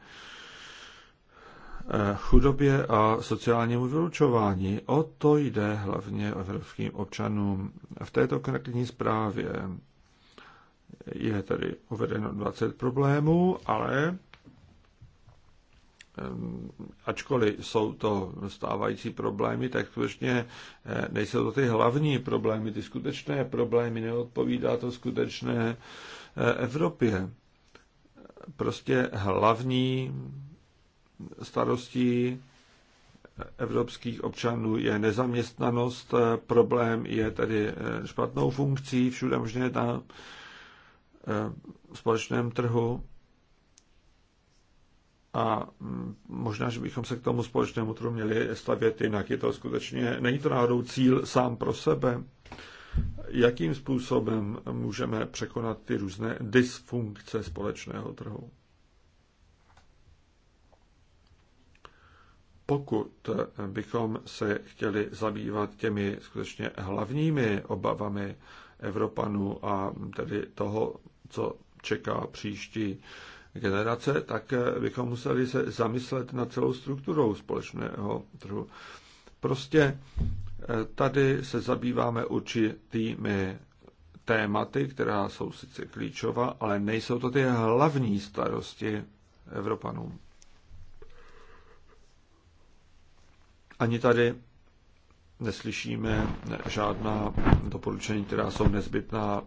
chudobě a sociálnímu vylučování. O to jde hlavně evropským občanům. V této konkrétní zprávě je tady uvedeno 20 problémů, ale ačkoliv jsou to stávající problémy, tak skutečně eh, nejsou to ty hlavní problémy, ty skutečné problémy, neodpovídá to skutečné eh, Evropě. Prostě hlavní starostí eh, evropských občanů je nezaměstnanost, problém je tedy špatnou funkcí všude možné tam, Eh, společném trhu a mm, možná, že bychom se k tomu společnému trhu měli stavět jinak. Je to skutečně, není to náhodou cíl sám pro sebe. Jakým způsobem můžeme překonat ty různé dysfunkce společného trhu? Pokud bychom se chtěli zabývat těmi skutečně hlavními obavami Evropanů a tedy toho, co čeká příští generace, tak eh, bychom museli se zamyslet na celou strukturou společného trhu. Prostě eh, tady se zabýváme určitými tématy, která jsou sice klíčová, ale nejsou to ty hlavní starosti Evropanům. Ani tady neslyšíme žádná doporučení, která jsou nezbytná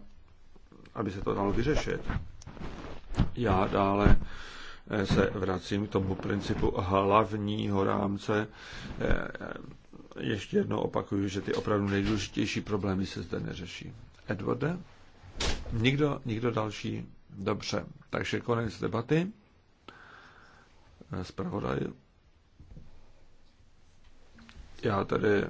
aby se to dalo vyřešit. Já dále eh, se vracím k tomu principu hlavního rámce. Eh, ještě jednou opakuju, že ty opravdu nejdůležitější problémy se zde neřeší. Edwarde? Nikdo, nikdo další? Dobře. Takže konec debaty. Eh, zpravodaj. Já tady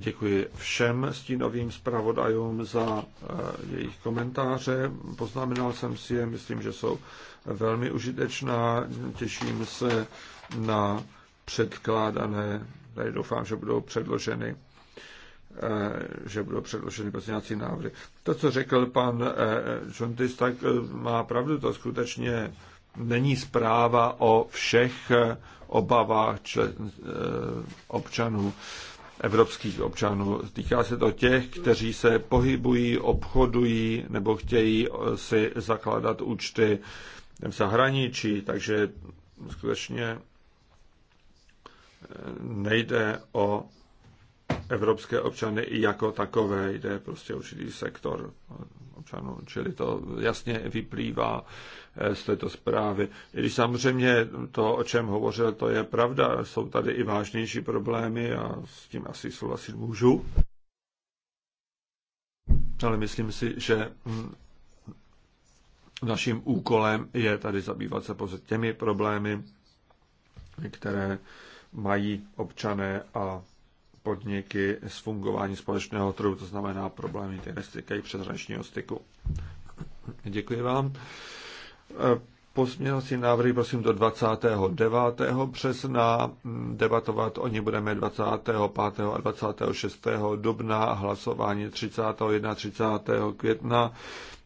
Děkuji všem stínovým zpravodajům za eh, jejich komentáře. Poznamenal jsem si je, myslím, že jsou velmi užitečná. Těším se na předkládané, tady doufám, že budou předloženy eh, že budou předloženy pozměňovací návrhy. To, co řekl pan Čuntis, eh, tak má pravdu, to skutečně není zpráva o všech obavách občanů evropských občanů. Týká se to těch, kteří se pohybují, obchodují nebo chtějí eh, si zakládat účty v zahraničí, takže skutečně eh, nejde o evropské občany jako takové, jde prostě určitý sektor občanů. Čili to jasně vyplývá eh, z této zprávy. I když samozřejmě to, o čem hovořil, to je pravda. Jsou tady i vážnější problémy a s tím asi souhlasit můžu. Ale myslím si, že hm, naším úkolem je tady zabývat se pouze těmi problémy, které mají občané a podniky s fungování společného trhu, to znamená problémy, které se týkají přeshraničního styku. Děkuji vám. E, pozměňovací návrhy prosím do 29. března. Debatovat o ní budeme 25. a 26. dubna, hlasování 31. 30. května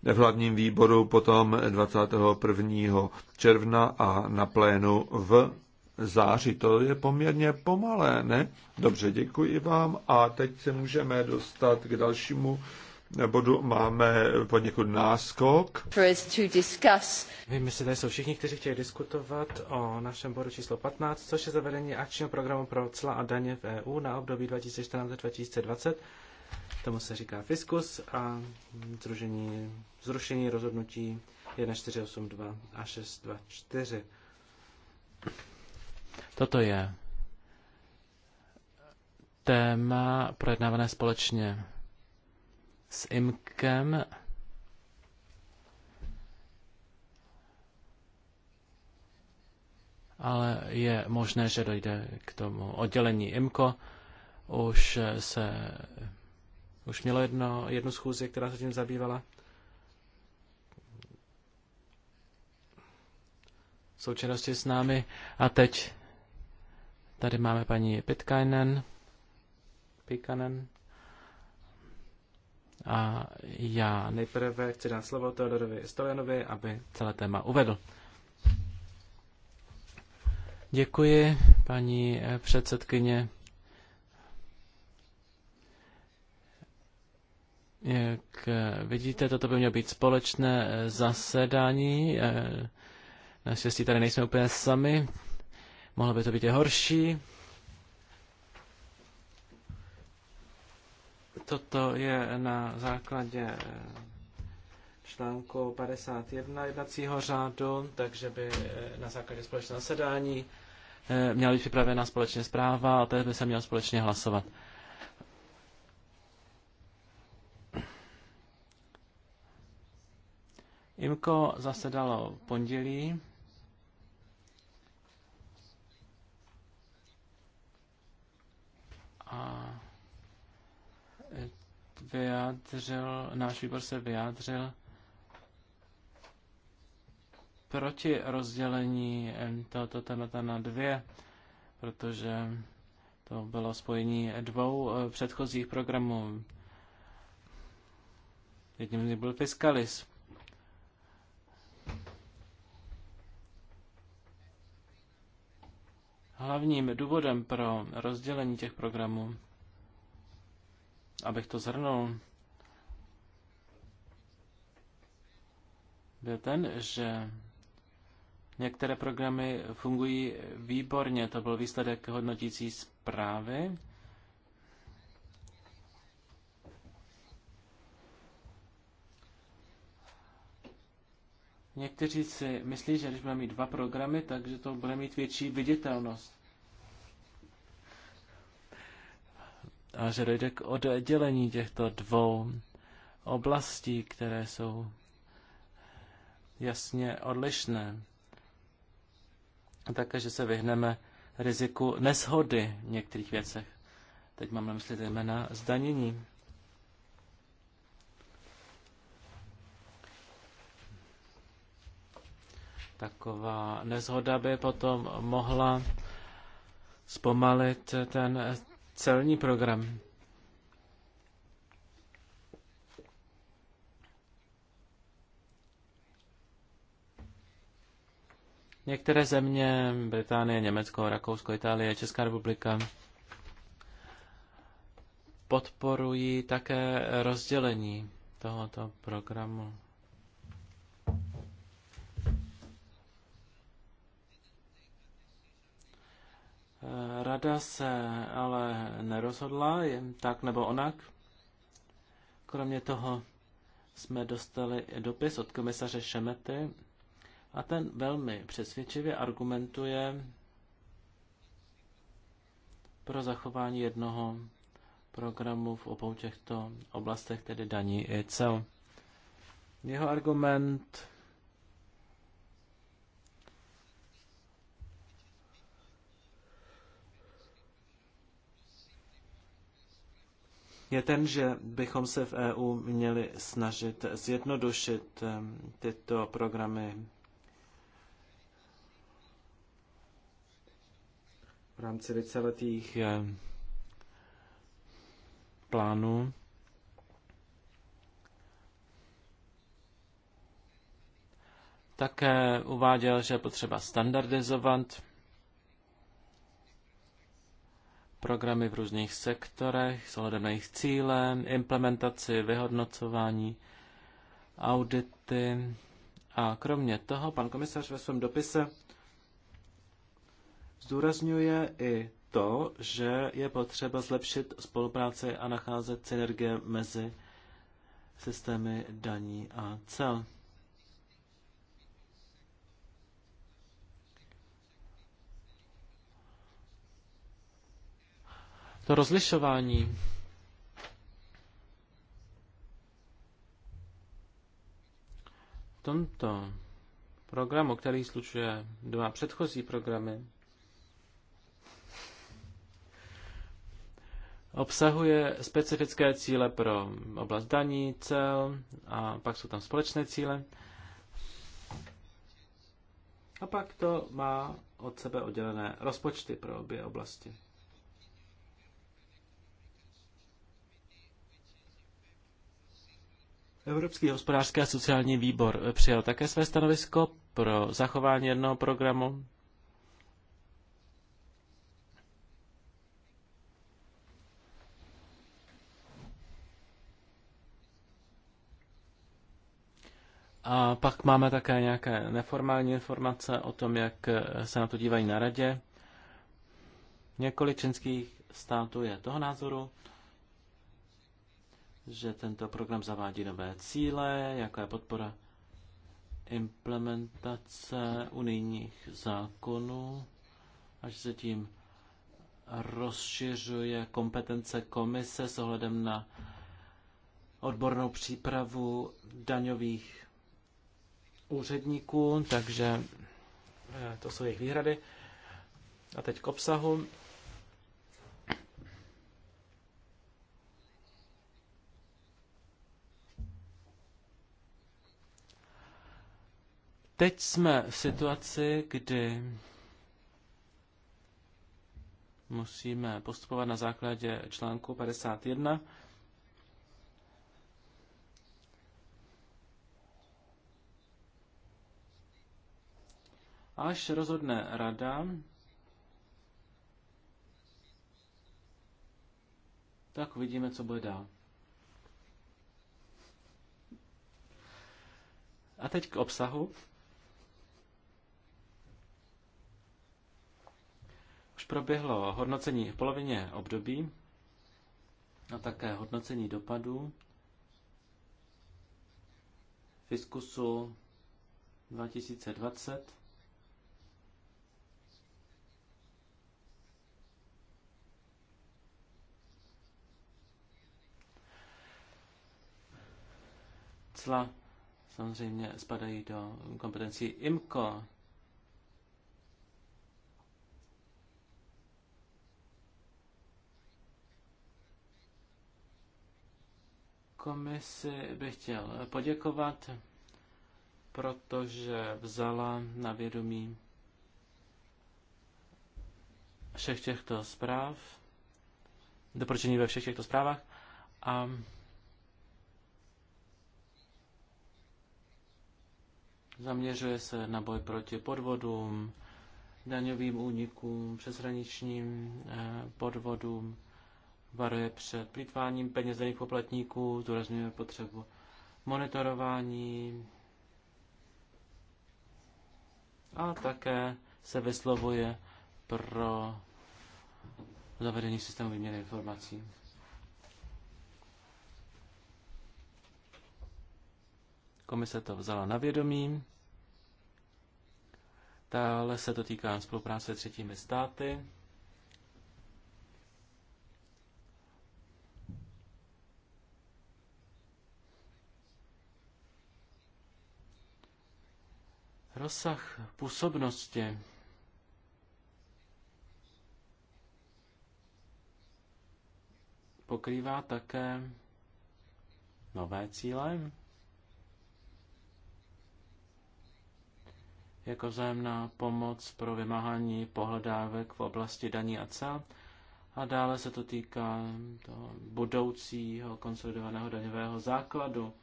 v hlavním výboru potom 21. června a na plénu v září. To je poměrně pomalé, ne? Dobře, děkuji vám a teď se můžeme dostat k dalšímu bodu máme poněkud náskok. Vím, že tady jsou všichni, kteří chtějí diskutovat o našem bodu číslo 15, což je zavedení akčního programu pro cla a daně v EU na období 2014-2020. Tomu se říká Fiskus a zrušení, zrušení rozhodnutí 1482 a 624. Toto je téma projednávané společně s IMKem. ale je možné, že dojde k tomu oddělení IMKO. Už se už mělo jedno, jednu schůzi, která se tím zabývala. V součinnosti s námi a teď Tady máme paní Pitkainen. Pikanen. A já nejprve chci dát slovo Teodorovi Stojanovi, aby celé téma uvedl. Děkuji, paní předsedkyně. Jak vidíte, toto by mělo být společné zasedání. Naštěstí tady nejsme úplně sami. Mohlo by to být i horší. Toto je na základě eh, článku 51 jednacího řádu, takže by eh, na základě společného sedání eh, měla být připravena společně zpráva a teď by se měl společně hlasovat. IMKO zasedalo v pondělí a e, vyjádřil, náš výbor se vyjádřil proti rozdělení e, tohoto témata na dvě, protože to bylo spojení dvou e, předchozích programů. Jedním z nich byl Fiskalis. hlavním důvodem pro rozdělení těch programů, abych to zhrnul, byl ten, že některé programy fungují výborně. To byl výsledek hodnotící zprávy Někteří si myslí, že když budeme mít dva programy, takže to bude mít větší viditelnost. A že dojde k oddělení těchto dvou oblastí, které jsou jasně odlišné. A také, že se vyhneme riziku neshody v některých věcech. Teď mám na mysli zejména zdanění. Taková nezhoda by potom mohla zpomalit ten celní program. Některé země, Británie, Německo, Rakousko, Itálie, Česká republika, podporují také rozdělení tohoto programu. Rada se ale nerozhodla, jen tak nebo onak. Kromě toho jsme dostali dopis od komisaře Šemety a ten velmi přesvědčivě argumentuje pro zachování jednoho programu v obou těchto oblastech, tedy daní i cel. Jeho argument je ten, že bychom se v EU měli snažit zjednodušit tyto programy v rámci víceletých plánů. Také uváděl, že je potřeba standardizovat programy v různých sektorech s ohledem na jejich cíle, implementaci, vyhodnocování, audity. A kromě toho pan komisař ve svém dopise zdůrazňuje i to, že je potřeba zlepšit spolupráci a nacházet synergie mezi systémy daní a cel. to rozlišování. V tomto programu, který slučuje dva předchozí programy, obsahuje specifické cíle pro oblast daní, cel a pak jsou tam společné cíle. A pak to má od sebe oddělené rozpočty pro obě oblasti. Evropský hospodářský a sociální výbor přijal také své stanovisko pro zachování jednoho programu. A pak máme také nějaké neformální informace o tom, jak se na to dívají na radě. Několik členských států je toho názoru, že tento program zavádí nové cíle, jako je podpora implementace unijních zákonů a že se tím rozšiřuje kompetence komise s ohledem na odbornou přípravu daňových úředníků, takže eh, to jsou jejich výhrady. A teď k obsahu. Teď jsme v situaci, kdy musíme postupovat na základě článku 51. Až rozhodne rada, tak uvidíme, co bude dál. A teď k obsahu. Už proběhlo hodnocení v polovině období a také hodnocení dopadů Fiskusu 2020. Cla samozřejmě spadají do kompetencí IMCO, komisi bych chtěl poděkovat, protože vzala na vědomí všech těchto zpráv, doporučení ve všech těchto zprávách a zaměřuje se na boj proti podvodům, daňovým únikům, přeshraničním eh, podvodům varuje před plýtváním peněz daných poplatníků, zdůrazňuje potřebu monitorování a také se vyslovuje pro zavedení systému výměny informací. Komise to vzala na vědomí. Dále se to týká spolupráce s třetími státy. Rozsah působnosti. Pokrývá také nové cíle, jako vzájemná pomoc pro vymáhání pohledávek v oblasti daní a cel. A dále se to týká toho budoucího konsolidovaného daňového základu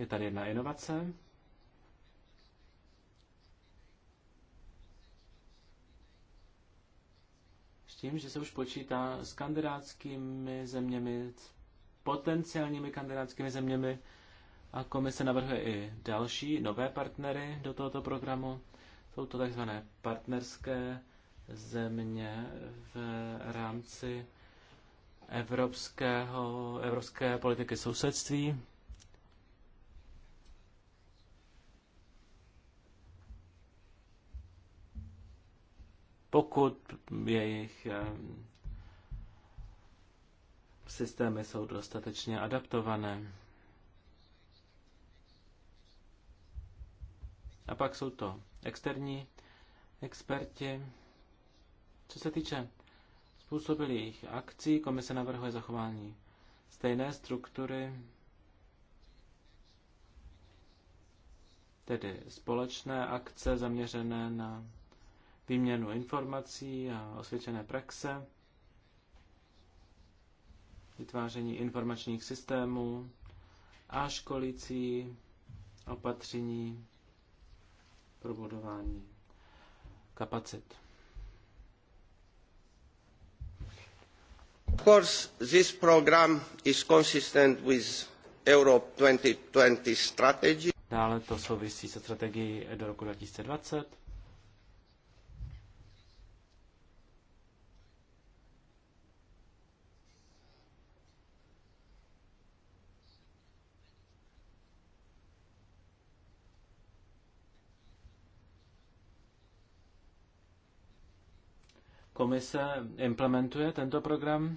Je tady jedna inovace. S tím, že se už počítá s kandidátskými zeměmi, s potenciálními kandidátskými zeměmi a komise navrhuje i další nové partnery do tohoto programu. Jsou to takzvané partnerské země v rámci evropského, evropské politiky sousedství. pokud jejich eh, systémy jsou dostatečně adaptované. A pak jsou to externí experti. Co se týče způsobilých akcí, komise navrhuje zachování stejné struktury, tedy společné akce zaměřené na výměnu informací a osvědčené praxe, vytváření informačních systémů a školící opatření pro budování kapacit. Of course, this program is consistent with Europe 2020 strategy. Dále to souvisí se strategií do roku 2020. komise implementuje tento program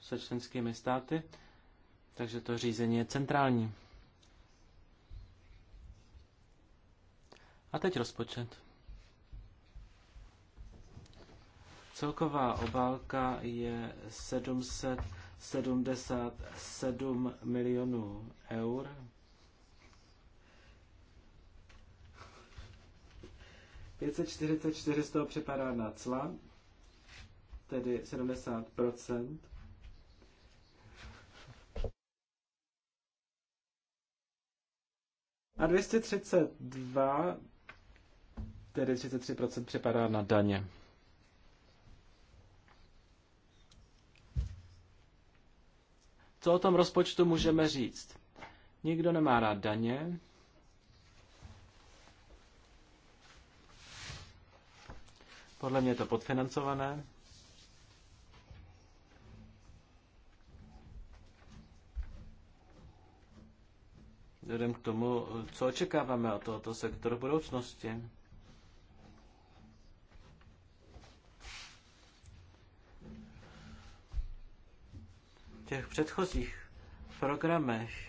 se členskými státy, takže to řízení je centrální. A teď rozpočet. Celková obálka je 777 milionů eur 544 z toho připadá na cla, tedy 70%. A 232, tedy 33% připadá na daně. Co o tom rozpočtu můžeme říct? Nikdo nemá rád daně, Podle mě je to podfinancované. Vzhledem k tomu, co očekáváme od tohoto sektoru budoucnosti. těch předchozích programech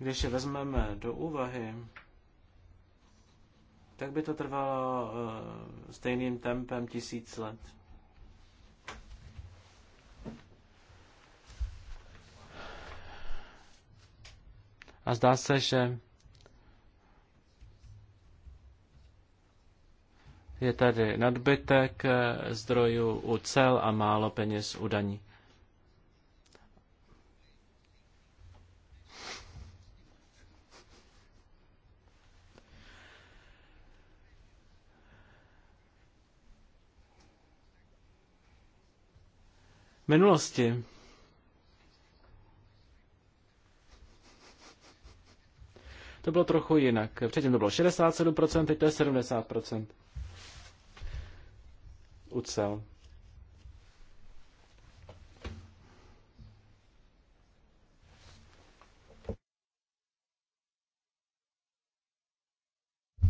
Když je vezmeme do úvahy, tak by to trvalo uh, stejným tempem tisíc let. A zdá se, že je tady nadbytek eh, zdrojů u cel a málo peněz u daní. minulosti. To bylo trochu jinak. Předtím to bylo 67%, teď to je 70%. Ucel.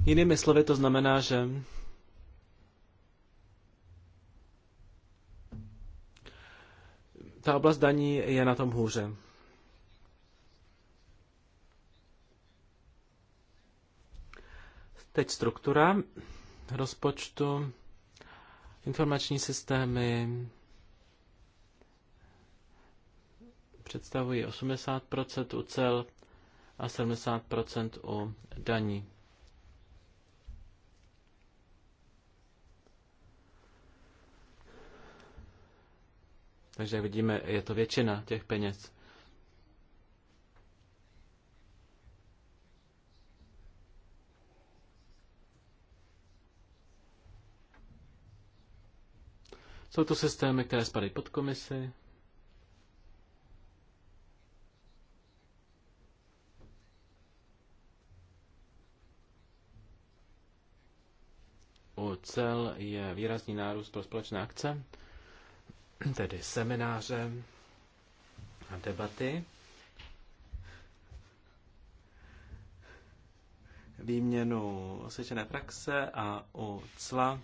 Jinými slovy to znamená, že ta oblast daní je na tom hůře. Teď struktura rozpočtu, informační systémy představují 80 u cel a 70 u daní. Takže jak vidíme, je to většina těch peněz. Jsou to systémy, které spadají pod komisy. U cel je výrazný nárůst pro společné akce tedy semináře a debaty. výměnu osvědčené praxe a u cla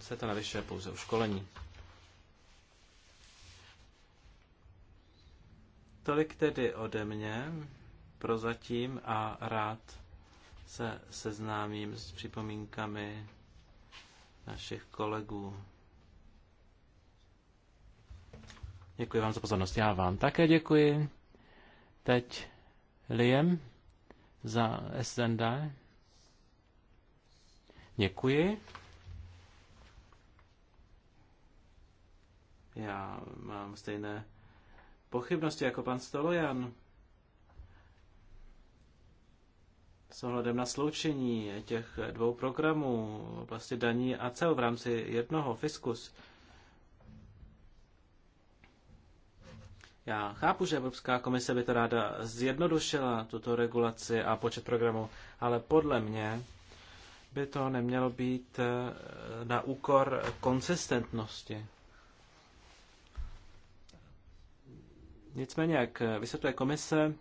se to navyšuje pouze u školení. Tolik tedy ode mě prozatím a rád se seznámím s připomínkami našich kolegů. Děkuji vám za pozornost. Já vám také děkuji. Teď Liam za SND. Děkuji. Já mám stejné pochybnosti jako pan Stolojan. s ohledem na sloučení těch dvou programů vlastně daní a cel v rámci jednoho fiskus. Já chápu, že Evropská komise by to ráda zjednodušila, tuto regulaci a počet programů, ale podle mě by to nemělo být eh, na úkor konsistentnosti. Nicméně, jak vysvětluje komise,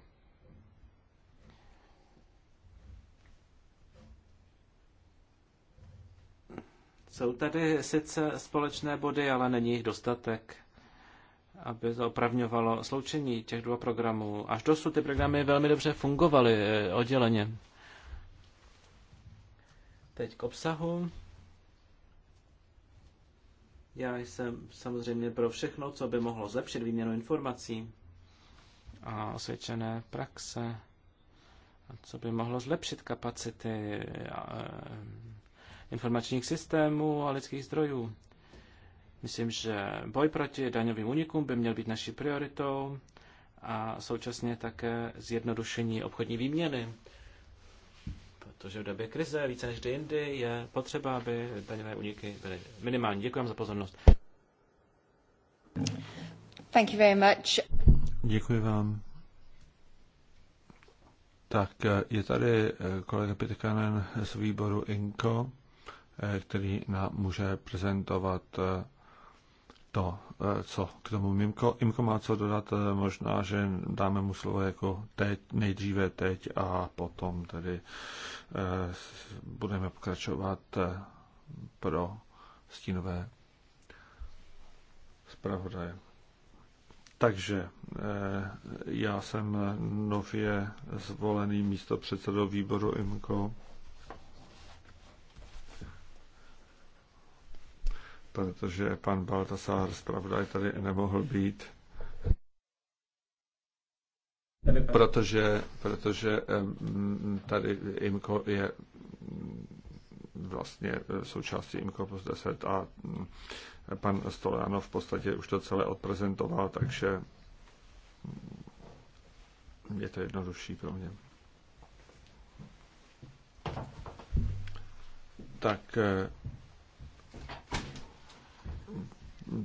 Jsou tady sice společné body, ale není jich dostatek, aby to opravňovalo sloučení těch dvou programů. Až dosud ty programy velmi dobře fungovaly eh, odděleně. Teď k obsahu. Já jsem samozřejmě pro všechno, co by mohlo zlepšit výměnu informací a osvědčené praxe, a co by mohlo zlepšit kapacity eh, informačních systémů a lidských zdrojů. Myslím, že boj proti daňovým unikům by měl být naší prioritou a současně také zjednodušení obchodní výměny. Protože v době krize více než kdy jindy je potřeba, aby daňové uniky. byly minimální. Děkuji za pozornost. Thank you very much. Děkuji vám. Tak je tady eh, kolega Pitkanen z výboru INCO. Eh, který nám může prezentovat eh, to, eh, co k tomu Mimko, Imko má co dodat, možná, že dáme mu slovo jako teď, nejdříve teď a potom tedy budeme pokračovat pro stínové zpravodaje. Takže já jsem nově zvolený místo předsedou výboru Imko. protože pan Baltasar zpravodaj tady nemohl být. Protože, protože tady IMCO je vlastně součástí IMCO plus 10 a mm, pan Stolano v podstatě už to celé odprezentoval, takže mm, je to jednodušší pro mě. Tak eh,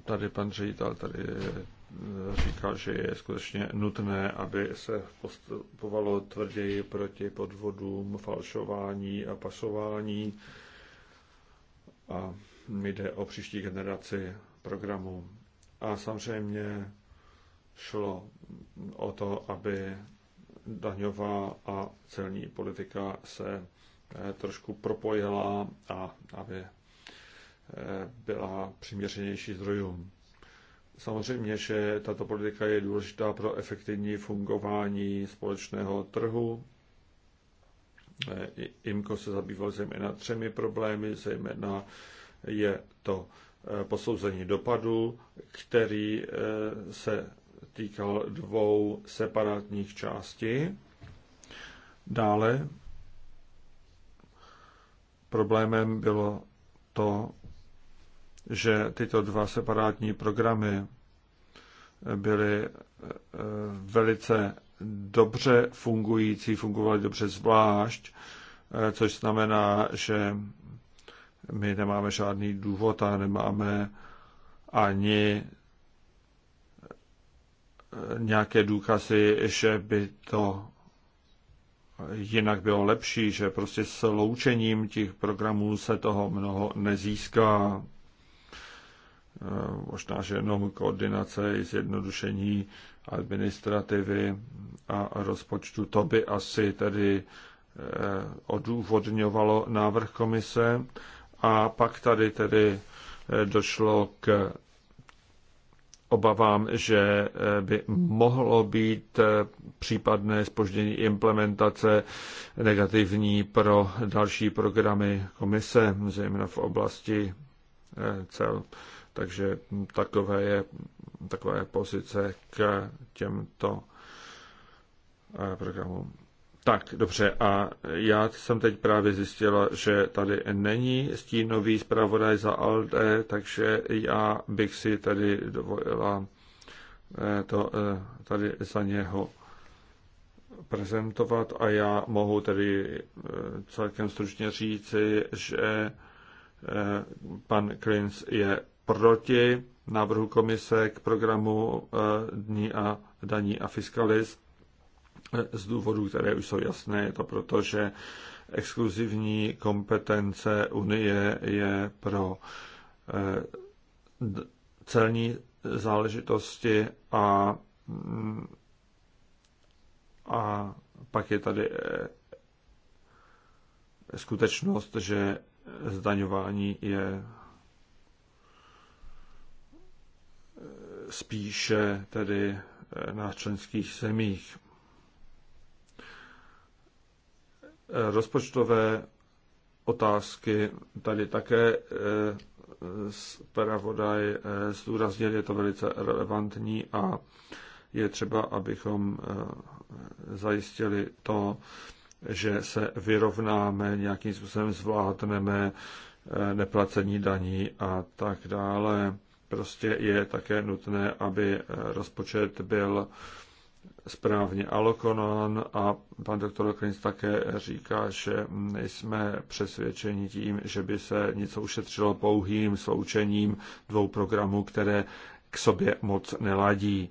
tady pan ředitel tady eh, říkal, že je skutečně nutné, aby se postupovalo tvrději proti podvodům, falšování a pasování, A jde o příští generaci programů. A samozřejmě šlo o to, aby daňová a celní politika se eh, trošku propojila a aby byla přiměřenější zdrojům. Samozřejmě, že tato politika je důležitá pro efektivní fungování společného trhu. IMCO se zabýval zejména třemi problémy, zejména je to eh, posouzení dopadu, který eh, se týkal dvou separátních částí. Dále problémem bylo to, že tyto dva separátní programy byly eh, velice dobře fungující, fungovaly dobře zvlášť, eh, což znamená, že my nemáme žádný důvod a nemáme ani eh, nějaké důkazy, že by to jinak bylo lepší, že prostě s loučením těch programů se toho mnoho nezíská. Eh, možná, že jenom koordinace, zjednodušení administrativy a rozpočtu. To by asi tedy eh, odůvodňovalo návrh komise. A pak tady tedy eh, došlo k obavám, že by mohlo být případné spoždění implementace negativní pro další programy komise, zejména v oblasti cel. Takže takové je, taková je pozice k těmto eh, programům. Tak, dobře. A já jsem teď právě zjistila, že tady není stínový zpravodaj za ALD, takže já bych si tady dovolila eh, to eh, tady za něho prezentovat a já mohu tedy celkem stručně říci, že pan Klins je proti návrhu komise k programu eh, Dní a daní a fiskalis eh, z důvodů, které už jsou jasné. Je to proto, že exkluzivní kompetence Unie je pro eh, celní záležitosti a, mm, a pak je tady skutečnost, že zdaňování je spíše tedy eh, na členských zemích. Eh, rozpočtové otázky tady také eh, Peravodaj zdůraznil, je to velice relevantní a je třeba, abychom zajistili to, že se vyrovnáme, nějakým způsobem zvládneme neplacení daní a tak dále prostě je také nutné, aby eh, rozpočet byl správně alokonon a pan doktor Klinc také říká, že nejsme přesvědčeni tím, že by se něco ušetřilo pouhým sloučením dvou programů, které k sobě moc neladí.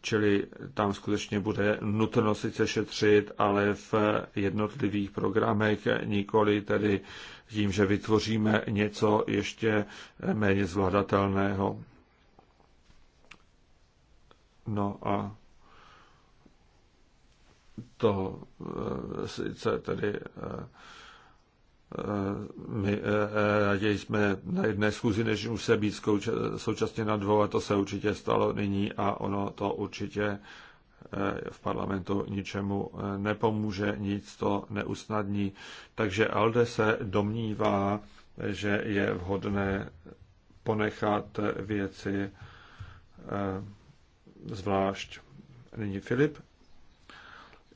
Čili tam skutečně bude nutno sice šetřit, ale v jednotlivých programech nikoli tedy tím, že vytvoříme něco ještě méně zvladatelného. No a to eh, sice tedy eh, my eh, eh, raději jsme na jedné schůzi, než musí být současně na dvou, a to se určitě stalo nyní a ono to určitě eh, v parlamentu ničemu nepomůže, nic to neusnadní. Takže Alde se domnívá, že je vhodné ponechat věci zvlášť. Nyní Filip.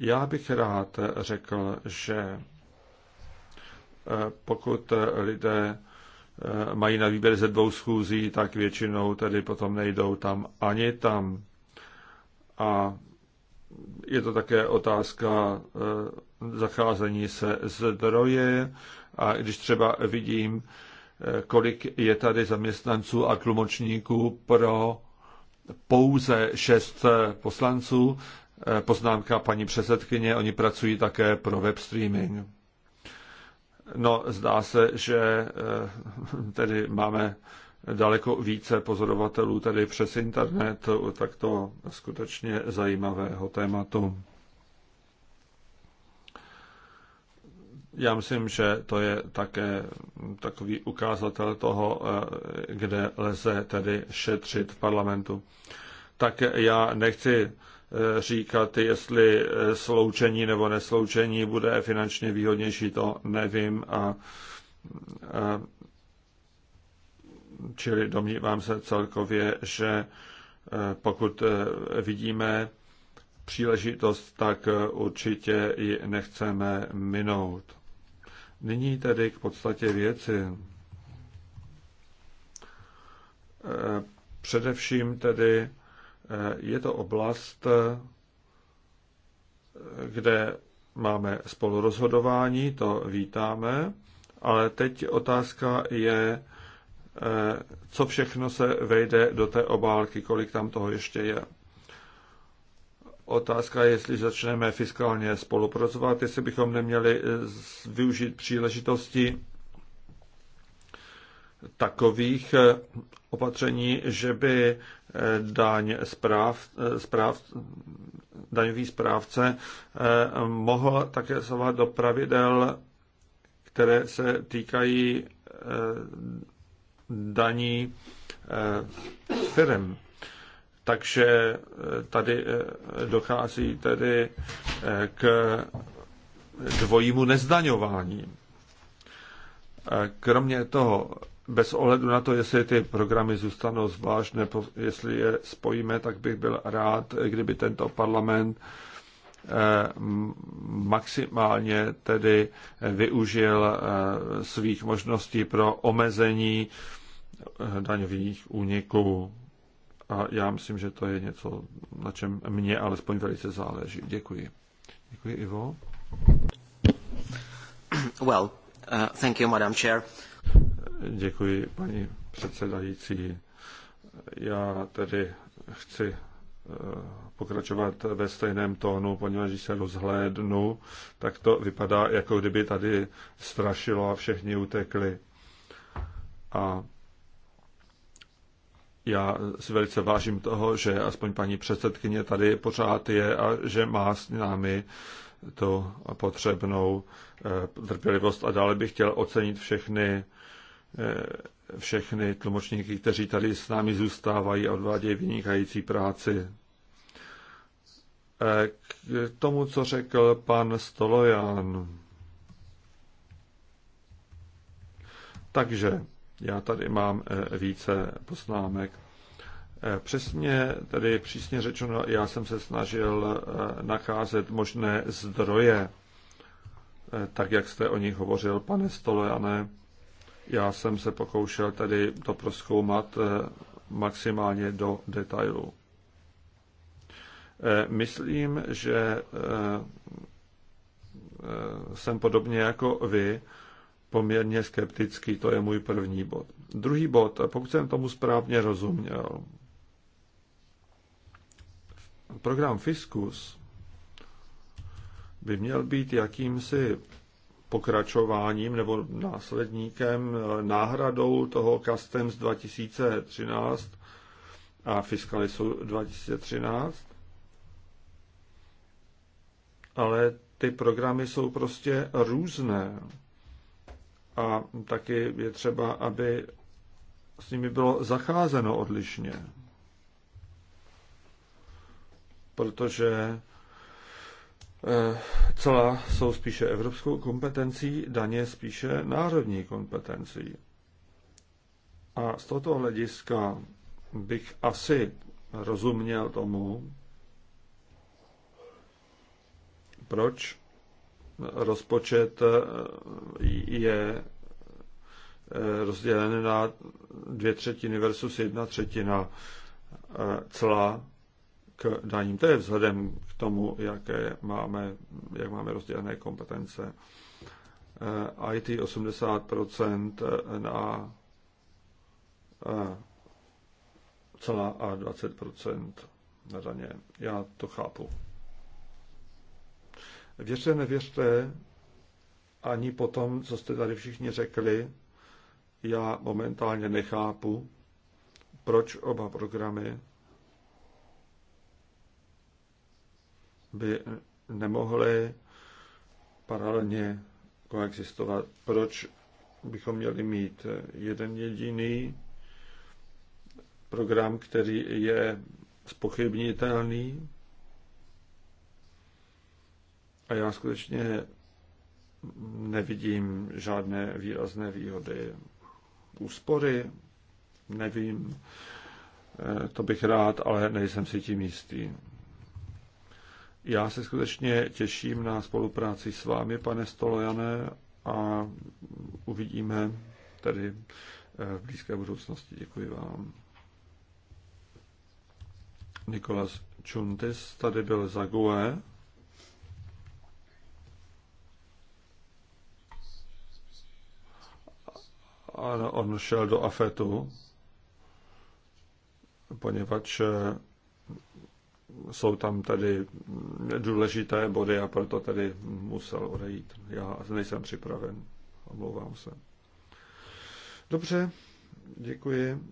Já bych rád řekl, že pokud lidé eh, mají na výběr ze dvou schůzí, tak většinou tedy potom nejdou tam ani tam. A je to také otázka eh, zacházení se zdroje. A když třeba vidím, eh, kolik je tady zaměstnanců a tlumočníků pro pouze šest poslanců, poznámka paní předsedkyně, oni pracují také pro web streaming. No, zdá se, že eh, tedy máme daleko více pozorovatelů tady přes internet Tak to skutečně zajímavého tématu. Já myslím, že to je také takový ukázatel toho, eh, kde lze tedy šetřit v parlamentu. Tak já nechci Eh, říkat, jestli eh, sloučení nebo nesloučení bude finančně výhodnější, to nevím. A, a, čili domnívám se celkově, že eh, pokud vidíme příležitost, tak určitě ji nechceme minout. Nyní tedy k podstatě věci. Především tedy je to oblast, kde máme spolurozhodování, to vítáme, ale teď otázka je, co všechno se vejde do té obálky, kolik tam toho ještě je. Otázka je, jestli začneme fiskálně spolupracovat, jestli bychom neměli využít příležitosti takových opatření, že by Eh, daň správ, eh, správ, daňový správce eh, mohl také zasahovat do pravidel, které se týkají daní firm. Takže tady dochází tedy k dvojímu nezdaňování. Kromě toho bez ohledu na to, jestli ty programy zůstanou zvlášť, nebo jestli je spojíme, tak bych byl rád, kdyby tento parlament eh, maximálně tedy využil eh, svých možností pro omezení eh, daňových úniků. A já myslím, že to je něco, na čem mě alespoň velice záleží. Děkuji. Děkuji, Ivo. Well, uh, thank you, Madam Chair. Děkuji, paní předsedající. Já tedy chci eh, pokračovat ve stejném tónu, poněvadž se rozhlédnu, tak to vypadá, jako kdyby tady strašilo a všichni utekli. A já si velice vážím toho, že aspoň paní předsedkyně tady pořád je a že má s námi tu potřebnou eh, trpělivost. A dále bych chtěl ocenit všechny Eh, všechny tlumočníky, kteří tady s námi zůstávají a odvádějí vynikající práci. Eh, k tomu, co řekl pan Stolojan. Takže já tady mám eh, více poznámek. Přesně, tedy přísně řečeno, já jsem se snažil nacházet možné zdroje, tak jak jste o nich hovořil, pane Stolojane, já jsem se pokoušel tady to proskoumat eh, maximálně do detailu. Eh, myslím, že eh, jsem podobně jako vy poměrně skeptický, to je můj první bod. Druhý bod, pokud jsem tomu správně rozuměl, program Fiskus by měl být jakýmsi pokračováním nebo následníkem, eh, náhradou toho Customs 2013 a Fiscalisu 2013. Ale ty programy jsou prostě různé. A taky je třeba, aby s nimi bylo zacházeno odlišně. Protože Eh, Celá jsou spíše evropskou kompetencí, daně spíše národní kompetencí. A z tohoto hlediska bych asi rozuměl tomu, proč rozpočet eh, je eh, rozdělen na dvě třetiny versus jedna třetina Celá k daním. To je vzhledem tomu, jaké máme, jak máme rozdělené kompetence. Eh, IT 80% eh, na eh, celá a 20% na daně. Já to chápu. Věřte, nevěřte, ani po tom, co jste tady všichni řekli, já momentálně nechápu, proč oba programy by nemohly paralelně koexistovat. Proč bychom měli mít jeden jediný program, který je spochybnitelný? A já skutečně nevidím žádné výrazné výhody. Úspory, nevím, eh, to bych rád, ale nejsem si tím jistý. Já se skutečně těším na spolupráci s vámi, pane Stolojane, a uvidíme tedy eh, v blízké budoucnosti. Děkuji vám. Nikolas Čuntis tady byl za GUE. Ano, on šel do AFETu, poněvadž jsou tam tady důležité body a proto tady musel odejít. Já nejsem připraven, omlouvám se. Dobře, děkuji.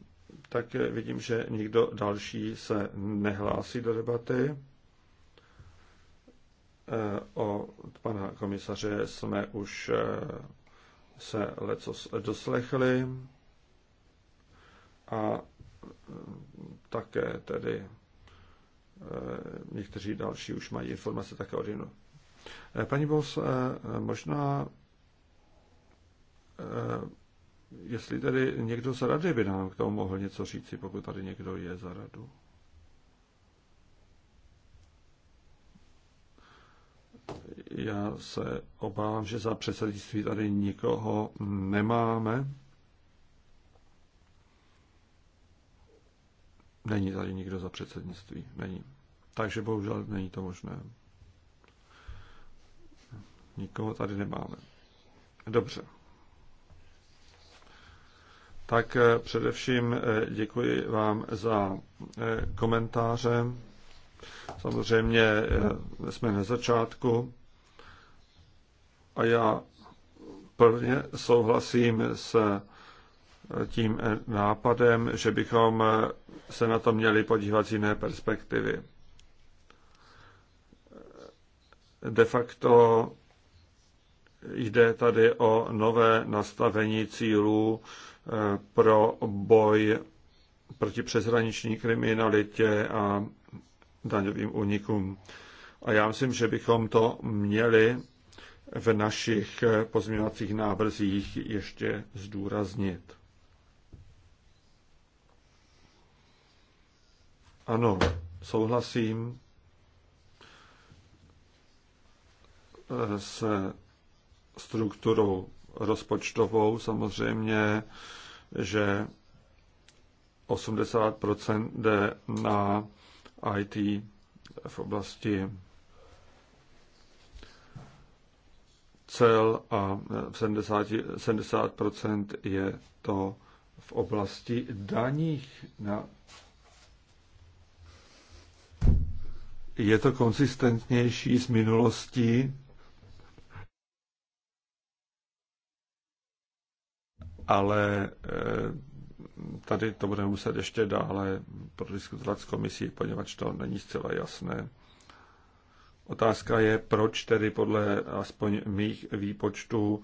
Tak vidím, že nikdo další se nehlásí do debaty. Eh, o pana komisaře jsme už eh, se leco doslechli a eh, také tedy Eh, někteří další už mají informace také od jinu. Eh, paní Bos, eh, možná jestli tedy někdo z rady by nám k tomu mohl něco říci, pokud tady někdo je za radu. Já se obávám, že za předsednictví tady nikoho nemáme. Není tady nikdo za předsednictví. Není. Takže bohužel není to možné. Nikoho tady nemáme. Dobře. Tak eh, především eh, děkuji vám za eh, komentáře. Samozřejmě jsme na začátku a já plně souhlasím s tím nápadem, že bychom se na to měli podívat z jiné perspektivy. De facto jde tady o nové nastavení cílů eh, pro boj proti přeshraniční kriminalitě a daňovým únikům. A já myslím, že bychom to měli v našich pozměňovacích návrzích ještě zdůraznit. Ano, souhlasím se strukturou rozpočtovou. Samozřejmě, že 80 jde na IT v oblasti cel a 70, 70 je to v oblasti daních na je to konzistentnější s minulostí. Ale eh, tady to budeme muset ještě dále prodiskutovat s komisí, poněvadž to není zcela jasné. Otázka je, proč tedy podle aspoň mých výpočtů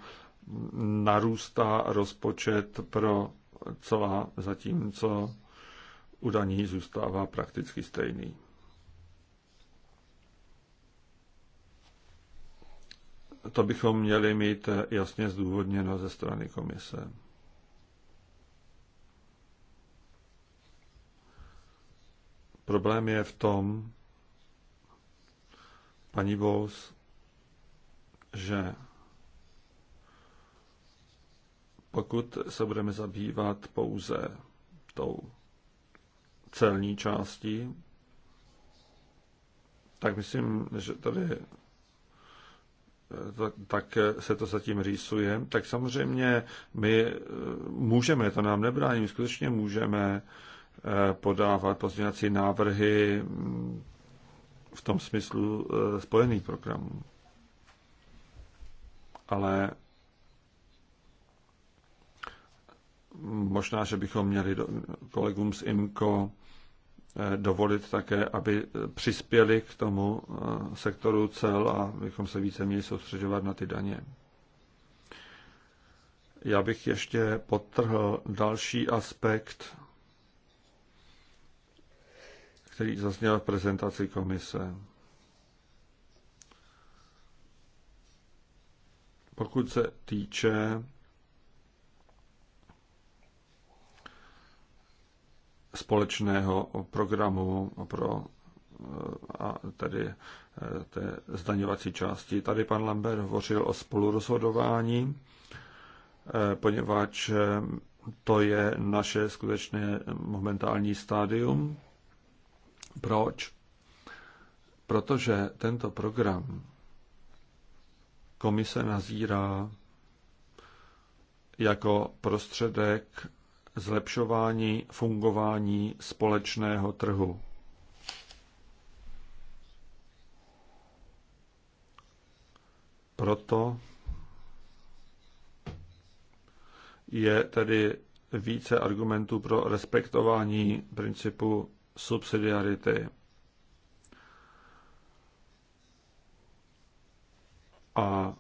narůstá rozpočet pro celá, zatímco udaní zůstává prakticky stejný. to bychom měli mít eh, jasně zdůvodněno ze strany komise. Problém je v tom, paní Bous, že pokud se budeme zabývat pouze tou celní částí, tak myslím, že tady tak, tak se to zatím rýsuje, tak samozřejmě my eh, můžeme, to nám nebrání, skutečně můžeme eh, podávat pozměňovací návrhy mm, v tom smyslu eh, spojených programů. Ale možná, že bychom měli kolegům z IMCO Eh, dovolit také, aby eh, přispěli k tomu eh, sektoru cel a bychom se více měli soustředovat na ty daně. Já bych ještě potrhl další aspekt, který zazněl v prezentaci komise. Pokud se týče společného programu pro eh, a tedy eh, té zdaňovací části. Tady pan Lambert hovořil o spolurozhodování, eh, poněvadž to je naše skutečné momentální stádium. Proč? Protože tento program komise nazírá jako prostředek zlepšování fungování společného trhu. Proto je tedy více argumentů pro respektování principu subsidiarity. A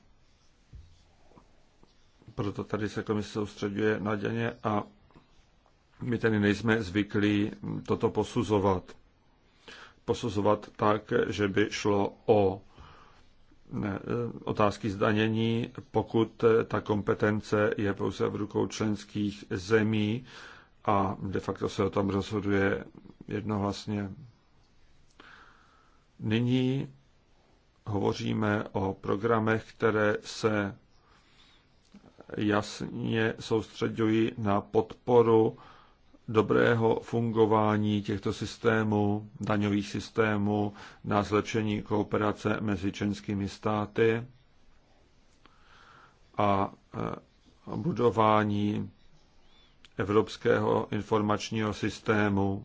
proto tady se komise soustředuje na děně a my tedy nejsme zvyklí toto posuzovat. Posuzovat tak, že by šlo o otázky zdanění, pokud ta kompetence je pouze v rukou členských zemí a de facto se o tom rozhoduje jednohlasně. Nyní hovoříme o programech, které se jasně soustředují na podporu dobrého fungování těchto systémů, daňových systémů, na zlepšení kooperace mezi členskými státy a eh, budování Evropského informačního systému.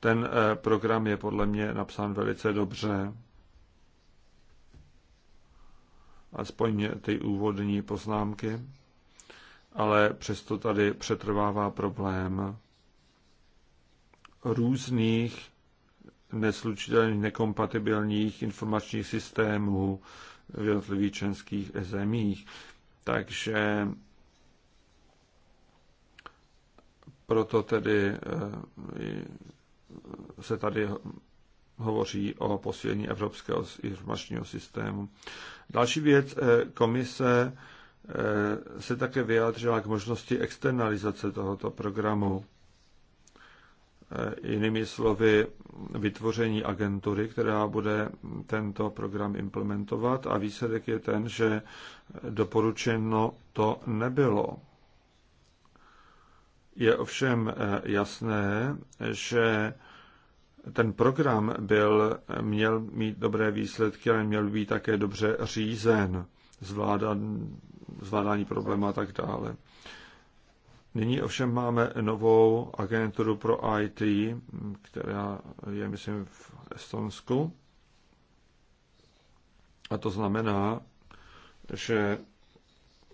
Ten eh, program je podle mě napsán velice dobře. Aspoň ty úvodní poznámky ale přesto tady přetrvává problém různých neslučitelných, nekompatibilních informačních systémů v jednotlivých členských zemích. Takže proto tedy eh, se tady hovoří o posílení evropského informačního systému. Další věc, eh, komise Eh, se také vyjádřila k možnosti externalizace tohoto programu. Eh, jinými slovy, vytvoření agentury, která bude tento program implementovat a výsledek je ten, že doporučeno to nebylo. Je ovšem eh, jasné, že ten program byl, měl mít dobré výsledky, ale měl být také dobře řízen, zvládan zvládání problémů a tak dále. Nyní ovšem máme novou agenturu pro IT, která je, myslím, v Estonsku. A to znamená, že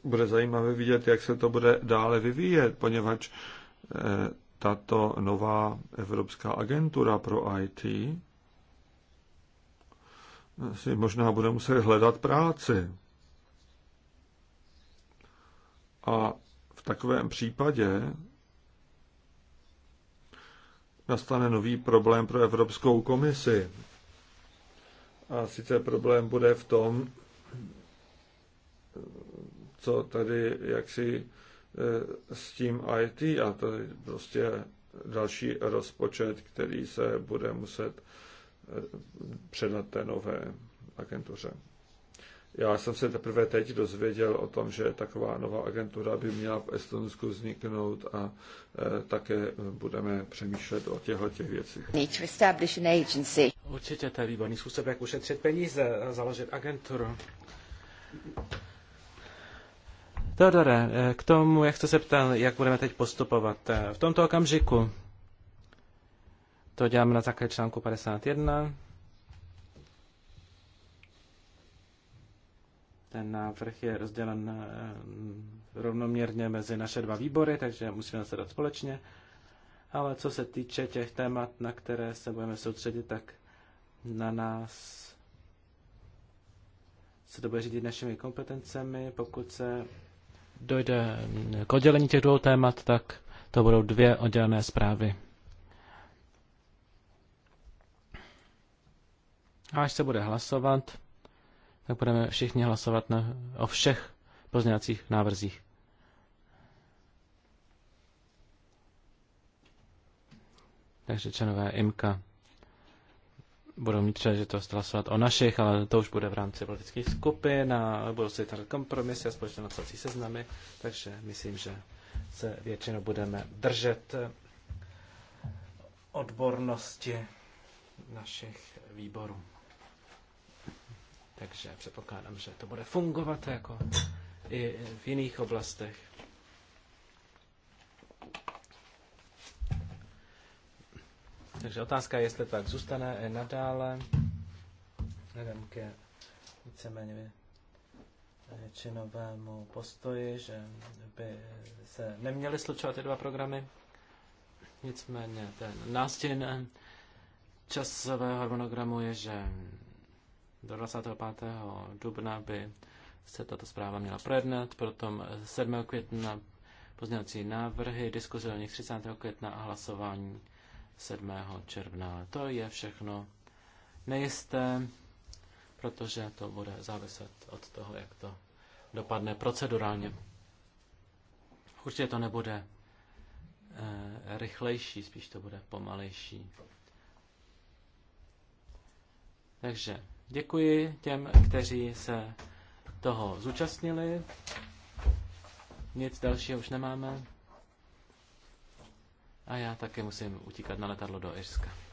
bude zajímavé vidět, jak se to bude dále vyvíjet, poněvadž eh, tato nová Evropská agentura pro IT si možná bude muset hledat práci. A v takovém případě nastane nový problém pro Evropskou komisi. A sice problém bude v tom, co tady jaksi e, s tím IT a to je prostě další rozpočet, který se bude muset e, předat té nové agentuře. Já jsem se teprve teď dozvěděl o tom, že taková nová agentura by měla v Estonsku vzniknout a e, také budeme přemýšlet o těchto těch věcech. Určitě to je výborný způsob, jak ušetřit peníze a založit agenturu. Teodore, e, k tomu, jak jste se ptal, jak budeme teď postupovat. E, v tomto okamžiku to děláme na základě článku 51 Ten návrh je rozdělen eh, rovnoměrně mezi naše dva výbory, takže musíme se dát společně. Ale co se týče těch témat, na které se budeme soustředit, tak na nás se to bude řídit našimi kompetencemi. Pokud se dojde k oddělení těch dvou témat, tak to budou dvě oddělené zprávy. A až se bude hlasovat, tak budeme všichni hlasovat na, o všech pozměňovacích návrzích. Takže členové IMKA budou mít příležitost hlasovat o našich, ale to už bude v rámci politických skupin a budou se tady kompromisy a společné nocací seznamy, takže myslím, že se většinou budeme držet odbornosti našich výborů takže předpokládám, že to bude fungovat jako i v jiných oblastech. Takže otázka je, jestli to tak zůstane i nadále. Nevím, ke víceméně většinovému postoji, že by se neměly slučovat ty dva programy. Nicméně ten nástěn časového harmonogramu je, že do 25. dubna by se tato zpráva měla projednat, potom 7. května pozměňovací návrhy, diskuze o nich 30. května a hlasování 7. června. To je všechno nejisté, protože to bude záviset od toho, jak to dopadne procedurálně. Určitě to nebude e, rychlejší, spíš to bude pomalejší. Takže Děkuji těm, kteří se toho zúčastnili. Nic dalšího už nemáme. A já také musím utíkat na letadlo do Irska.